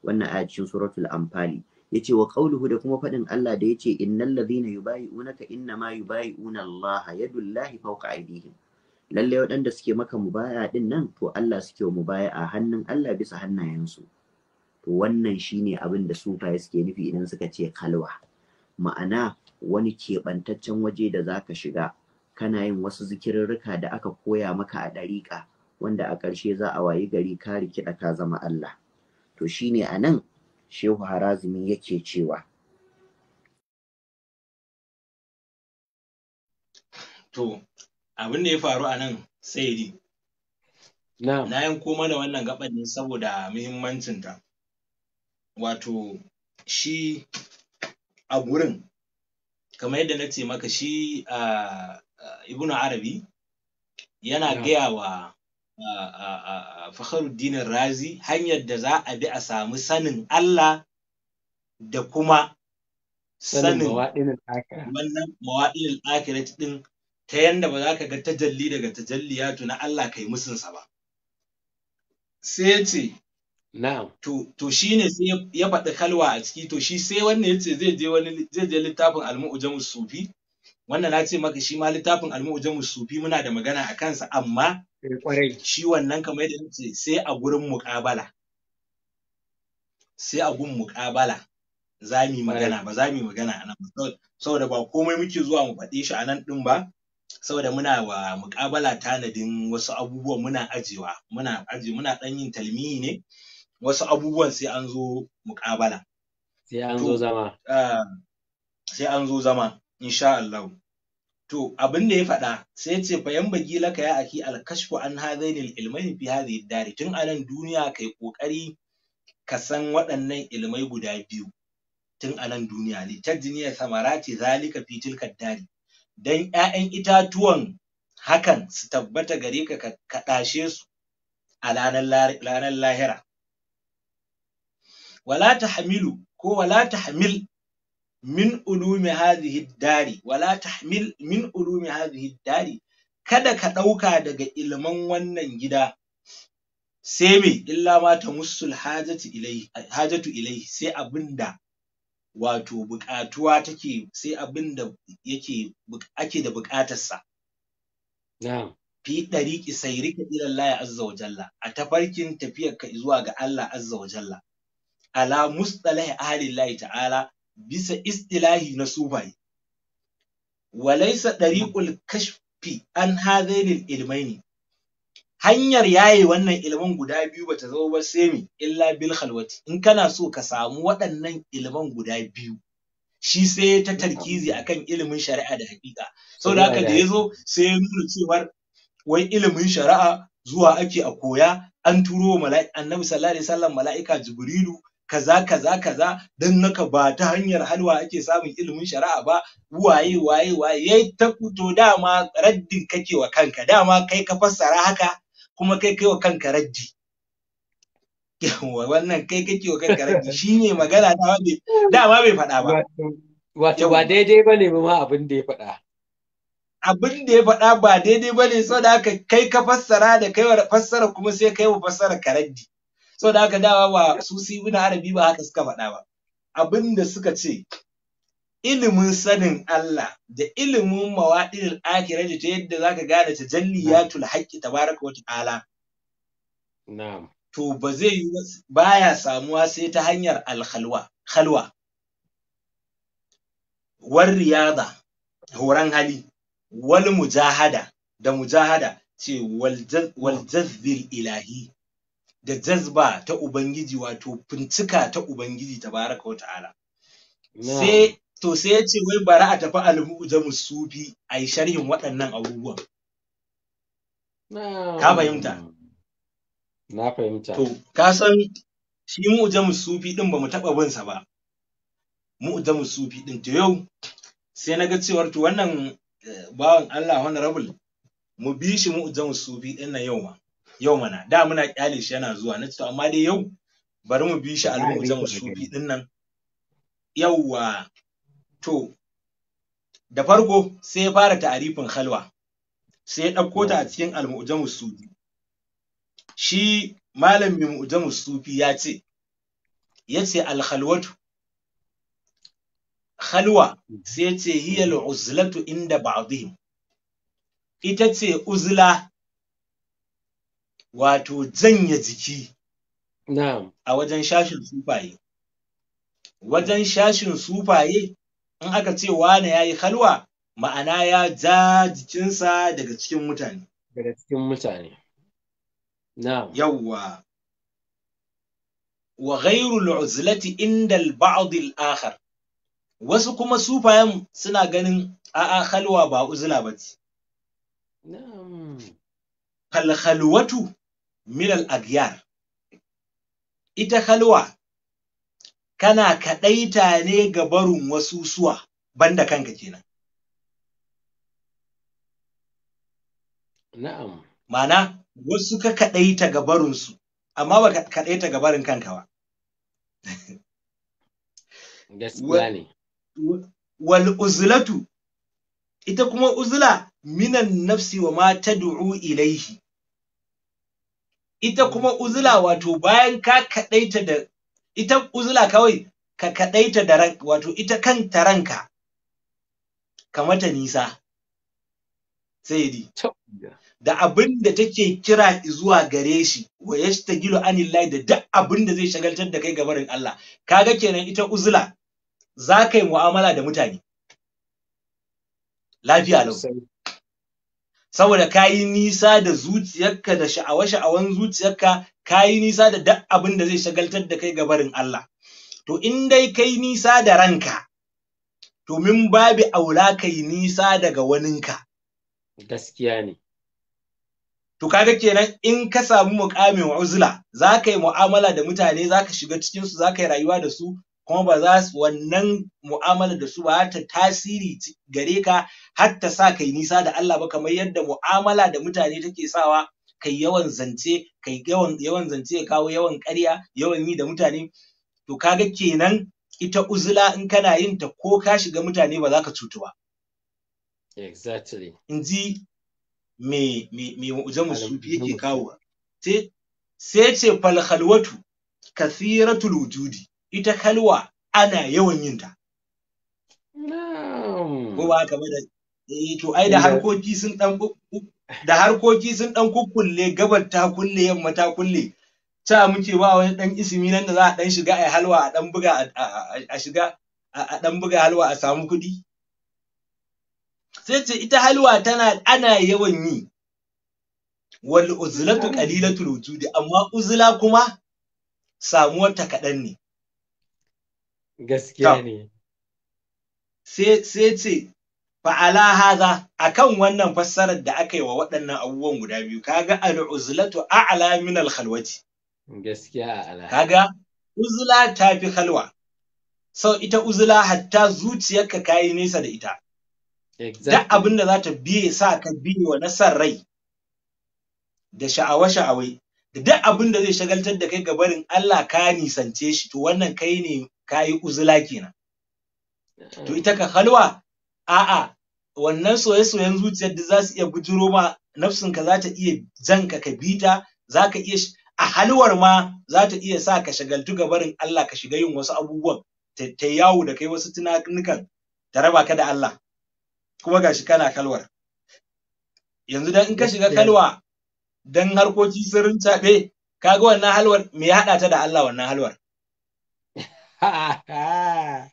wannan aya cikin suratul anfali yace wa ƙaunuhu da kuma faɗin Allah da yace innal ladhina yubayi'unaka innama yubayi'una Allah yadullahi fawqa aydihim lalle waɗanda suke maka mubaya din nan to Allah suke mubaya a hannun Allah bisa hannayensu to wannan shine abin da sufaye suke nufi idan suka ce kalwa ma'ana wani keɓantaccen waje da zaka shiga kana yin wasu zikirarruka da aka koya maka a ɗariƙa wanda a ƙarshe za a wayi gari ka kiɗa ka zama Allah to shine anan Shehu Harazumi yake cewa to abin da ya faru a nan sai di na koma da wannan gaɓar ne saboda muhimmancinta wato shi a gurin kamar yadda na ce maka shi a ah, ah, ibnu arabi yana gaya wa Fakharuddin Razi hanyar da za a bi a samu sanin Allah da kuma sanin wannan mawaɗin akirat din ta yanda ba za ka ga tajalli daga tajalliyatu na Allah kai musunsa ba. Sai ce, To shi ne sai ya faɗi kalwa a ciki, to shi sai wannan ya ce zai je littafin almu'ujamus sufi, wannan na ce maka shi ma littafin almu'ujamus sufi muna da magana a kansa amma Eh, kwarai shi wannan kamar yadda nace sai a gurin muƙabala sai a gun muƙabala za mu yi magana ba za mu yi magana a nan saboda ba komai muke zuwa mu faɗe shi a nan ɗin ba saboda muna wa muƙabala tanadin wasu abubuwan muna ajewa muna aje muna ɗan yin talmihi ne wasu abubuwan sai an zo muƙabala sai an zo zama eh, sai an zo zama insha Allah to abin da ya faɗa sai ce fa yan bagi laka ya aki alkashfu an hadainil ilmain fi hadhihi dari tun anan duniya kai kokari ka san waɗannan ilmai guda biyu tun anan duniya li tajniya samarati zalika fi tilka dari dan ƴaƴan itatuwan hakan su tabbata gare ka ka dashe su a ranar lahira wala tahmilu ko wala tahmil min ulumi hadhihi dari wala tahmil min ulumi hadhihi dari kada ka ɗauka daga ilman wannan gida sai me illa ma ta musul hajatu ilai hajatu ilai sai abinda wato buƙatuwa take sai abinda yake ake da buƙatarsa na'am fi ɗariƙi ila Allah azza wa jalla a tafarkin tafiyar tafiyarka zuwa ga Allah azza wa jalla ala mustalahi Allah ta'ala bisa istilahi na sufaye walaisa ɗariƙul kashfi an hazainil ilmaini hanyar yaye wannan ilman guda biyu bata zo ba sai mi illa bil khalwati in kana so ka samu waɗannan ilman guda biyu shi sai ta tarkizi akan ilimin shari'a da haƙiƙa saboda haka da ya zo sai ya nuna cewar wai ilimin shari'a zuwa ake a koya an turo annabi sallallahu alaihi wasallam mala'ika jibrilu kaza kaza kaza don naka ba ta hanyar halwa ake samun ilimin shari'a ba waye waye waye yayi ta fito dama raddin kake wa kanka dama kai ka fassara haka kuma kai kai wa kanka raddi wannan kai kake wa kanka raddi shine magana dama bai dama bai faɗa ba wato ba daidai bane ma abin da ya faɗa abin da ya faɗa ba daidai bane saboda haka kai ka fassara da kai fassara kuma sai kai wa fassara ka raddi so da aka dawa ba su si ibn arabi ba haka suka faɗa ba abinda suka ce ilimin sanin Allah da ilimin mawaɗin akira da ta yadda za ka gane ta jalliyatul ta tabaraka wa wata ala, to ba zai yi baya samuwa sai ta hanyar alhalwa khalwa war riyada horan hali wal mujahada da mujahada ce wal jazbil ilahi da jazba ta ubangiji wato fincika ta ubangiji tabaraka wa ta'ala sai to sai ya ce wai bara a tafi almujamu sufi a yi sharhin waɗannan abubuwan ka fahimta na fahimta to ka san shi mujamu sufi din bamu taɓa bin sa ba mujamu sufi din to yau sai na ga cewar to wannan eh, bawan Allah honorable mu bi shi mujamu sufi din na yau ma yau mana da muna kyale shi yana zuwa na ce amma dai yau bari mu bi shi almu'ujamu sufi din nan yauwa to da farko sai ya fara ta'arifin halwa sai ya ɗauko ta a cikin almu'ujamu sufi shi malamin mai mu'ujamu sufi ya ce ya ce alhalwatu halwa sai ya ce hiyal uzlatu inda ba'dihim ita ce uzla wato janye jiki na'am a wajen shashin sufaye wajen shashin sufaye in aka ce wane yayi halwa ma'ana ya ja jikinsa daga cikin mutane daga cikin mutane na'am yawwa wa ghairul uzlati inda al-ba'd al-akhar wasu kuma sufayen suna ganin a'a halwa ba uzla ba ce. Falhalwatu minal agyar ita halwa kana kaɗaita ne ga barin wasu suwa banda kanka kenan na'am mana wasu ka kaɗaita ga barinsu amma ba ka kaɗaita ga barin kanka ba gaskiya ne wal uzlatu ita kuma uzla minan nafsi wa ma tad'u ilaihi ita kuma uzula wato bayan ka kaɗaita da ita uzula kawai ka kaɗaita da ran wato ita kanta ranka ka mata nisa sai da abin da take kira zuwa gare shi wa yashtagilu anillahi da duk abinda zai shagaltar da kai ga barin Allah kaga kenan ita uzula za ka yi mu'amala da mutane lafiya lau saboda kayi nisa da zuciyarka da sha'awa-sha'awan zuciyarka kayi nisa da duk abin da zai shagaltar da kai ga barin Allah to in dai kai nisa da ranka to min babi aula kai nisa daga waninka gaskiya ne to kaga kenan in ka samu muƙamin uzla za ka yi mu'amala da mutane za ka shiga cikinsu, su za ka yi rayuwa da su kuma ba za su wannan mu'amala da su ba ta tasiri gare ka har ta sa kai nisa da Allah ba kamar yadda mu'amala da mutane take sawa kai yawan zance kai yawan yawan zance ya kawo yawan ƙarya yawan yi da mutane to kaga kenan ita uzula in kana yin ta ko ka shiga mutane ba za ka cutu ba exactly in ji me me me ujamu sufi yake kawo sai ce fal khalwatu kathiratul wujudi ita kalwa ana yawan yin ta ko ba haka ba da eh, to ai da harkoki sun dan da harkoki sun dan kukkulle gabar ta kulle yamma ta kulle ta muke ba wani dan isimi nan da za a dan shiga ai halwa a dan buga a shiga a dan buga halwa a samu kuɗi sai ce ita halwa tana ana yawan yi wal uzlatu qalilatul wujudi amma uzla kuma samuwar ta kaɗan ne gaskiya ne sai ce fa'ala haza kan wannan fassarar da aka yi wa waɗannan abubuwan guda biyu kaga al'uzlatu a'la min al-khalwati gaskiya ala kaga uzla ta fi halwa sau so, ita uzula hatta zuciyarka kayi nesa da ita. Exactly. abin da za ta biye sa ka biye wa nasar rai da sha'awa-sha'awai, da duk abin da zai shagaltar da kai ga barin Allah ka nisance shi, to wannan kai ne kayi uzula kenan to ita ka halwa a'a wannan soye-soyen zuciyar da za su iya bujiro ma Nafsin ka za ta iya jan ka bita za ka iya a halwar ma za ta iya sa ka shagaltu ga barin Allah ka shiga yin wasu abubuwan ta yawo da kai wasu tunanukan ta raba ka da Allah kuma gashi kana kalwar yanzu dan in ka shiga kalwa dan harkoki sun ka kaga wannan halwar me ya haɗa ta da Allah wannan halwar ba ta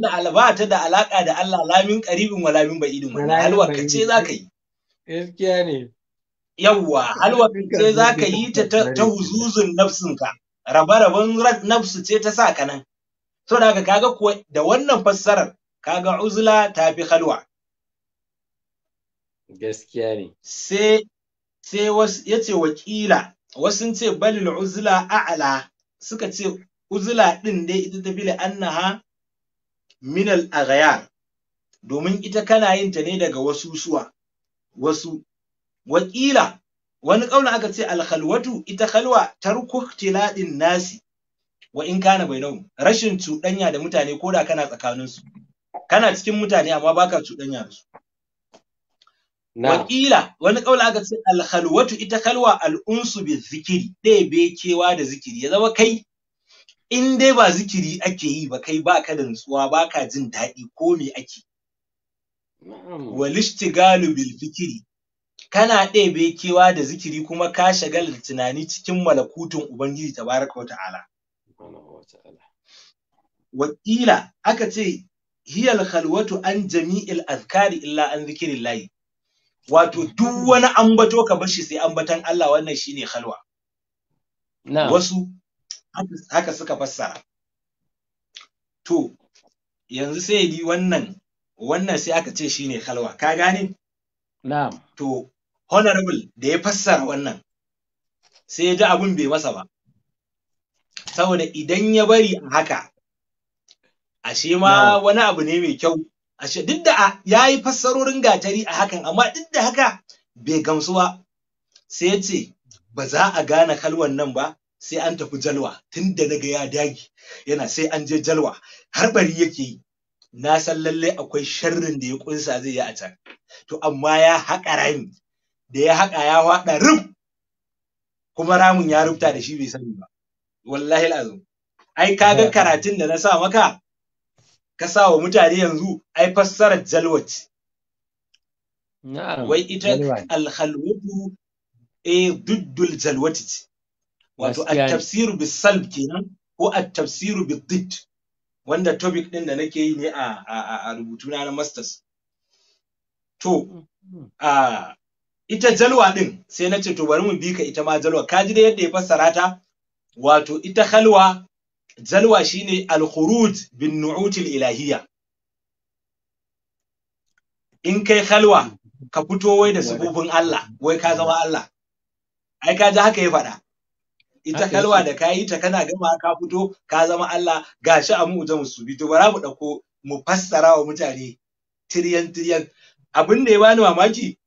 da ba da alaka da Allah lamin qaribin wa lamin ba'idin wa halwa kace zaka yi gaskiya ne yawwa ce za ka yi ta ta huzuzun nafsinka rabe-raben nafsu ce ta sa ka nan so da kaga kuwa da wannan fassarar kaga uzula ta fi halwa gaskiya ne sai sai wasu yace wakila wasu ce balil uzula a'la suka ce uzula ɗin dai ita ta fi annaha minal aghayar domin ita kana yin ta ne daga wasu suwa wasu wakila wani kauna aka ce alkhalwatu ita khalwa tarku tiladin nasi wa in kana bainahum rashin cuɗanya da mutane koda kana tsakaninsu? kana cikin mutane amma baka cuɗanya da su Wakila wani kaula aka ce alhalwatu ita kalwa al'unsu bi zikiri ɗebe kewa da zikiri ya zama kai in dai ba zikiri ake yi ba kai ba ka da nutsuwa ba ka jin daɗi ko me ake. Walishtigalu bil zikiri kana ɗebe kewa da zikiri kuma ka shagala da tunani cikin malakutun Ubangiji tabaraka wa ta'ala. Wakila aka ce hiyal halwatu an jami'il azkari illa an zikirin layi. wato duk wani ambato ka bar shi sai ambatan Allah wannan shine khalwa wasu haka suka fassara to yanzu sai yi wannan wannan sai aka ce shine khalwa ka gane na'am to honorable da ya fassara wannan sai ya ji abun bai masa ba saboda idan ya bari a haka ashe ma wani abu ne mai kyau ashe duk da ya yi fassarorin gatari a hakan amma duk da haka bai gamsuwa. sai ya ce ba za a gane kalwan nan ba sai an tafi jalwa tun da naga ya dage yana sai an je jalwa har bari yake yi na san lalle akwai sharrin da ya kunsa zai yi a can to amma ya haƙa rami da ya haƙa ya haɗa rum kuma ramin ya rubuta da shi bai sani ba wallahi azum ai kaga karatun da na sa maka ka sa wa mutane yanzu ai fassarar jalwat wai ita alhalwatu e duddul jalwati wato at-tafsiru salb kenan ko at-tafsiru bid wanda topic din da nake yi ne a a rubutu na na masters to a ita jalwa din sai na ce to bari mu bi ka ita ma jalwa ka ji da yadda ya fassara ta wato ita halwa Zalwa shine al-khuruj bin nu'util ilahiyya in kai halwa ka fito wai da sububin Allah wai ka zama Allah ai ka ji haka ya faɗa ita halwa da ka yi ta kana gama ka fito ka zama Allah gashi a mu musubi to bara mu ɗauko mu fassara wa mutane tiryan tiryan abin da ya bani mamaki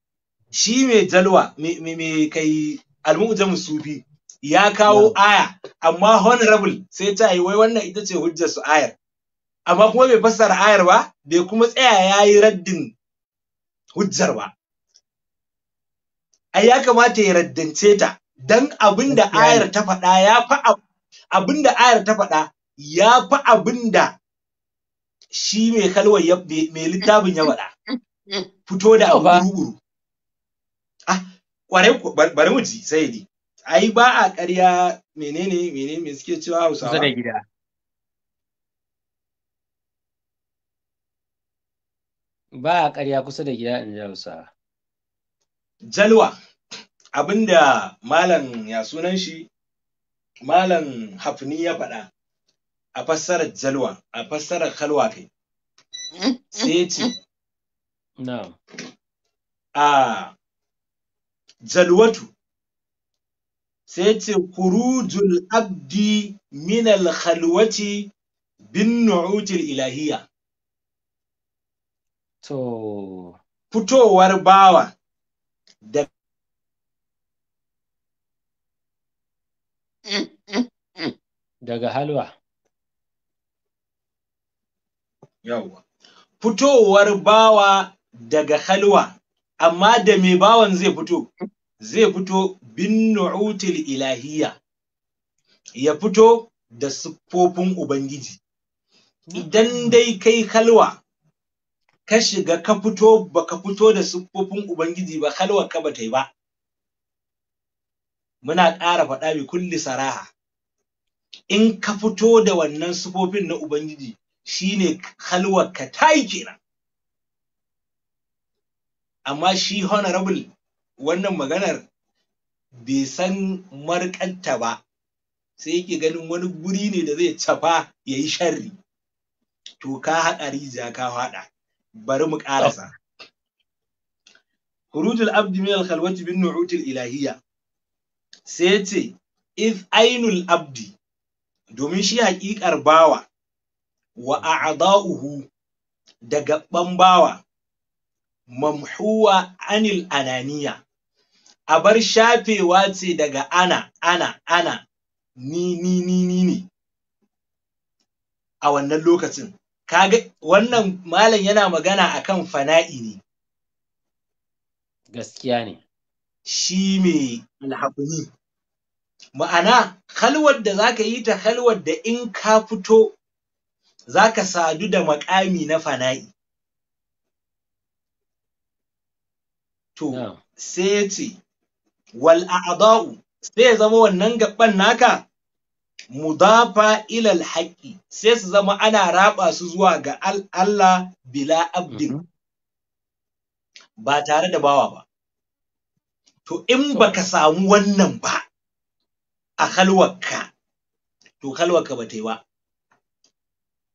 shi mai zalwa, mai kai almu'ujan sufi. ya kawo aya amma honorable sai ta yi wai wannan ita ce hujjar su ayar amma kuma bai fassara ayar ba bai kuma tsaya ya yi raddin hujjar ba ai ya kamata ya raddance ta dan abinda ayar ta faɗa ya fa abinda ayar ta faɗa ya fa abinda shi mai kalwar mai littafin ya faɗa fito da abu buru ah kwarai bari mu ji sai ai ba a ƙarya menene menene me suke cewa Hausawa kusa da gida ba a ƙarya kusa da gida in ji Hausawa jalwa abinda malam ya sunan shi malam hafni ya faɗa a fassarar jalwa a fassarar kalwa kai sai ce no. a ah, jalwatu sai ce kurujul abdi minal khalwati bin nu'util ilahiyya to fitowar bawa da daga halwa yawwa fitowar bawa daga halwa amma da me bawan zai fito zai fito bin nu'utul ilahiyya ya fito da siffofin ubangiji idan dai kai kalwa ka shiga ka fito baka fito da siffofin ubangiji ba kalwar ka ba ba muna ƙara faɗa bi kulli saraha in ka fito da wannan sifofin na ubangiji shine kalwar ka ta kenan amma shi honorable wannan maganar bai san markanta ba sai yake ganin wani guri ne da zai cafa ya yi sharri to ka haɗa rijiya ka bari mu ƙarasa khurujul abdi min al-khalwati bin nu'util ilahiyya sai ya ce if ainul abdi domin shi haƙiƙar bawa wa a'da'uhu daga gaban bawa mamhuwa anil ananiya A bar shafewa ce daga ana ana ana ni ni ni ni ne a wannan lokacin kaga wannan malam yana magana a kan fana'i ne gaskiya ne shi me ne. ma'ana halwar da ka yi ta halwar da in ka fito za ka sadu da makami na fana'i to sai ya ce wal a'da'u sai zama wannan gaban naka mudafa ilal haƙƙi sai su zama ana raba su zuwa ga Allah bila abdin mhm. ba tare da bawa ba to in baka samu wannan ba a halwarka to halwarka ba ta yi ba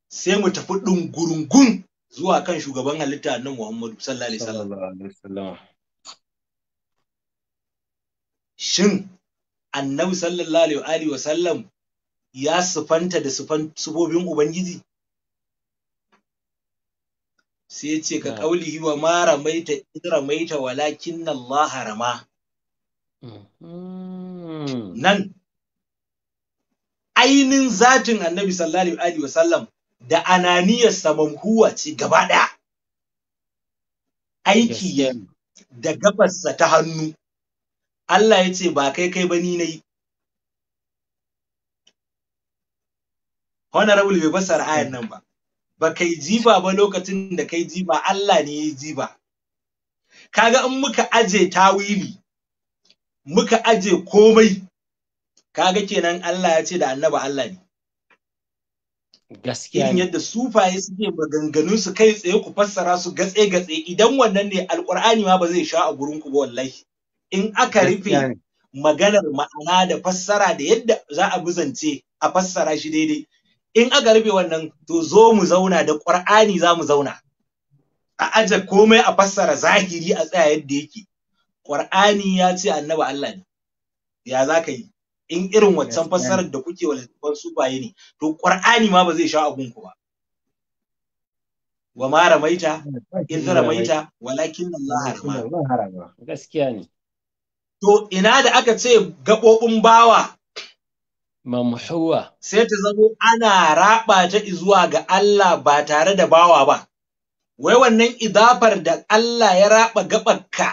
sai mu tafi ɗungurungun zuwa kan shugaban halitta annabi Muhammadu sallallahu alaihi wasallam shin annabi sallallahu alaihi wa sallam ya sufanta da sufofin ubangiji sai ce ka kaulihi wa Mara maita in ramaita walakin Allah harama. Mm-hmm. nan ainin zatin annabi sallallahu alaihi wa sallam da ananiyar samamhuwa ce gaba ɗaya aiki da gabarsa ta hannu Allah ya ce ba kai kai ba ni nayi honorable bai fassara ayan nan ba ba kai jiba ba lokacin da kai jiba Allah ne ya jiba kaga in muka aje tawili muka aje komai kaga kenan Allah ya ce da annaba Allah ne gaskiya irin yadda sufaye suke maganganun su kai tsaye ku fassara su gatse gatse idan wannan ne alqur'ani ma ba zai sha a gurin ku ba wallahi in aka rufe maganar ma'ana da fassara da yadda za a bizance a fassara shi daidai in aka rufe wannan to zo mu zauna da ƙur'ani za mu zauna a aje komai a fassara zahiri a tsaya yadda yake ƙur'ani ya ce annabi Allah ne ya za ka yi in irin wancan fassarar da kuke wa littafan baye ne to ƙur'ani ma ba zai sha abun ku ba wa ma ramaita in ramaita walakin Allah harama gaskiya ne to ina da aka ce gaɓoɓin bawa mamhuwa sai ta zamo ana raba ta zuwa ga Allah ba tare da bawa ba wai wannan idafar da Allah ya raba gaɓarka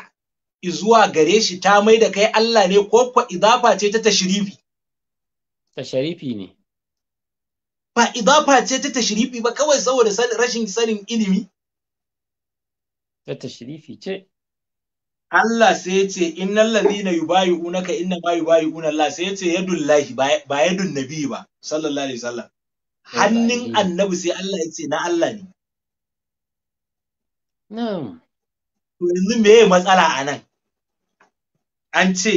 zuwa gare shi ta mai da kai Allah ne ko kwa idafa ce ta tashrifi tashrifi ne ba idafa ce ta tashrifi ba kawai saboda rashin sanin ilimi ta tashrifi ce Allah sai ya ce innal ladina yubayi'unaka inna ma yubayi'una Allah sai ya ce yadullahi ba yadun nabi ba sallallahu alaihi wasallam hannun annabi sai Allah ya ce na Allah ne na'am to yanzu meye matsala a nan an ce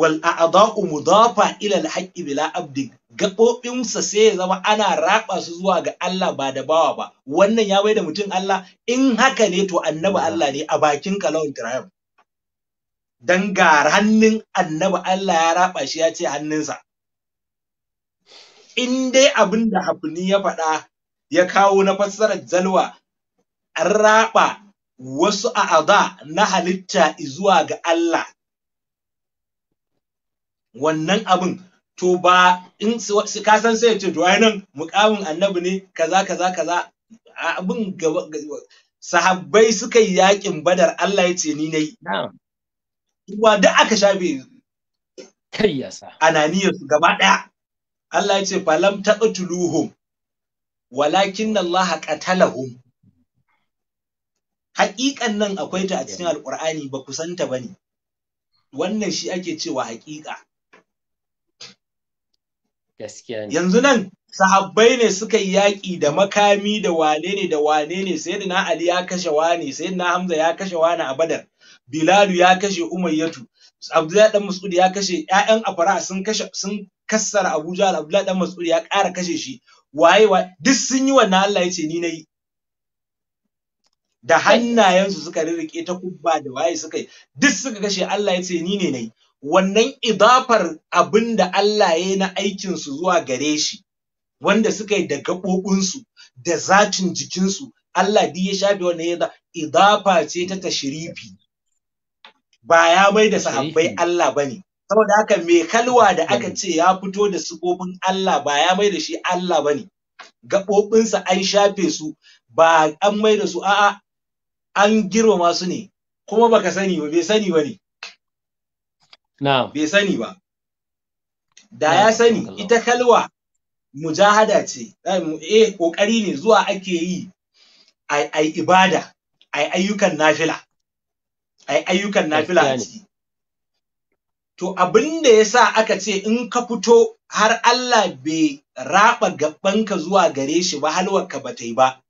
wal a'da'u mudafa ila al-haqqi bila abdi gaɓoɓinsa sai ya zama ana raba su zuwa ga Allah ba da bawa ba wannan ya bai da mutum Allah in haka ne to annabi Allah ne a bakin kalawun tirayam dan ga hannun annabi Allah ya raba shi ya ce hannunsa in dai abin da hafni ya faɗa ya kawo na fassarar zalwa an raba wasu a'aza na halitta zuwa ga Allah wannan abin to ba in ka san sai ce to nan mukamin annabi ne kaza kaza kaza abin gaba sahabbai suka yi yakin badar Allah ya ce ni nayi na'am ruwa duk aka shafe yanzu kai yasa ananiyar su gaba ɗaya. Allah ya ce falam taqtuluhum walakin Allah qatalahum haƙiƙan nan akwai ta a cikin alƙur'ani ba kusanta ne. wannan shi ake cewa haƙiƙa gaskiya ne yanzu nan sahabbai ne suka yi yaƙi da makami da wane ne da wane ne sai na ali ya kashe wane sai na hamza ya kashe wane a badar Bilalu ya kashe Umayyatu Abdullahi dan Mas'ud ya kashe ƴaƴan Afara sun kashe sun kassara Abuja Abdullahi dan Mas'ud ya ƙara kashe shi waye wa duk sun yi wannan Allah yace ni nayi da hannayensu suka rirrike ta kubba da waye suka yi duk suka kashe Allah yace ni ne nayi wannan idafar abinda Allah ya yi na aikinsu zuwa gare shi wanda suka yi da gaɓoɓinsu da zatin jikinsu Allah duk ya shafe wannan yadda idafa ce ta tashirifi ba ya mai da sahabbai Allah ba ne. Saboda haka mai kalwa da aka ce ya fito da sukobin Allah ba ya mai da shi Allah ba ne. Gaɓoɓinsa an shafe su ba an mai da su a'a an girmama su ne kuma baka sani ba bai sani ba ne. Bai sani ba. Da ya sani ita kalwa mujahada ce eh ƙoƙari ne zuwa ake yi a ibada a ayyukan nafila. ai ayyukan nafila a ciki to abin da yasa aka ce in ka fito har Allah bai raba gabanka zuwa gare shi ba halwarka ba ta yi ba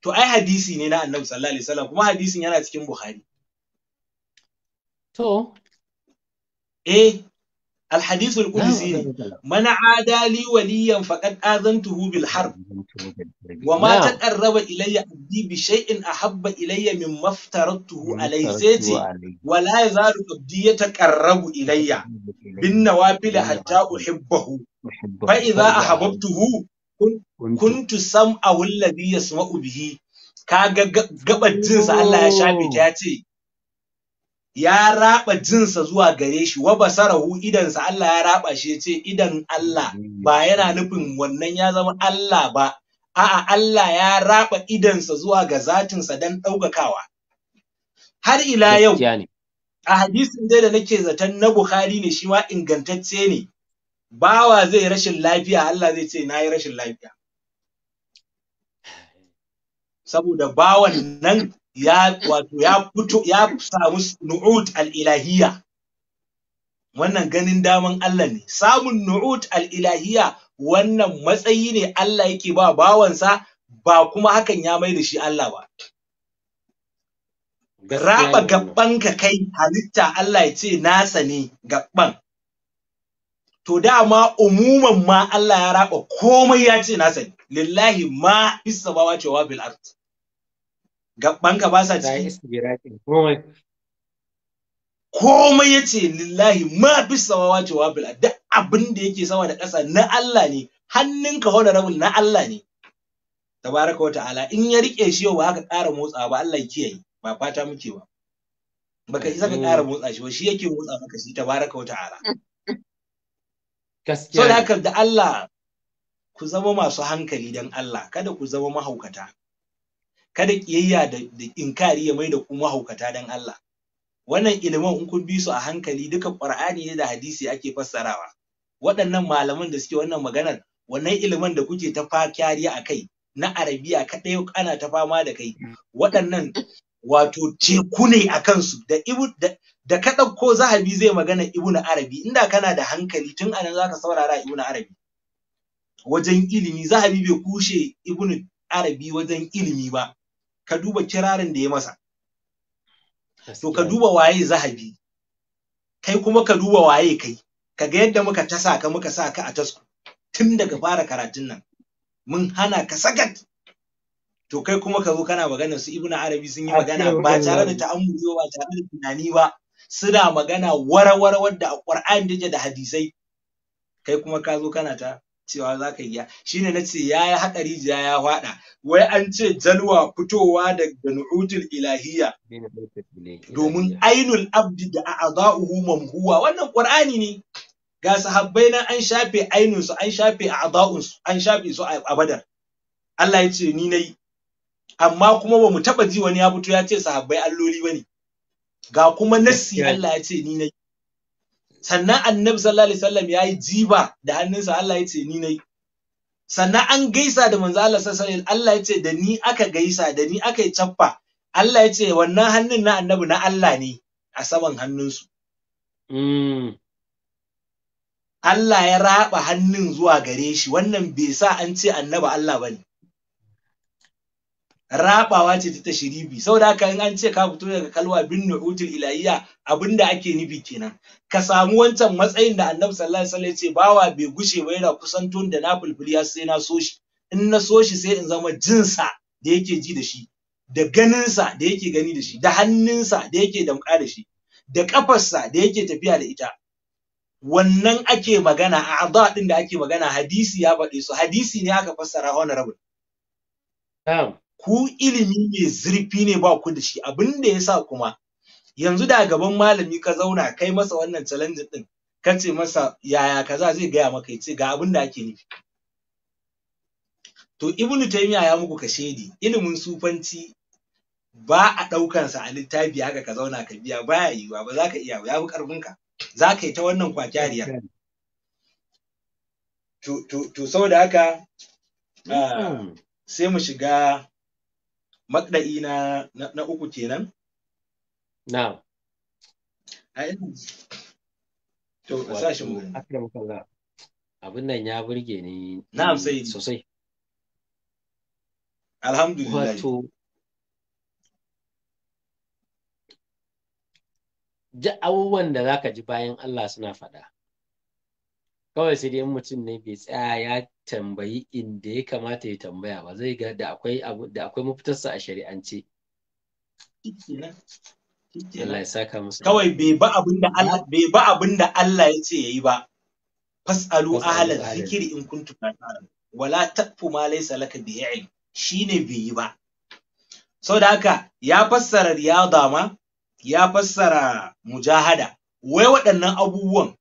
to ai hadisi ne na annabi sallallahu alaihi wasallam kuma hadisin yana cikin buhari to eh الحديث القدسي من عادى لي وليا فقد آذنته بالحرب وما تقرب إلي عبدي بشيء أحب إلي مما افترضته عليه سيتي ولا يزال عبدي يتقرب إلي بالنوافل حتى أحبه فإذا أحببته كنت سمعه الذي يسمع به كاغا غبتين الله يا شابي تاتي ya raba jinsa zuwa gare shi wa basarahu idansa Allah ya raba shi ce idan Allah ba yana nufin wannan ya zama Allah ba a'a Allah ya raba idansa zuwa ga zatinsa dan ɗaukakawa har ila yau a hadisin dai da nake zaton na Bukhari ne shi ma ingantacce ne bawa zai rashin lafiya Allah zai ce na yi rashin lafiya saboda bawan nan ya wato ya fito ya samu nu'ut al-ilahiyya wannan ganin daman Allah ne samun nu'ut al-ilahiyya wannan matsayi ne Allah yake ba bawansa ba kuma hakan ya mai da shi Allah ba raba gabban ka kai halitta Allah ya ce nasa ne gabban to dama umuman ma Allah ya raba komai ya ce nasa ne lillahi ma fis samawati wa fil ard gabanka ba sa ciki komai ya ce lillahi ma fi ce wa bila duk abin da yake sama da ƙasa na Allah ne hannunka rabin na Allah ne tabaraka wa ta'ala in ya rike shi yau ba haka ƙara motsa ba Allah ya kiyaye ba fata muke ba baka isa ka ƙara mm. motsa shi ba shi yake motsa maka shi tabaraka wa ta'ala gaskiya so da haka da Allah ku zama masu hankali dan Allah kada ku zama mahaukata kada kiyayya da inkari ya mai da ku mahaukata dan Allah wannan ilimin in kun bi su a hankali duka qur'ani ne da hadisi ake fassarawa waɗannan malaman da suke wannan maganar wannan ilimin da kuke ta kariya a kai na arabiya kaɗai ana ta fama da kai waɗannan wato teku ne a kansu da ibu da da ka ɗauko zahabi zai magana ibnu arabi inda kana da hankali tun anan zaka saurara ibnu arabi wajen ilimi zahabi bai kushe ibnu arabi wajen ilimi ba ka duba kirarin da ya masa to ka duba waye zahabi kai kuma ka duba waye kai ka ga yadda muka ta sa ka muka sa ka a tasku tun daga fara karatun nan mun hana ka sakat to kai kuma ka zo kana magana su ibn arabi sun yi magana ba tare da ta'ammuli ba tare da tunani ba suna magana warawar wadda a qur'ani take da hadisai kai kuma ka zo kana ta cewa za ka shi ne na ce ya yi haƙari jiya ya waɗa wai an ce jalwa fitowa daga nu'utul ilahiyya domin ainul abdi da a'dha'uhu mamhuwa wannan qur'ani ne ga sahabbai nan an shafe ainun su an shafe a su an shafe su a badar Allah ya ce ni nayi amma kuma ba mu taba ji wani ya fito ya ce sahabbai alloli bane ga kuma nassi Allah ya ce ni nayi sannan annabi sallallahu alaihi wasallam yayi jiba da hannunsa Allah ya ce ni nayi sannan an gaisa da manzo Allah sallallahu alaihi Allah ya ce da ni aka gaisa da ni aka yi cappa Allah ya ce wannan hannun na annabi na Allah ne a saman hannunsu mm. Allah ya raba hannun zuwa gare shi wannan bai sa an ce annabi Allah bane rabawa ce ta tashiribi saboda haka in an ce ka fito daga kalwa bin nu'utul ilahiyya abinda ake nufi kenan ka samu wancan matsayin da annabi sallallahu alaihi wasallam ya ce bawa bai gushe ba yana kusanton da na ya sai na so shi in na so shi sai in zama jinsa da yake ji da shi da ganinsa da yake gani da shi da hannunsa da yake damƙa da shi da ƙafarsa da yake tafiya da ita wannan ake magana a adha din da ake magana hadisi ya faɗe su hadisi ne aka fassara honorable na'am ku ilimi mai zurfi ne ba ku da shi abin da ya sa kuma yanzu da gaban malami ka zauna kai masa wannan challenge din ka ce masa yaya kaza zai gaya maka ya ce ga abin da ake nufi to Ibn taymiya ya muku kashedi ilimin sufanci ba a ɗaukansa a littafi haka ka zauna ka biya baya yiwuwa ba za ka iya ba ya fi ƙarfinka za ka yi ta wannan kwakiyariya to, to, to saboda haka ah, sai mu shiga makɗa'i na, na, na uku kenan? Na'am. A To, mu. Abin nan ya burge ni. Na'am sai. Sosai. Alhamdulillah. Wato, duk abubuwan da zaka ji bayan Allah suna faɗa. Kawai sai dai mutum ne bai tsaya ya tambayi inda ya kamata ya tambaya ba zai ga da akwai da akwai mafitarsa a shari'ance Allah ya saka musu kawai bai ba abin da Allah bai ba abin da Allah ya ce yayi ba fasalu ahla zikri in kuntum wala taqfu ma laysa laka bi ilm shine bai yi ba saboda haka ya fassara riyada ma ya fassara mujahada wai waɗannan abubuwan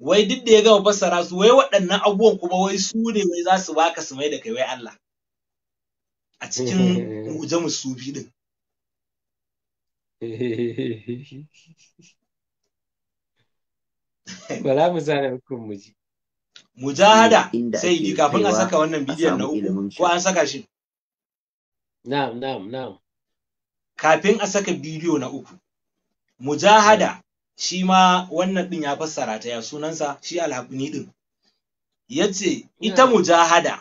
wai duk da ya gama fassara su wai waɗannan abubuwan kuma wai su ne wai za su baka su mai da kai wai Allah a cikin mujamus sufi din Bala mu zana hukun mu ji. Mujahada sai yi kafin a saka wannan bidiyon na uku ko an saka shi. Na'am na'am na'am. Kafin a saka bidiyo na uku. Mujahada shi ma wannan ɗin ya fassara ta ya sunansa shi alhaqni din ce ita hmm. mujahada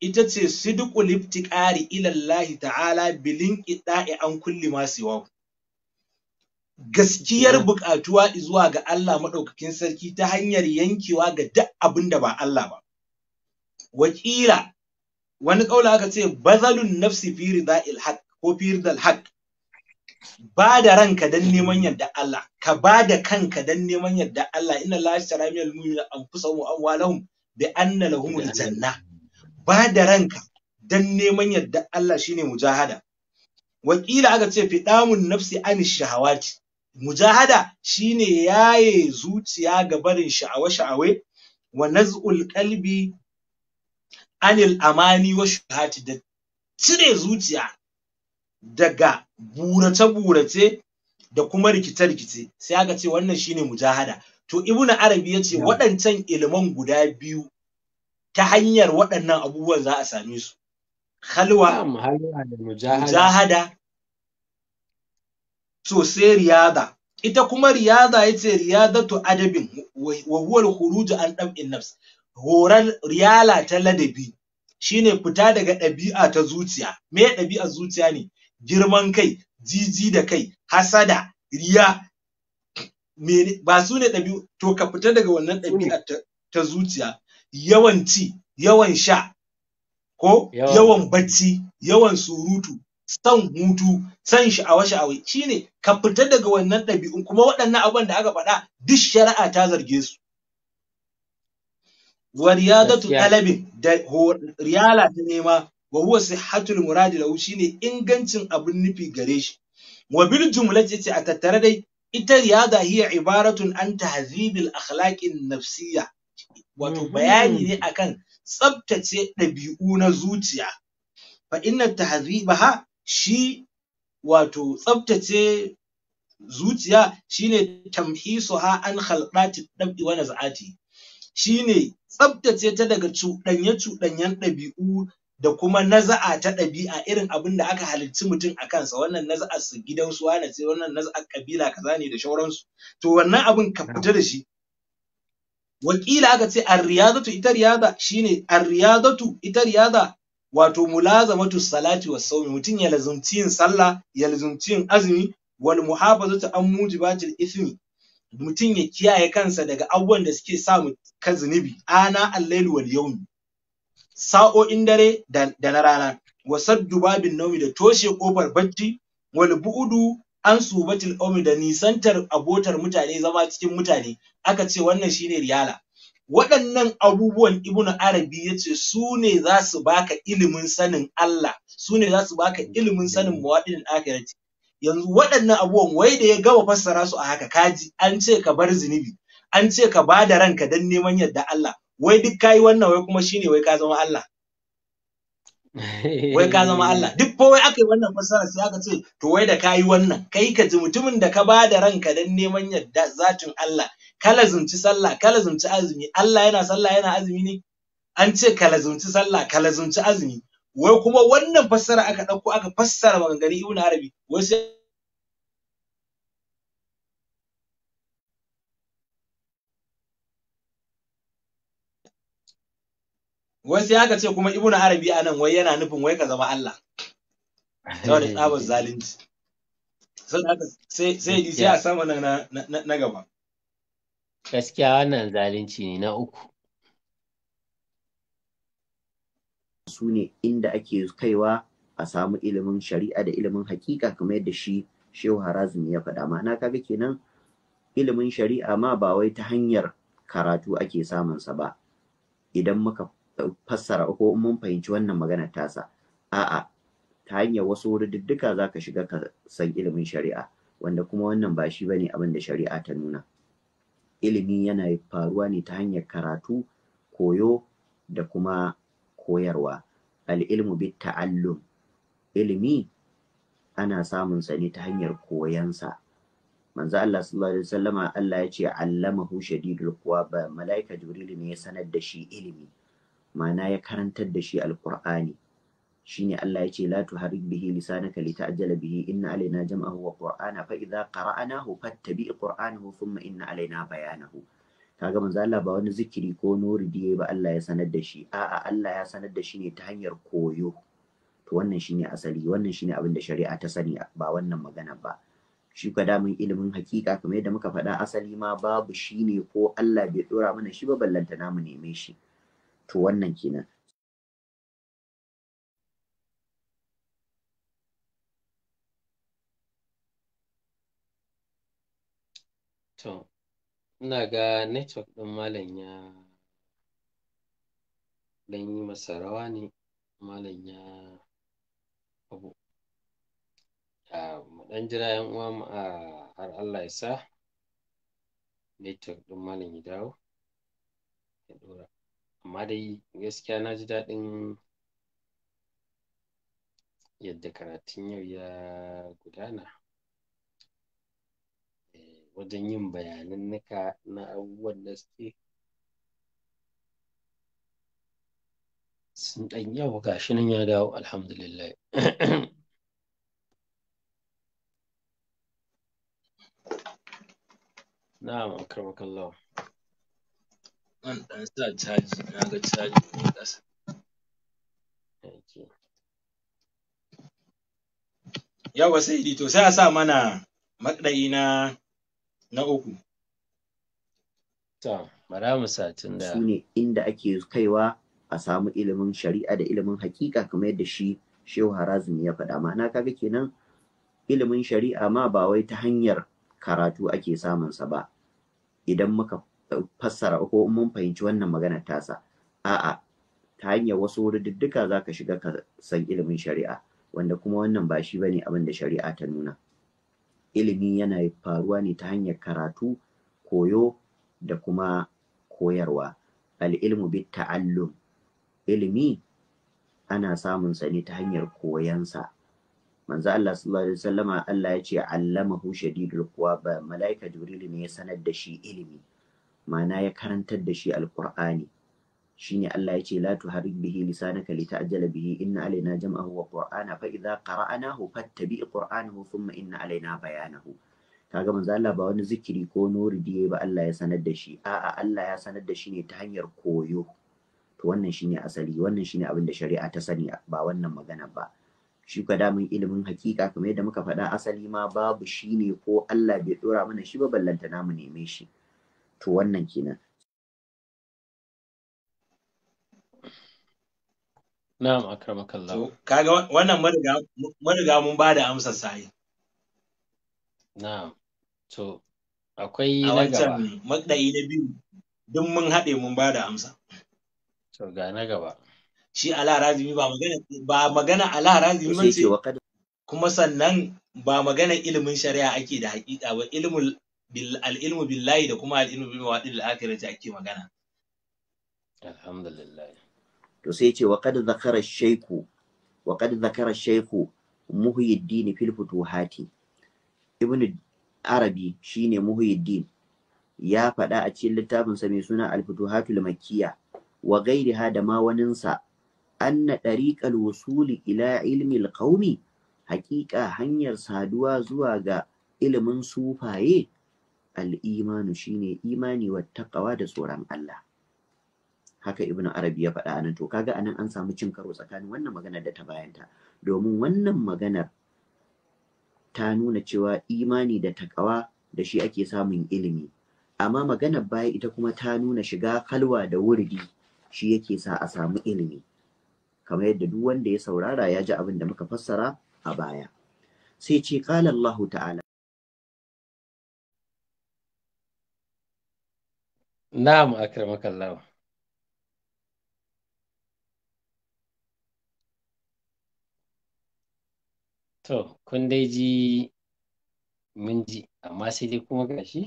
ita ce sidqul ibtiqari ilallahi ta'ala bilin ƙiɗa'i an kulli masu yawa. gaskiyar hmm. buƙatuwa zuwa ga Allah maɗaukakin sarki ta hanyar yankewa ga duk abin da ba Allah ba wakila wani ƙaula aka ce bazalun nafsi firi rida'il ko firi ridal ba da ranka dan neman yadda Allah ka ba da kanka dan neman yadda Allah inna la yashtara min al an anfusahum wa walahum bi anna lahumul janna ba da ranka dan neman yadda Allah shine mujahada wakila aka ce mun nafsi an shahawati mujahada shine yaye zuciya ga barin sha'awa sha'awai wa naz'ul qalbi anil amani wa shuhati da cire zuciya daga burace-burace da kuma rikice-rikice sai aka ce wannan shine mujahada to ibnu arabi ya ce waɗancan iliman guda biyu ta hanyar waɗannan abubuwan za a same su halwa mujahada to sai riyada ita kuma riyada ya ce riyadatu adabin wa huwal an dab'in nafs horar riyala ta ladabi shine fita daga ɗabi'a ta zuciya me ɗabi'a zuciya ne girman kai jiji da kai hasada riya mene ba su ne ɗabi'u to ka fita daga wannan ɗabi'a ta zuciya yawan ci yawan sha ko yawan bacci yawan surutu son hutu son sha'awa-sha'awai shine ka fita daga wannan ɗabi'un kuma waɗannan abubuwan da aka faɗa duk shari'a ta zarge su wa talabin da riyala ta nema wa huwa sihhatul muradi lahu shine ingancin abin nufi gare shi wa bil jumlati ce a tattare dai ita riyada hiya ibaratun an tahzibil akhlaqin nafsiyya wato mhm. bayani ne akan tsabtace ɗabi'u na zuciya fa inna tahzibaha shi wato tsabtace zuciya shine ha an khalqati dab'i wa naz'ati shine tsabtace ta daga cuɗanye-cuɗanyen ɗabi'u da kuma naza'a ta ɗabi'a irin abin da aka halicci mutum a kansa wannan naza'a su gidan su wane sai wannan naza'a kabila kaza ne da shauransu to wannan abin ka fita da shi wakila aka ce arriyadatu ita riyada shine arriyadatu ita riyada wato mulazamatu salati was sawmi mutum ya lazumci yin sallah ya lazumci yin azumi wal muhafazatu an mujibatil ithmi mutum ya kiyaye kansa daga abubuwan da suke sa mu ka zunubi ana al-lail wal yawmi sa'o'in dare da na rana wa Dubabin, babin naumi da toshe kofar batti wal bu'udu an batil omi da nisantar abotar mutane zama cikin mutane aka ce wannan shine riyala waɗannan abubuwan ibnu arabi ya ce su ne za su baka ilimin sanin Allah su ne za su baka ilimin sanin mawaɗin akirati yanzu waɗannan abubuwan wai da ya gama fassara su a haka kaji an ce ka bar zunubi an ce ka ba da ranka don neman yadda Allah wai duk kayi wannan wai kuma shine wai ka zama Allah wai ka zama Allah duk fa wai aka yi wannan fassara sai aka ce to wai da kayi wannan kai ka ji mutumin da ka ba da ranka dan neman yadda zatin Allah ka lazumci sallah ka lazumci azumi Allah yana sallah yana azumi ne an ce ka lazumci sallah ka lazumci azumi wai kuma wannan fassara aka ɗauko aka fassara maganganun Ibn Arabi wai sai wai sai aka ce kuma ibnu arabi anan wai yana nufin wai ka zama Allah da tsabar zalunci sai sai sai a sama na na gaba gaskiya wannan zalunci ne na uku su ne inda ake kaiwa a samu ilimin shari'a da ilimin hakika kamar yadda shi shehu harazmi ya faɗa na kaga kenan ilimin shari'a ma ba wai ta hanyar karatu ake samunsa ba idan muka fassara ko mun fahimci wannan magana tasa a'a ta hanyar wasu wurididdika za ka shiga ka san ilimin shari'a wanda kuma wannan ba shi bane abin da shari'a ta nuna ilimi yana faruwa ne ta hanyar karatu koyo da kuma koyarwa al'ilmu bi ta'allum ilimi ana samun sa ne ta hanyar koyansa manzo Allah sallallahu alaihi wasallama Allah ya ce allamahu shadidul quwa ba malaika jibril ne ya sanar da shi ilimi ma'ana ya karantar da shi Shi ne Allah ya yace la tuharrik bihi lisanaka ajala bihi inna alaina jam'ahu wa qur'ana fa idza qara'nahu fattabi qur'anahu thumma inna alaina bayanahu kaga manzo Allah ba wani zikiri ko nuridi ba Allah ya sanar da shi a'a Allah ya sanar da shi ne ta hanyar koyo to wannan shine asali wannan shine abin da shari'a ta sani ba wannan magana ba shi ka damun ilimin hakika kamar yadda muka faɗa asali ma babu shine ko Allah bai dora mana shi ba ballanta namu neme shi to wannan kenan to ina ga network ɗin malam ya dan yi masa rawa ne malam ya abu mu ɗan jira yan uwa mu a har Allah ya sa network ɗin malam ya dawo ya ɗora amma dai gaskiya na ji daɗin yadda karatun yau ya gudana eh, wajen yin bayanannuka na abubuwan da suke sun ɗan yau shi nan ya dawo alhamdulillah na'am akramakallahu Zan ɗan sa caji, na ga caji ne ƙasa. Yawa sai to sai a sa mana maɗayi na na uku. bara mu da. Su ne inda ake kaiwa a samu ilimin shari'a da ilimin hakika kamar yadda shi Shehu Harazmi ya faɗa ma'ana kaga kenan ilimin shari'a ma ba wai ta hanyar karatu ake samunsa ba idan muka fassara ko mun fahimci wannan magana tasa a'a ta hanyar wasu wuridduka za ka shiga ka san ilimin shari'a wanda kuma wannan ba shi bane abin da shari'a ta nuna ilimi yana faruwa ne ta hanyar karatu koyo da kuma koyarwa al'ilmu bi ta'allum ilimi ana samun sa ne ta hanyar koyansa manzo Allah sallallahu alaihi wasallama Allah ya ce allamahu shadidul quwa ba malaika jibril ne ya sanar da shi ilimi ma'ana ya karantar da shi Shi shine Allah yace la tuharrik bihi lisanaka lita'jala bihi inna alaina jam'ahu wa qur'ana fa idza qara'nahu fattabi' qur'anahu thumma inna alaina bayanahu kaga manzo Allah ba wani zikiri ko nuridi ba Allah ya sanar da shi a'a Allah ya sanar da shi ne ta hanyar koyo to wannan shine asali wannan shine abin da shari'a ta sani ba wannan magana ba shi ka damun ilimin hakika kamar yadda muka faɗa asali ma babu shine ko Allah bai dora mana shi ba ballanta mu neme shi to wannan kenan Na'am akramakallah. So, kaga wannan mariga mun ba da amsar sai. Na'am. To akwai na gaba. A wancan magdayi na biyu duk mun haɗe mun ba da amsa. To ga na gaba. Shi Allah razumi ba magana ba magana Allah razumi ba ce. Kuma sannan ba magana ilimin shari'a ake da haƙiƙa ba ilimin al'ilmu billahi da kuma al'ilmu bil mawadil akhirati ake magana alhamdulillah to sai ce wa qad zakara shayku wa qad zakara shayku muhyiddin fil futuhati ibn arabi shine muhyiddin ya faɗa a cikin littafin sa mai suna al-futuhatul makkiya wa gairiha da ma waninsa anna ɗariƙar wusuli ila ilmi al haƙiƙa hanyar saduwa zuwa ga ilimin sufaye al-imanu shine imani wa taqwa da tsoron Allah haka ibnu arabi ya faɗa anan to kaga anan an samu cin karo tsakanin wannan maganar da ta bayanta domin wannan maganar ta nuna cewa imani da taqwa da shi ake samun ilimi amma maganar baya ita kuma ta nuna shiga halwa da wurdi shi yake sa a samu ilimi kamar yadda duk wanda ya saurara ya ji abin da muka fassara a baya sai ce qala Allahu ta'ala نعم أكرمك الله To, kun dai ji mun ji, amma sai dai kuma gashi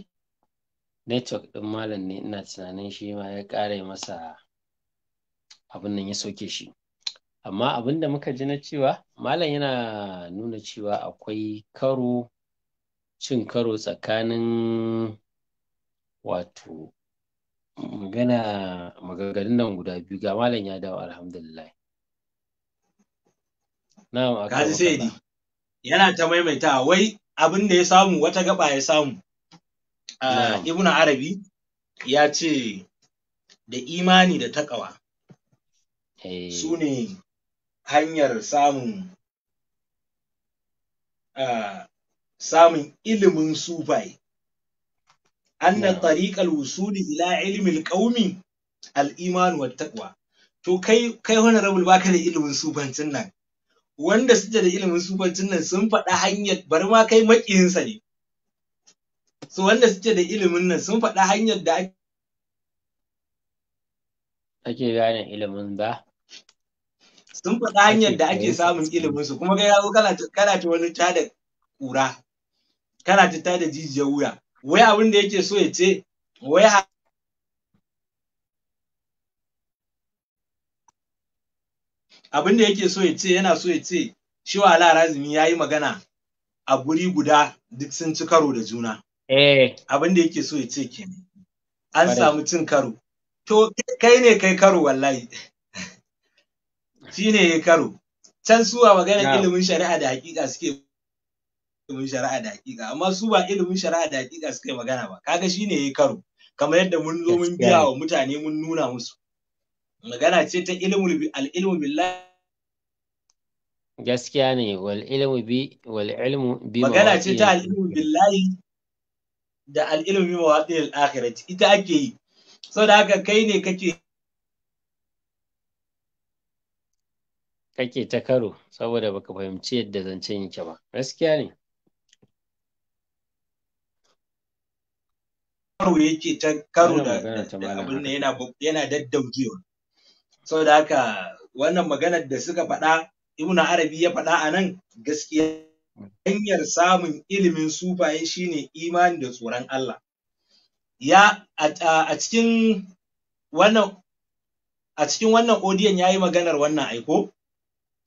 network ɗin malam ne ina tunanin shi ma ya ƙara masa abin nan ya soke shi. Amma abin da muka ji na cewa malam yana nuna cewa akwai karo cin karo tsakanin wato magana maganganun nan guda biyu ga malam ya dawo alhamdulillah na'am kaji sai di yana ta maimaita wai abin da ya samu wata gaba ya samu uh, ibnu arabi ya ce da imani da takawa hey. Eh. su ne hanyar samun uh, samun ilimin sufai anna tariqal wusuli ila ilmil qaumi al iman wat to kai kai honorable baka da ilimin sufancin nan wanda suke da ilimin sufancin nan sun faɗa hanyar bar ma kai makiyinsa ne so wanda suke da ilimin nan sun faɗa hanyar da ake gane ilimin ba sun faɗa hanyar da ake samun ilimin su kuma kai yawo kana kana ta wani tada kura kana ta tada jijiyar wuya wai abin da yake so ya ce wai abin da yake so ya ce yana so ya ce shi wa razumi ya yi magana a guri guda duk sun ci karo da juna eh. abin da yake so ya ce ke an samu cin karo to kai ne kai karo wallahi shi ne ya karo can suwa magana ilimin shari'a da hakika suke ilimin shari'a da hakika amma su ba ilimin shari'a da hakika suka yi magana ba kaga shine yayi karo kamar yadda mun zo mun biya wa mutane mun nuna musu magana ce ta ilmul al-ilmu billahi gaskiya ne wal ilmu bi wal ilmu bi magana ce ta al-ilmu billahi da al-ilmu bi mawaqil al-akhirati ita ake yi saboda haka kai ne kake kake ta karo saboda baka fahimci yadda zancen yake ba gaskiya ne karo yake ta karo da abin da yana yana daddaukewa saboda haka wannan maganar da suka faɗa ibnu arabi ya faɗa a nan gaskiya hanyar samun ilimin sufaye shine imani da tsoron Allah ya a cikin wannan a cikin wannan odiyon yayi maganar wannan aiko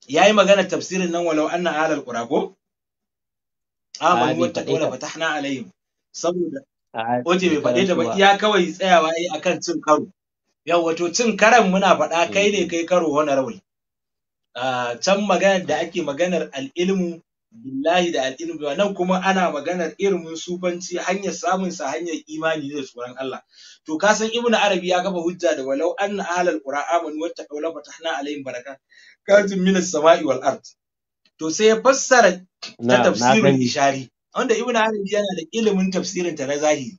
yayi maganar tafsirin nan walau anna alal qura ko amanu wa taqawla fatahna alaihim saboda Oje bai faɗe da iya kawai tsayawa yi akan cin karo. Yau wato cin karan muna faɗa eh. kai ne kai karo honorable. Can maganar da ake maganar al'ilmu billahi da al'ilmu nan kuma ana maganar ilmin sufanci hanyar samun sa hanyar imani da tsoron Allah. To ka san Ibn Arabi ya kafa hujja da walau anna ahlal qura amanu wattaqaw la fatahna alaihim barakat kajin minas sama'i wal ard. To sai ya fassara ta tafsirin ishari. wanda ibn arabi yana da ilimin tafsirin ta na zahiri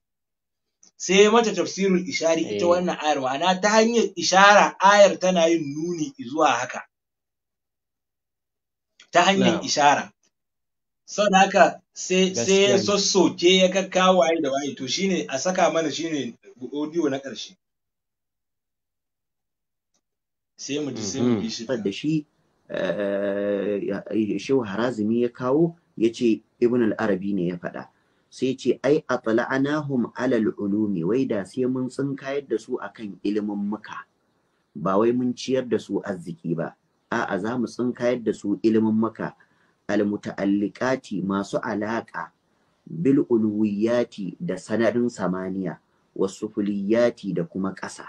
sai mata tafsirul ishari ita eh. wannan ayar ma'ana ta hanyar ishara ayar tana yin nuni zuwa haka ta hanyar ishara son haka sai ya sossoke ya kakkawo waye da waye to shine a saka mana shine audio na ƙarshe sai mu ji sai mu bi mm-hmm. shi da shi eh, shehu harazimi ya kawo yace ibn al-arabi ne ya faɗa sai ce ai atla'anahum alal ulumi wai da sai mun tsinkayar da su akan ilimin muka ba wai mun ciyar da su arziki ba a'a za mu tsinkayar da su ilimin muka almuta'alliqati masu alaka bil ulwiyati da sanadin samaniya wasufuliyati da kuma ƙasa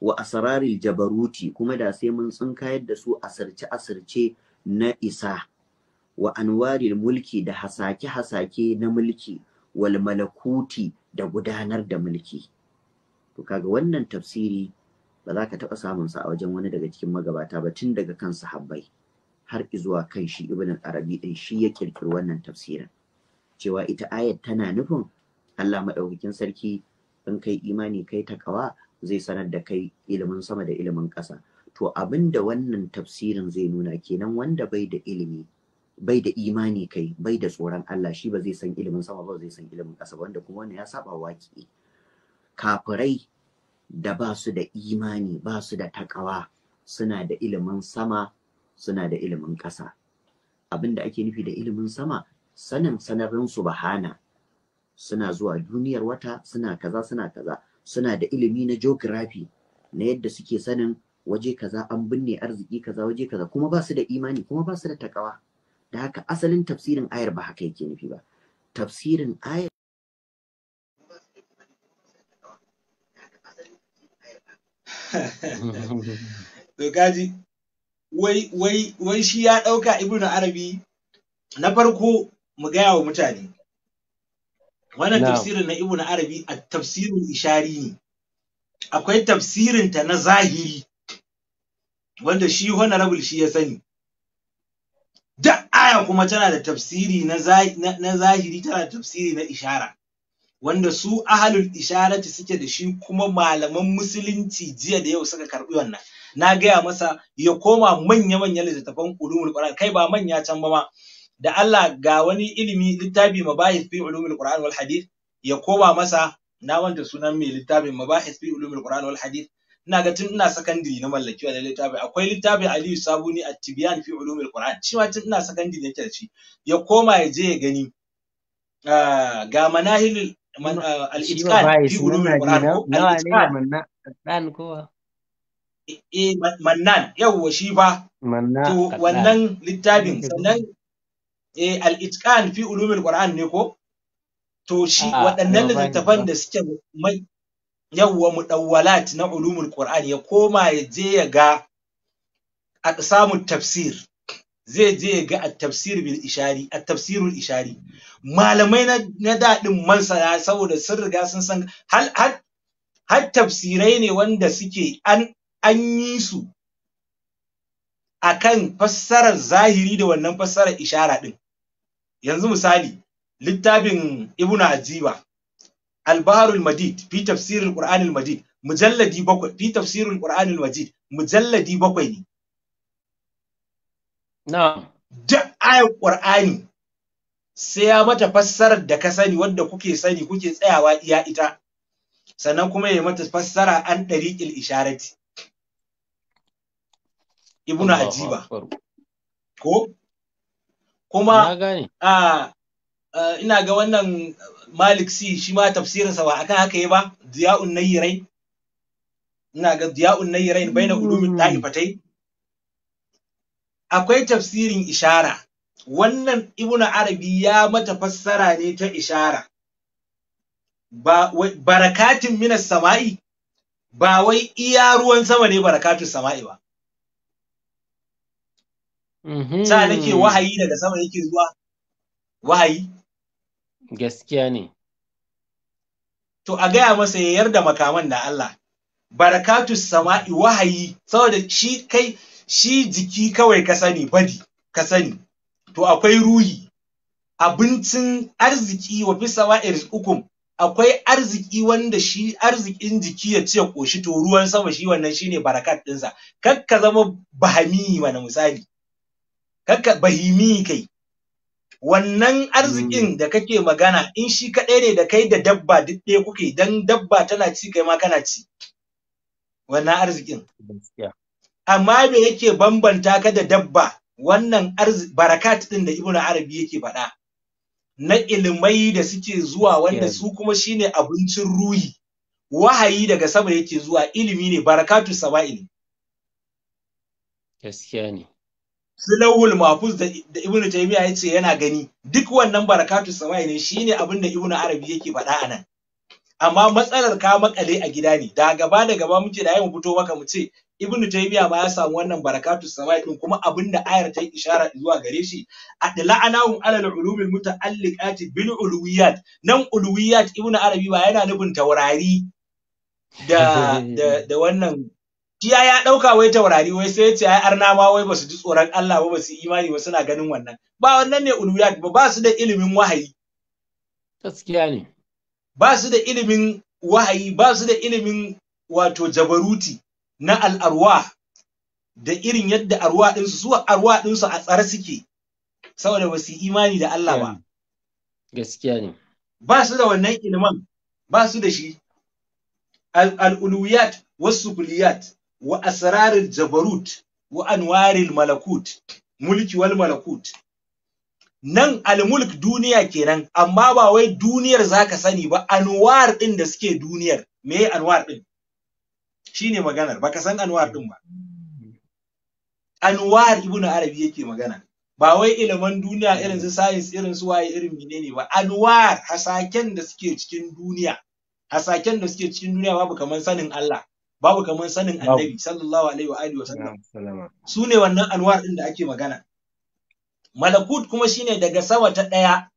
wa asraril jabaruti kuma da sai mun tsinkayar da su asirce asirce na isa wa anwaril mulki da hasake-hasake na mulki wal malakuti da gudanar da mulki to kaga wannan tafsiri ba za ka taɓa samun sa a wajen wani daga cikin magabata ba tun daga kan sahabbai har izuwa kan shi ibn arabi din shi ya kirkiri wannan tafsirin cewa ita ayat tana nufin Allah maɗaukakin sarki in kai imani kai takawa zai sanar da kai ilimin sama da ilimin ƙasa to abin da wannan tafsirin zai nuna kenan wanda bai da ilimi bai da imani kai bai da tsoron Allah shi ba zai san ilimin sama ba zai san ilimin ƙasa wanda kuma wannan ya saba waki kafirai da ba su da imani ba su da takawa suna da ilimin sama suna da ilimin ƙasa Abinda ake nufi da ilimin sama sanin sanarin subhana suna zuwa duniyar wata suna kaza suna kaza suna da ilimi na geography na yadda suke sanin waje kaza an binne arziki kaza waje kaza kuma ba su da imani kuma ba su da takawa da haka asalin tafsirin ayar ba haka yake nufi ba tafsirin ayar to gaji wai wai wai shi ya ɗauka ibnu arabi na farko mu gaya wa mutane wannan tafsirin na ibnu arabi a tafsirin ishari ne akwai tafsirinta na zahiri wanda shi honorable shi ya sani da aya kuma tana da tafsiri na zahiri tana da tafsiri na ishara wanda su ahalul isharati suke da shi kuma malaman musulunci jiya da yau suka karɓi wannan na gaya masa ya koma manya-manyan littattafan ulumul qur'an kai ba manya can ba ma da Allah ga wani ilimi littafi mabahis fi ulumul qur'an wal hadith ya koma masa na wanda sunan mai littafin mabahis fi ulumul qur'an wal hadith ina ga tun ina sakandiri na mallaki wannan littafin akwai littafin Aliyu Sabuni at-Tibyan fi Ulumul Qur'an shi ma tun ina sakandiri yake da shi ya koma ya je ya gani ah, ga manahil ah, al-itqan fi Ulumul Qur'an al-itqan kowa eh, eh mannan yawwa shi fa to wannan littafin sannan eh al-itqan fi Ulumul Qur'an ne ko to shi ah, waɗannan littafan da suke yawwa dawwalat na ulumul qur'ani ya koma ya je ya ga aqsamut tafsir zai je ya ga at-tafsir bil ishari at-tafsirul ishari malamai na na dadin mansara saboda sun riga sun san hal har har tafsirai ne wanda suke an an yi su akan fassarar zahiri da wannan fassarar ishara din yanzu misali littafin ibnu ajiba albaharul madid fi tafsirul qur'anil madid mujalladi bakwai fi tafsirul qur'anil majid mujalladi bakwai ne na'am duk ayat qur'ani sai ya mata fassarar da ka sani wadda kuke sani kuke tsayawa iya ita sannan kuma ya mata fassara an dariqil isharati ibnu ajiba ko kuma Na a ah, ah, ina ga wannan malik si shi ma tafsirinsa ba akan haka yi ba diya'un Yirai. ina ga diya'un nayyirai baina hmm. ulumin ta'ifatai akwai tafsirin ishara wannan ibnu arabi ya mata fassara ne ta ishara ba barakatin minas sama'i ba wai iya ruwan sama ne barakatun sama'i ba hmm. sa nake wahayi daga sama yake zuwa wahayi Gaskiya ne. To a gaya masa ya yarda makaman da Allah. Barakatu sama'i wahayi saboda shi kai shi jiki kawai ka sani badi ka sani. To akwai ruhi abincin arziki wa fi hukum akwai arziki wanda shi arzikin jiki ya ce koshi to ruwan sama shi wannan shine barakat ɗinsa kakka zama bahimi mana misali kakka bahimi kai wannan arzikin hmm. da kake magana in shi kaɗai ne da kai da dabba duk ɗaya kuke dan dabba tana ci kai ma kana ci wannan arzikin amma me yake bambanta ka da dabba wannan barakat ɗin da ibnu arabi yake faɗa na ilimai da suke zuwa wanda su kuma shine abincin ruhi wahayi daga sama yake zuwa ilimi ne barakatu sama'il gaskiya ne su lawul mafuz da ibnu ya ce yana gani duk wannan barakatu samai ne shine abin da ibnu arabi yake faɗa a nan amma matsalar ka makale a gida ne da gaba da gaba muke da mu fito maka mu ce ibnu taymiya ba ya samu wannan barakatu samai din kuma abin da ayar ta yi ishara zuwa gare shi adla'anahum alal ulumil muta'alliqati bil ulwiyat nan ulwiyat ibnu arabi ba yana nufin taurari da da wannan tiya ya ɗauka wai taurari wai sai ya ce ai arna ma wai basu ji tsoron Allah ba basu imani ba suna ganin wannan ba wannan ne ulwiyat ba ba su da ilimin wahayi gaskiya ne ba su da ilimin wahayi ba su da ilimin wato jabaruti na al'arwa da irin yadda arwa ɗinsu su arwa ɗinsu a tsare suke saboda ba su imani da Allah ba gaskiya ne ba su da wannan ilimin ba su da shi al wasu was-subliyat wa asrarin jabarut wa anwaril malakut mulki wal malakut nan mulk duniya kenan amma ba wai duniyar zaka sani ba anwar din da suke duniyar me anwar din shine maganar baka san anwar din ba anwar ibnu arabi yake magana ba wai ilimin duniya irin su science irin su waye irin menene ba anwar hasaken da suke cikin duniya hasaken da suke cikin duniya babu kaman sanin Allah babu kamar sanin annabi sallallahu alaihi wa alihi wa sallam su ne wannan anwar din da ake magana malakut kuma shine daga sama ta daya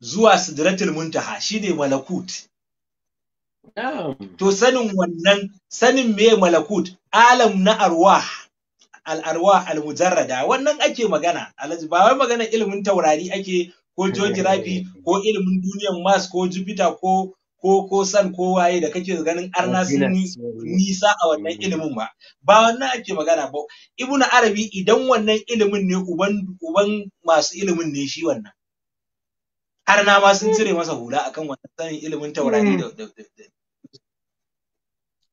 zuwa sidratul muntaha shine malakut to sanin wannan sanin me malakut alam na arwah al arwah al mujarrada wannan ake magana alaji ba wai magana ilimin taurari ake ko geography ko ilimin duniyar mars ko jupiter ko ko ko san ko waye da kake ganin arna sun nisa a wannan mm. ilimin ba ba wannan ake magana ba ibnu arabi idan wannan ilimin ne uban uban masu ilimin ne shi wannan arna ma sun cire masa hula akan wannan sanin ilimin taurari mm. da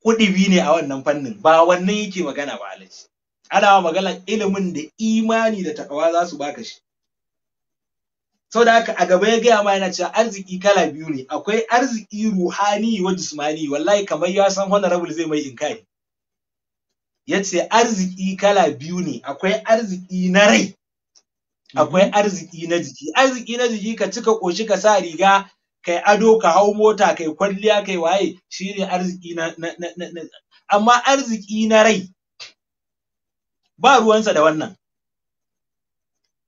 kuɗi ne a wannan fannin ba wannan yake magana ba alaji ana magana ilimin da imani da takawa za su baka shi saboda haka a gaba ya gaya ma yana cewa arziki kala biyu ne akwai arziki ruhani wa jismani wallahi kamar ya san honorable zai mai inkari ya ce arziki kala biyu ne akwai arziki na rai akwai mhm. arziki na jiki arziki na jiki ka cika koshi ka sa riga kai ado ka hau mota kai kwalliya kai waye shine arziki na, na, na, na amma arziki na rai ba ruwansa da wannan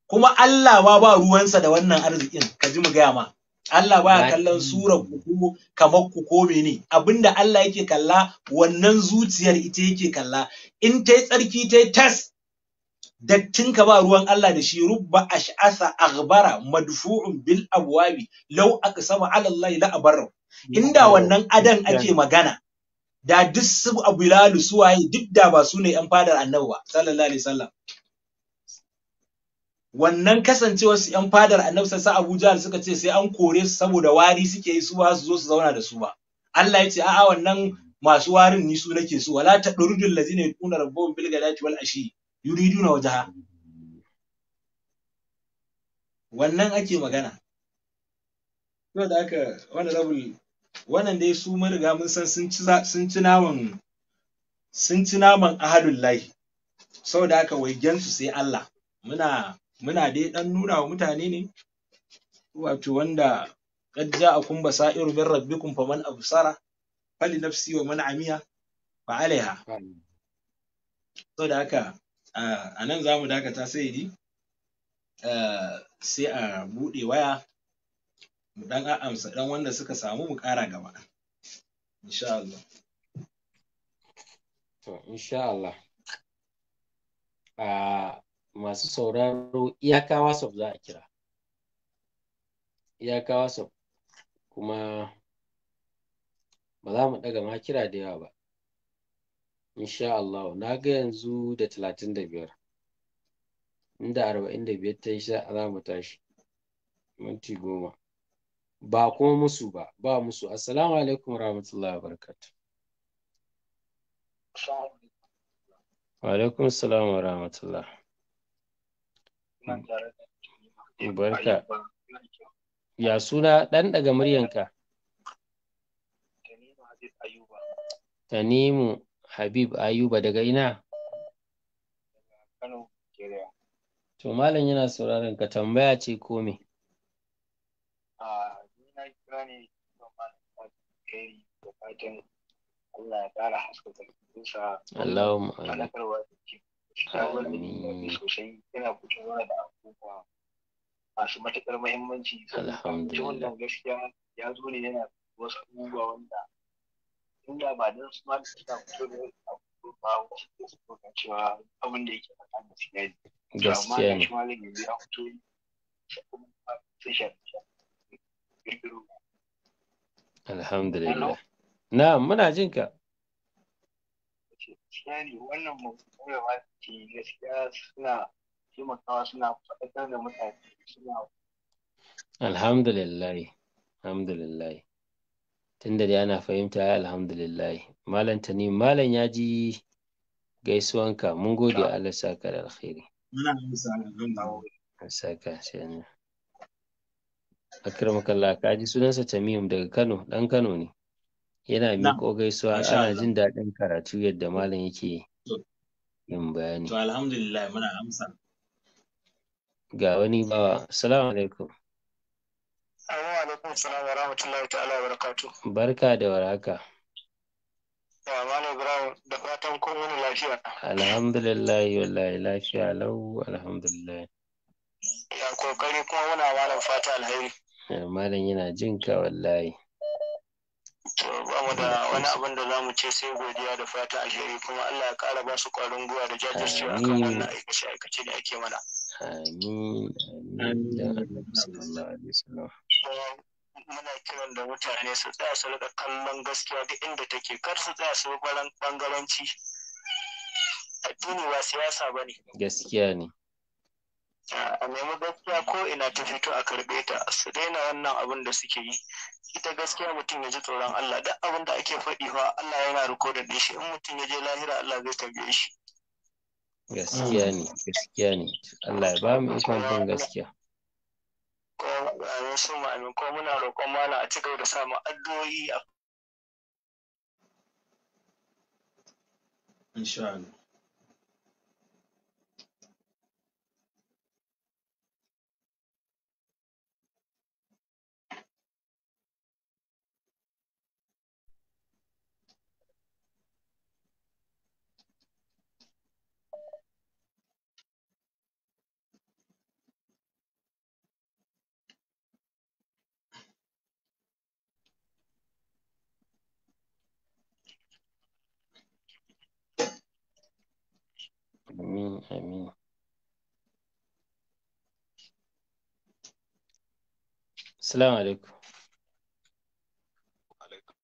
kuma Allah ba ba ruwansa da wannan arzikin ka ji mu gaya ma Allah baya kallon sura ku kamar ku ko mene abinda Allah yake kalla wannan zuciyar ita yake kalla in tai tsarki tai tas dattin ka ba ruwan Allah da shi rubba ash'asa aghbara madfu'un bil abwabi law aqsama ala Allah la abarra inda wannan adan ake magana da duk su suwaye duk da ba su ne yan fadar annabi ba sallallahu alaihi wasallam wannan kasancewar su yan fadar annabi Abu Abuja suka ce sai an kore su saboda wari suke yi su ba su zo su zauna da su ba Allah ya ce a'a wannan masu warin ni su nake so wala durudul ladina yutuna rabbuhum bil ghadati wal ashi yuriduna wajha wannan ake magana to da aka wannan rabul wannan dai su mun riga mun san sun ci sun ci naman sun ci naman ahadullahi saboda haka waigen su sai Allah muna muna dai ɗan nuna wa mutane ne wato wanda qad ja'akum basairu min rabbikum man absara fali nafsi wa man amiya fa alaiha saboda haka a nan za mu dakata sai di sai a buɗe waya mu a amsa ɗan wanda suka samu mu ƙara gaba insha Allah to insha Allah masu sauraro iyaka wasof za a kira iyaka wasof kuma ba za mu ɗaga ma kira da yawa ba insha Allah na ga yanzu da talatin da biyar inda arba'in da biyar ta yi sha za mu tashi minti goma ba kuma musu ba ba musu assalamu alaikum wa rahmatullahi wa barakatu wa alaikum assalam wa rahmatullah Mm. Eh, barka. Ya suna ɗan daga muryanka. Tanimu Habib Ayuba daga ina? Kano, To malam yana sauraron ka tambaya ce ko me? Allahumma amin. sosai yana da masu matuƙar muhimmanci wannan gaskiya ya zo ne yana wasu abubuwa wanda inda ba don su ma da fito da wasu ba wasu su kan cewa abin da yake faɗa da su yaji gaskiya ne amma ya fito shafi shafi alhamdulillah na muna jinka gaskiya ne wannan mawuya ba ce gaskiya suna taimakawa suna da mutane suna alhamdulillah alhamdulillah ana fahimta ya alhamdulillah malam tani malam ya ji gaisuwanka mun gode Allah saka da alkhairi muna musa ka ji sunansa Tamim daga Kano dan Kano ne yana miƙo gaisuwa ana jin daɗin karatu yadda malam yake yin bayani. To alhamdulillah muna amsa. Ga wani bawa, salamu alaikum. alaikum salamu wa rahmatullahi ta'ala wa Barka da waraka. Ya Ibrahim da fatan kun wani lafiya. Alhamdulillah wallahi lafiya lau alhamdulillah. Ya kokari kuma muna malam fata alheri. Malam yana jin ka wallahi. to ba mu da wani abin da za mu ce sai godiya da fata alheri kuma Allah ya kara ba su kwarin gwiwa da jajircewa akan wannan aikace aikace da ake mana amin ya sallallahu alaihi wasallam muna kiran da mutane su tsaya su rika kallon gaskiya duk inda take kar su tsaya su bangaranci addini ba siyasa bane gaskiya ne a nemi gaskiya ko ina ta fito a karbe ta su daina wannan abin da suke yi ita gaskiya mutum ya ji tsoron Allah duk abin da ake faɗi fa Allah yana rikoda da shi in mutum ya je lahira Allah zai tabbe shi gaskiya ne gaskiya ne Allah ya ba mu ikon bin gaskiya ko amin su amin ko muna roƙon mana a cigaba da samun addu'o'i a insha Allah Amin, amin. Assalamu alaikum.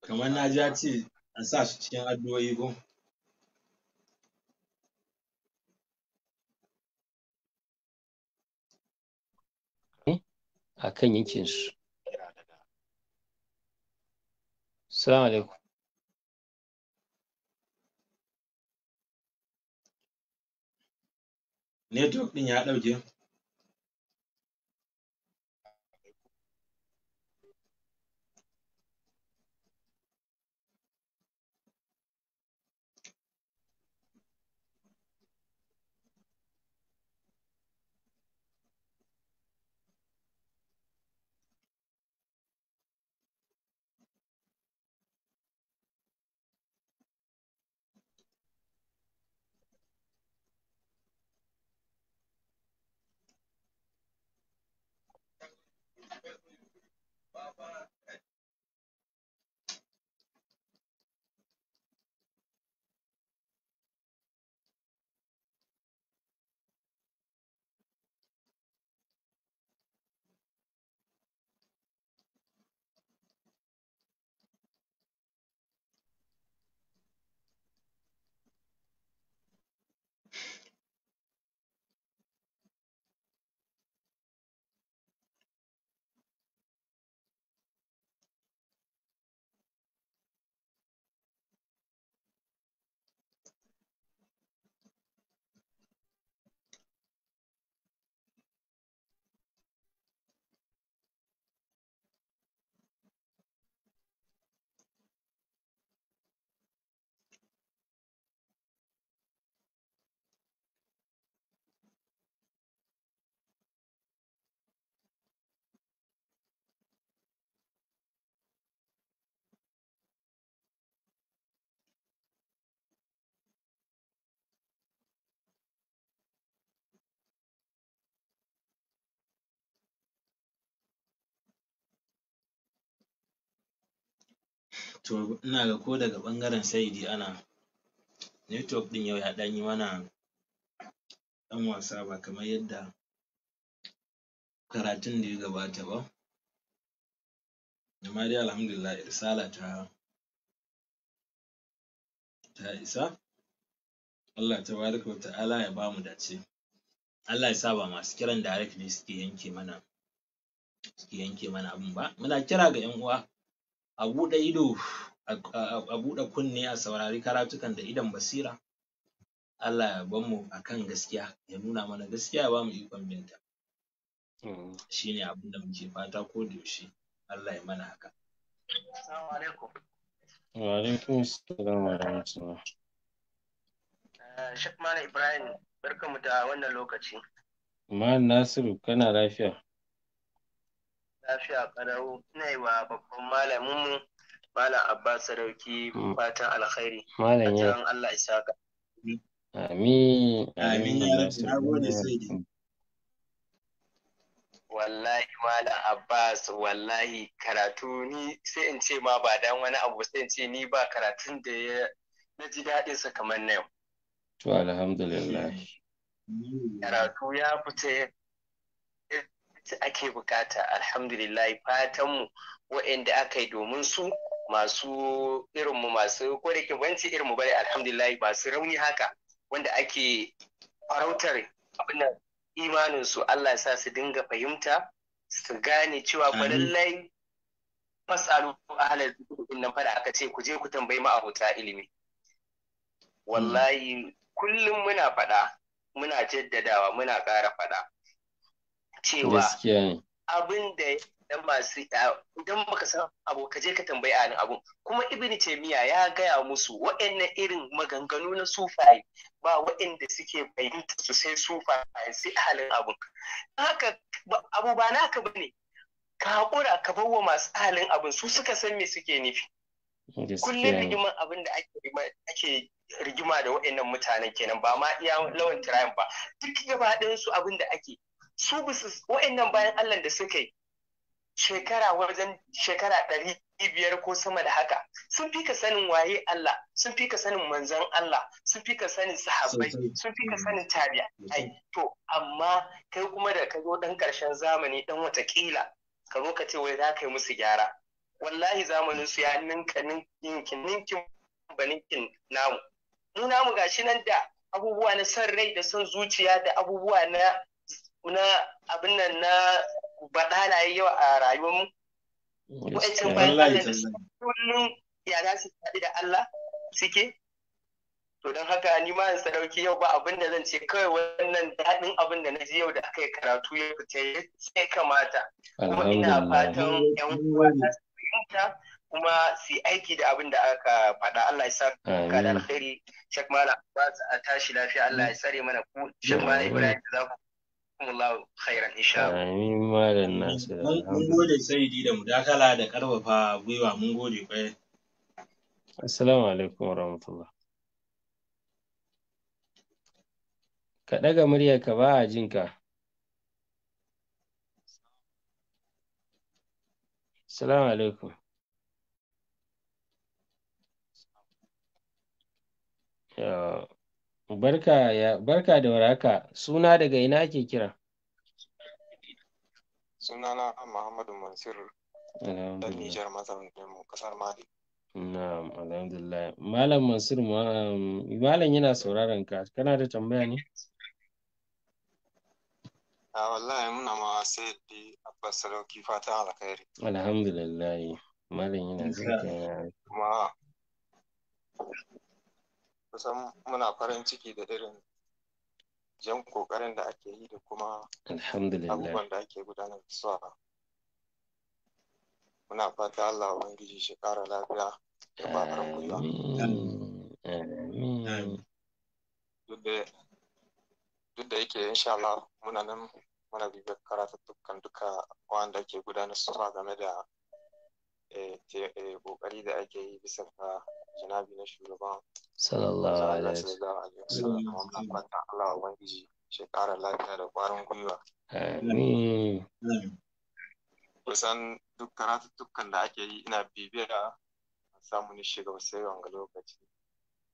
Kamar na ja ce an sa su cikin addu'o'i ko? Eh, a kan yankinsu. Salamu alaikum. network nhà đâu ɗauke Bye bye. to ina ga ko daga ɓangaren Saidi ana network ɗin yau ya ɗan yi mana ɗan wasa ba kamar yadda karatun da ya gabata ba amma dai alhamdulillah irsala ta ta isa Allah tabaraka wa ta'ala ya bamu dace Allah ya sa ba masu kiran direct ne suke yanke mana suke yanke mana abin ba muna kira ga ƴan uwa a buɗe ido a buɗe kunne a saurari karatukan da idon basira Allah ya bar mu akan gaskiya ya nuna mana gaskiya ba mu ikon binta mm. shi ne abin da muke fata ko da yaushe Allah ya mana haka Assalamu alaikum Wa alaikum assalam wa rahmatullah eh, Ibrahim barkamu da wannan lokaci Ma Nasiru kana lafiya lafiya ƙarau ina yi wa babban malaminmu malam abba sarauki hmm. fatan alkhairi malam ya Allah ya saka amin amin ya rabbi wallahi malam abbas wallahi karatu ni sai in ce ma ba dan wani abu sai in ce ni ba karatun da ya na ji daɗin sa kamar na yau to alhamdulillah karatu ya fita ake bukata alhamdulillah fatanmu waɗanda aka yi domin su masu irinmu masu ko da ke irinmu bari alhamdulillah masu rauni haka wanda ake farautar abinan imaninsu Allah sa su dinga fahimta su gane cewa ba lallai fasalu ahlal zikirin nan fada aka ce ku je ku tambayi ma'abuta ilimi hmm. wallahi kullum muna faɗa muna jaddadawa muna ƙara faɗa. cewa abin da ya masu idan baka san abu ka je ka tambayi anin abu kuma ibn miya ya gaya musu waannan irin maganganu na sufaye ba waɗanda suke fahimta su sai sufaye sai halin abun haka abu ba naka bane ka haƙura ka bawa masu halin abin su suka san me suke nufi kullum rigiman abin da ake rigima da waɗannan mutanen kenan ba ma iya lawan tirayin ba duk gaba ɗayan su abin da ake su bisu wa'annan bayan Allah da suka yi shekara wajen shekara ɗari biyar ko sama da haka sun fi ka sanin waye Allah sun fi ka sanin manzan Allah sun fi ka sanin sahabbai sun fi ka mm. sanin tabi'a ai to amma kai kuma da ka zo dan karshen zamani dan watakila ka zo ka ce wai za ka yi musu gyara wallahi zamanin su ya ninka ninkin ninkin baninkin namu mu namu gashi nan da abubuwa na son rai da son zuciya da abubuwa na na abin nan na na yi yawa a rayuwar mu wa'ancan bayan Allah kullum ya za su faɗi da Allah suke to don haka ni ma sadauki yau ba abin da zan ce kawai wannan daɗin abin da na ji yau da aka yi karatu ya fita sai kamata kuma ina fatan yan fahimta kuma su aiki da abin da aka faɗa Allah ya sa ka da alkhairi Sheikh Malam a tashi lafiya Allah ya sare mana ku Sheikh Malam Ibrahim za ku jazakumullahu khairan insha Allah amin malam nasir mun gode sayyidi da mudakala da karfafa gwiwa mun gode kwaye assalamu alaikum warahmatullah ka ɗaga murya ka ba a jinka assalamu alaikum Yeah. Barka ya barka da warhaka. Suna daga ina ake kira? Sunana Muhammadu Mansur dan Nijar mazaunin kasar Mali. Na'am, alhamdulillah. Malam Mansur um, malam yana sauraron ka. Kana da tambaya ne? A wallahi muna ma sai di Abbas Sarauki fatan alkhairi. Alhamdulillah. Malam yana zuwa. Kuma kusan muna farin ciki da irin jan kokarin da ake yi da kuma abubuwan da ake gudanar da muna fata Allah Ubangiji shi ƙara lafiya da babar gwiwa. Duk da yake insha Allah muna nan muna bibiyar dukkan duka wanda ke gudanar suwa game da kokari eh, eh, da ake yi bisa ka janabi na shugaba sallallahu alaihi wasallam Allah ubangiji shi kara lafiya da ƙwarin gwiwa amin kusan duk karatuttukan da ake yi ina bibiya samu ni shiga sai ga lokaci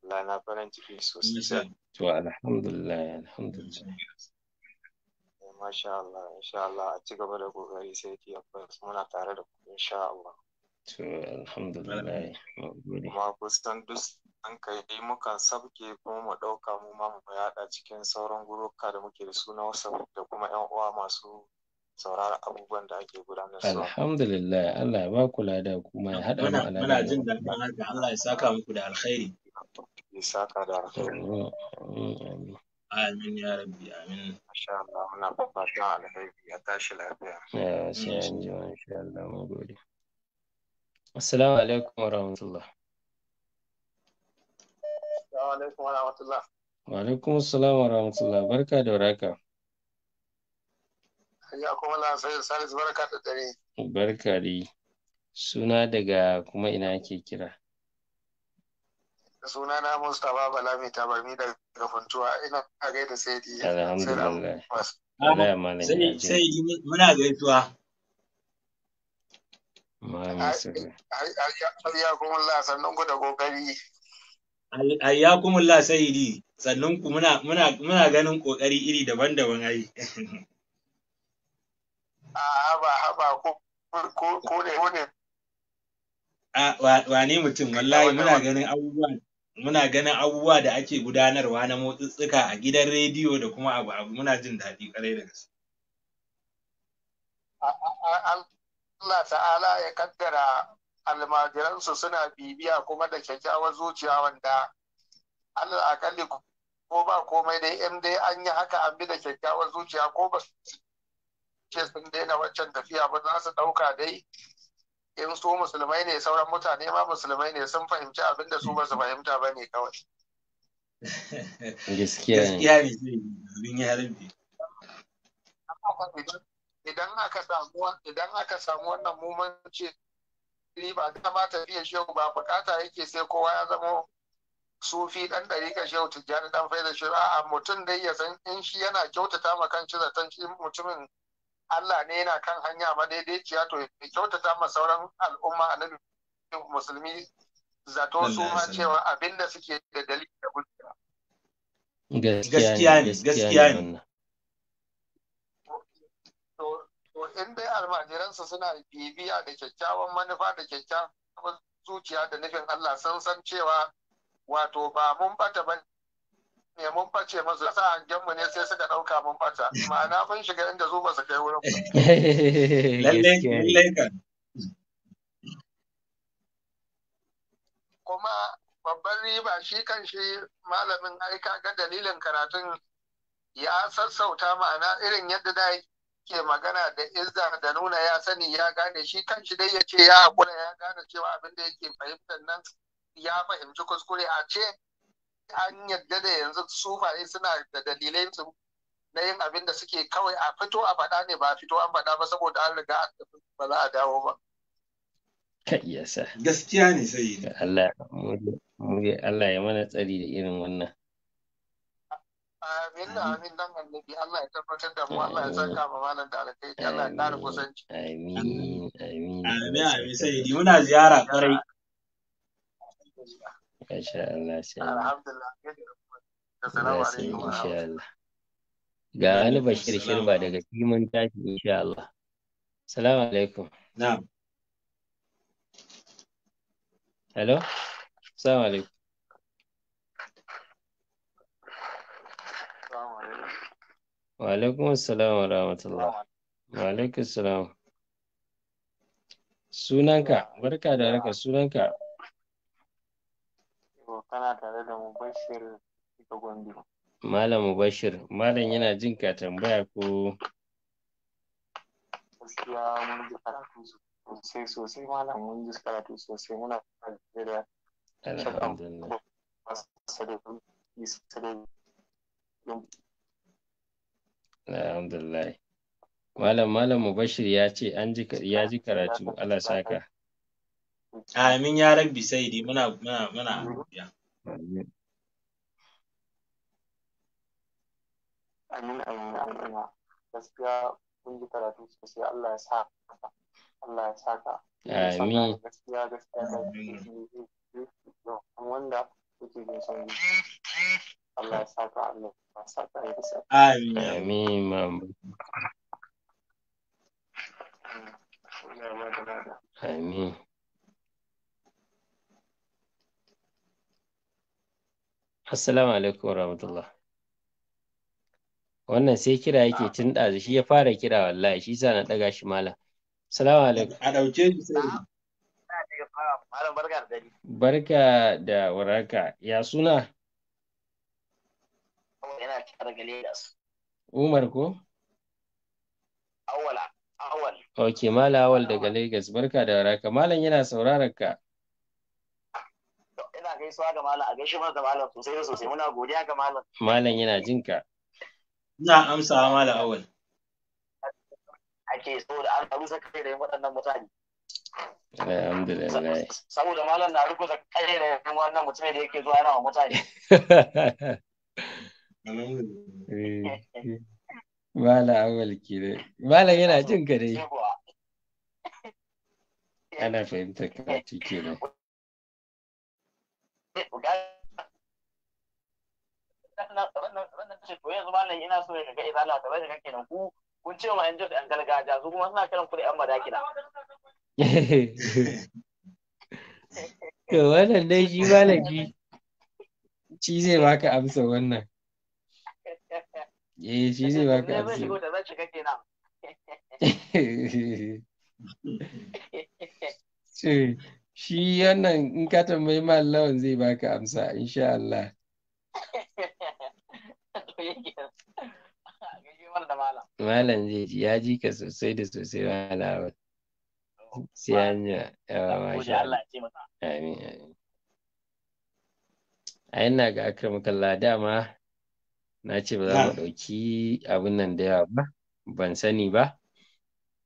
Allah na farin ciki sosai to alhamdulillah alhamdulillah masha Allah insha Allah a ci gaba da kokari sai ki muna tare da ku insha Allah To, alhamdulillah. Kuma kusan duk an kai muka sabke kuma mu ɗauka mu ma mu yaɗa cikin sauran guruka da muke da su na wasu da kuma ƴan uwa masu sauraron abubuwan da ake gudanar su. Alhamdulillah, Allah ya ba ku lada kuma ya haɗa mu alhamdulillah. Muna jin daɗin haka, Allah ya saka muku da alkhairi. Ya saka da alkhairi. Amin ya rabbi, amin. Masha Allah, muna fatan alkhairi ya tashi lafiya. Ya, sai an ji insha Allah, mun gode. Assalamu alaikum wa rahmatullah. Wa alaikum wa rahmatullah. Wa alaikum assalam wa rahmatullah. Barka da waraka. Ya kuma na sai Salisu barka da dare. Barka da yi. Suna daga kuma ina ake kira. Suna na Mustapha Bala mai tabarmi daga Funtuwa ina a gaida sai di. Alhamdulillah. Sai muna gaisuwa. Ayyakumullah sannan ku da kokari. Ayyakumullah sayidi sannan ku muna muna ganin kokari iri daban-daban ai. ba ah, haba haba ko ko ne ko ne. Ah, a wane mutum wallahi muna ganin abubuwa muna ganin abubuwa da ake gudanarwa na motsitsika a gidan rediyo da kuma abu abu muna jin daɗi ƙwarai da gaske. Allah ta'ala ya kaddara almajiransu suna bibiya kuma da kyakkyawar zuciya wanda Allah akalli ko ba komai dai in dai an yi haka an bi da kyakkyawar zuciya ko ba ce sun daina waccan tafiya ba za su ɗauka dai in su musulmai ne sauran mutane ma musulmai ne sun fahimci abin da su ba su fahimta ba ne kawai. Gaskiya ne. Gaskiya ne zai yi idan aka samu idan aka samu wannan mumanci riba ta fiye shehu ba bukata yake sai kowa ya zama sufi dan dariƙa shehu tijjani dan faida shi a'a mutum dai ya san in shi yana kyautata ma kan cin zaton shi mutumin Allah ne yana kan hanya ma madaidaiciya to ya kyautata ma sauran al'umma a nan musulmi zato su ma cewa abinda suke da dalili da gaskiya ne gaskiya ne to in dai almajiransa suna bibiya da kyakkyawan manufa da kyakkyawan zuciya da nufin Allah Sansan san cewa wato ba mun bata ba ne mun bace masu sa hangen mu ne sai suka dauka mun bata ma'ana mun shiga inda zo ba su kai wurin kuma babban riba shi kan shi malamin aika ga dalilin karatun ya sassauta ma'ana irin yadda da ke magana da izza da nuna ya sani ya gane shi kan shi dai ya ce ya haƙura ya gane cewa abin da yake fahimtar nan ya fahimci kuskure a ce an yadda da yanzu sufaye suna da dalilai su na yin abin da suke kawai a fito a faɗa ne ba fito an faɗa ba saboda an riga ba za a dawo ba. Gaskiya ne sai. Allah ya mana tsari da irin wannan. Amin amin dan annabi Allah ya tabbatar da mu Allah ya saka ma malam da alkai Allah ya ƙara kusanci. Amin amin. Amin amin sai muna ziyara Masha Allah sai. Alhamdulillah. Assalamu alaikum. Ga wani Bashir Shirba daga Tashi insha Allah. alaikum. Na'am. Hello. Salamu alaikum. Wa'alaikun salam wa rahmatullah. Wa'alaikun salam. Sunanka, barka da raka sunanka. Kana tare da Mubashir da Gombe. Malam Mubashir, Malam yana jin ka tambaya ko gaskiya mun ji karatu sosai sosai malam mun ji karatu sosai muna tare da Alhamdulillah. Alhamdulillah. Malam Malam Mubashir ya ce an ji ya ji karatu Allah saka. Amin ya rabbi saidi muna muna muna Amin. Amin amin Gaskiya kun ji karatu sosai Allah ya saka. Allah ya saka. Amin. Gaskiya gaskiya da wanda yake jin sauri. Assalamu alaikum warahmatullah. Wannan sai kira yake tun ɗazu shi ya fara kira wallahi shi sa na ɗaga shi malam. Assalamu alaikum. A ɗauke shi sai. Barka da warhaka. Ya suna? daga Umar ko? Awal, awal. Ok, Mala Awal daga Legas, barka da waraka. Malam yana sauraron ka. Ina gaisuwa ga Malam, a gaishe masa Malam sosai da sosai, muna godiya ga Malam. Malam yana jin ka. Ina amsawa Malam Awal. Ake so da an rusa kai da waɗannan mutane. Alhamdulillah. Saboda malam na rukuta kai da wannan mutumin da yake zuwa yana wa mutane. Eh, Mala awal kire. Mala yana jin Ana fahimtar karatu wannan nan ku suna kiran ku da yan to wannan dai shi shi zai baka amsa wannan eh shi zai baka amsa shigo da zan shiga shi yannan in ka tambayi lawan zai baka amsa insha Allah malam zai ji ya ji ka sosai da sosai malawan sai hanya yawa masha Allah amin amin a yana ga akramukalla dama na ce ba za mu ɗauki abin nan da yawa ba ban sani ba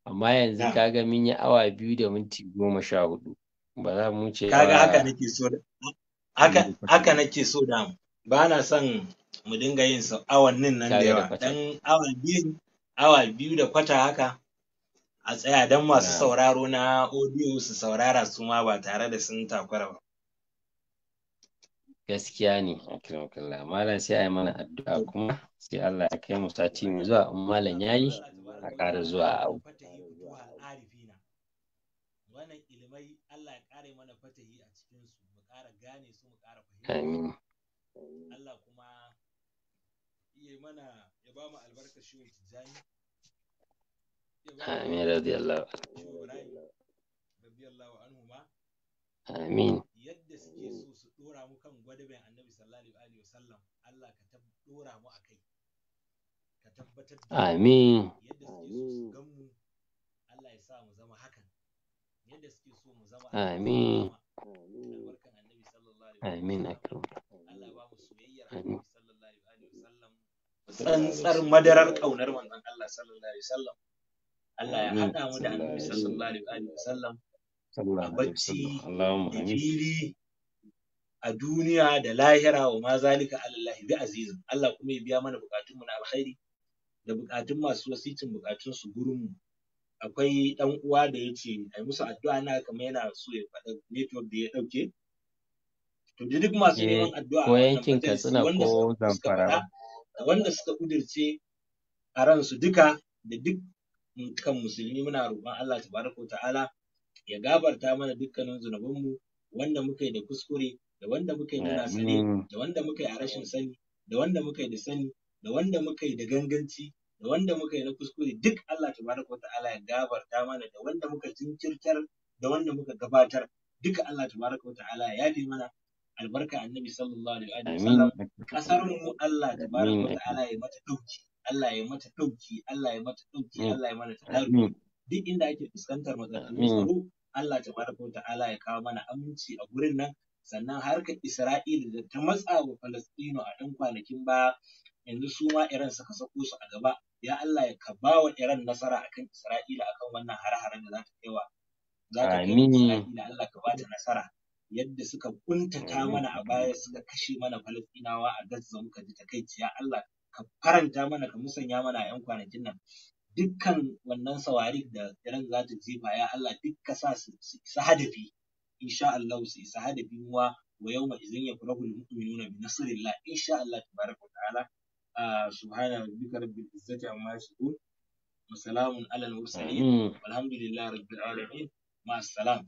amma yanzu kaga mun yi awa biyu da minti goma sha hudu ba za mu ce kaga haka nake so haka nake so da mu ba na son mu dinga yin sau awannin nan da yawa dan awa biyu awa biyu da kwata haka a tsaya dan masu sauraro na audio su saurara su ma ba tare da sun takura ba gaskiya ne a kalla. malam sai a yi mana addu'a kuma sai Allah ya kai mu sati mai zuwa in malam yayi a ƙara zuwa abu wannan ilimai ya a cikin amin Allah kuma ya mana ya ba mu albarka shi wa tijani amin radiyallahu anhu radiyallahu anhu ma amin yadda suke so gwadaben annabi sallallahu alaihi wa sallam Allah ka dora mu akai ka tabbatar amin yadda suke so gan mu Allah ya sa mu zama hakan yadda suke so mu zama amin barkan annabi sallallahu alaihi amin akram Allah ba mu soyayya annabi sallallahu alaihi wa wasallam tsantsar madarar kaunar manzon Allah sallallahu alaihi wa sallam Allah ya hada mu da annabi sallallahu alaihi wa sallam sallallahu alaihi wa sallam Allahumma amin a duniya da lahira wa ma zalika alallahi bi azizin Allah kuma ya biya mana bukatun mu na alkhairi da bukatun masu wasitin bukatun su gurin mu akwai dan uwa da yace ai musu addu'a na kamar yana so ya faɗa network da ya dauke to duk masu eh, neman addu'a ko yankin Katsina ko Zamfara wanda suka kudirce a ransu duka da duk kan musulmi muna roƙon Allah tabaraka ta'ala ya gabarta mana dukkanin zunubanmu wanda muka yi da kuskure da wanda muka yi muna sani da wanda muka yi a rashin sani da wanda muka yi da sani da wanda muka yi da ganganci da wanda muka yi na kuskure duk Allah Ta baraka wata ala ya gabarta mana da wanda muka jinkirtar da wanda muka gabatar duka Allah Ta baraka wata ala ya yafe mana albarka annabi sallallahu alaihi wa sallam kasar mu Allah Ta baraka wata ala ya mata dauki Allah ya mata ɗauki, Allah ya mata ɗauki, Allah ya mana tsari Duk inda ake fuskantar Allah ta Allah wata ala ya kawo mana aminci a gurin nan, sannan harkar Isra'ila da ta matsa wa Falasɗinu a ɗan kwanakin baya yanzu su ma Iran suka sako su a gaba ya Allah ya ka ba wa Iran nasara akan Isra'ila akan wannan har-haren da za ta kaiwa za ta kai Isra'ila Allah ka ba ta nasara yadda suka kuntata mana a baya suka kashe mana falasɗinawa a Gaza muka ji takaici ya Allah ka faranta mana ka musanya mana a 'yan kwanakin nan dukkan wannan sawari da Iran za ta jefa ya Allah duk ka sa su hadafi in sha Allah su isa hada biyuwa wa yau ya yawma idhin yafrahu almu'minuna bi nasrillah sha Allah tabaraka ala ta'ala ah, subhana duka rabbil izzati amma yasifun wa salamun alal mursalin mm-hmm. walhamdulillahi rabbil alamin ma salam.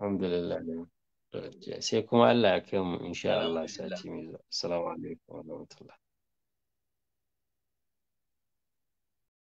alhamdulillah sai kuma Allah ya kai mu insha Allah sati mai zuwa assalamu alaikum wa rahmatullah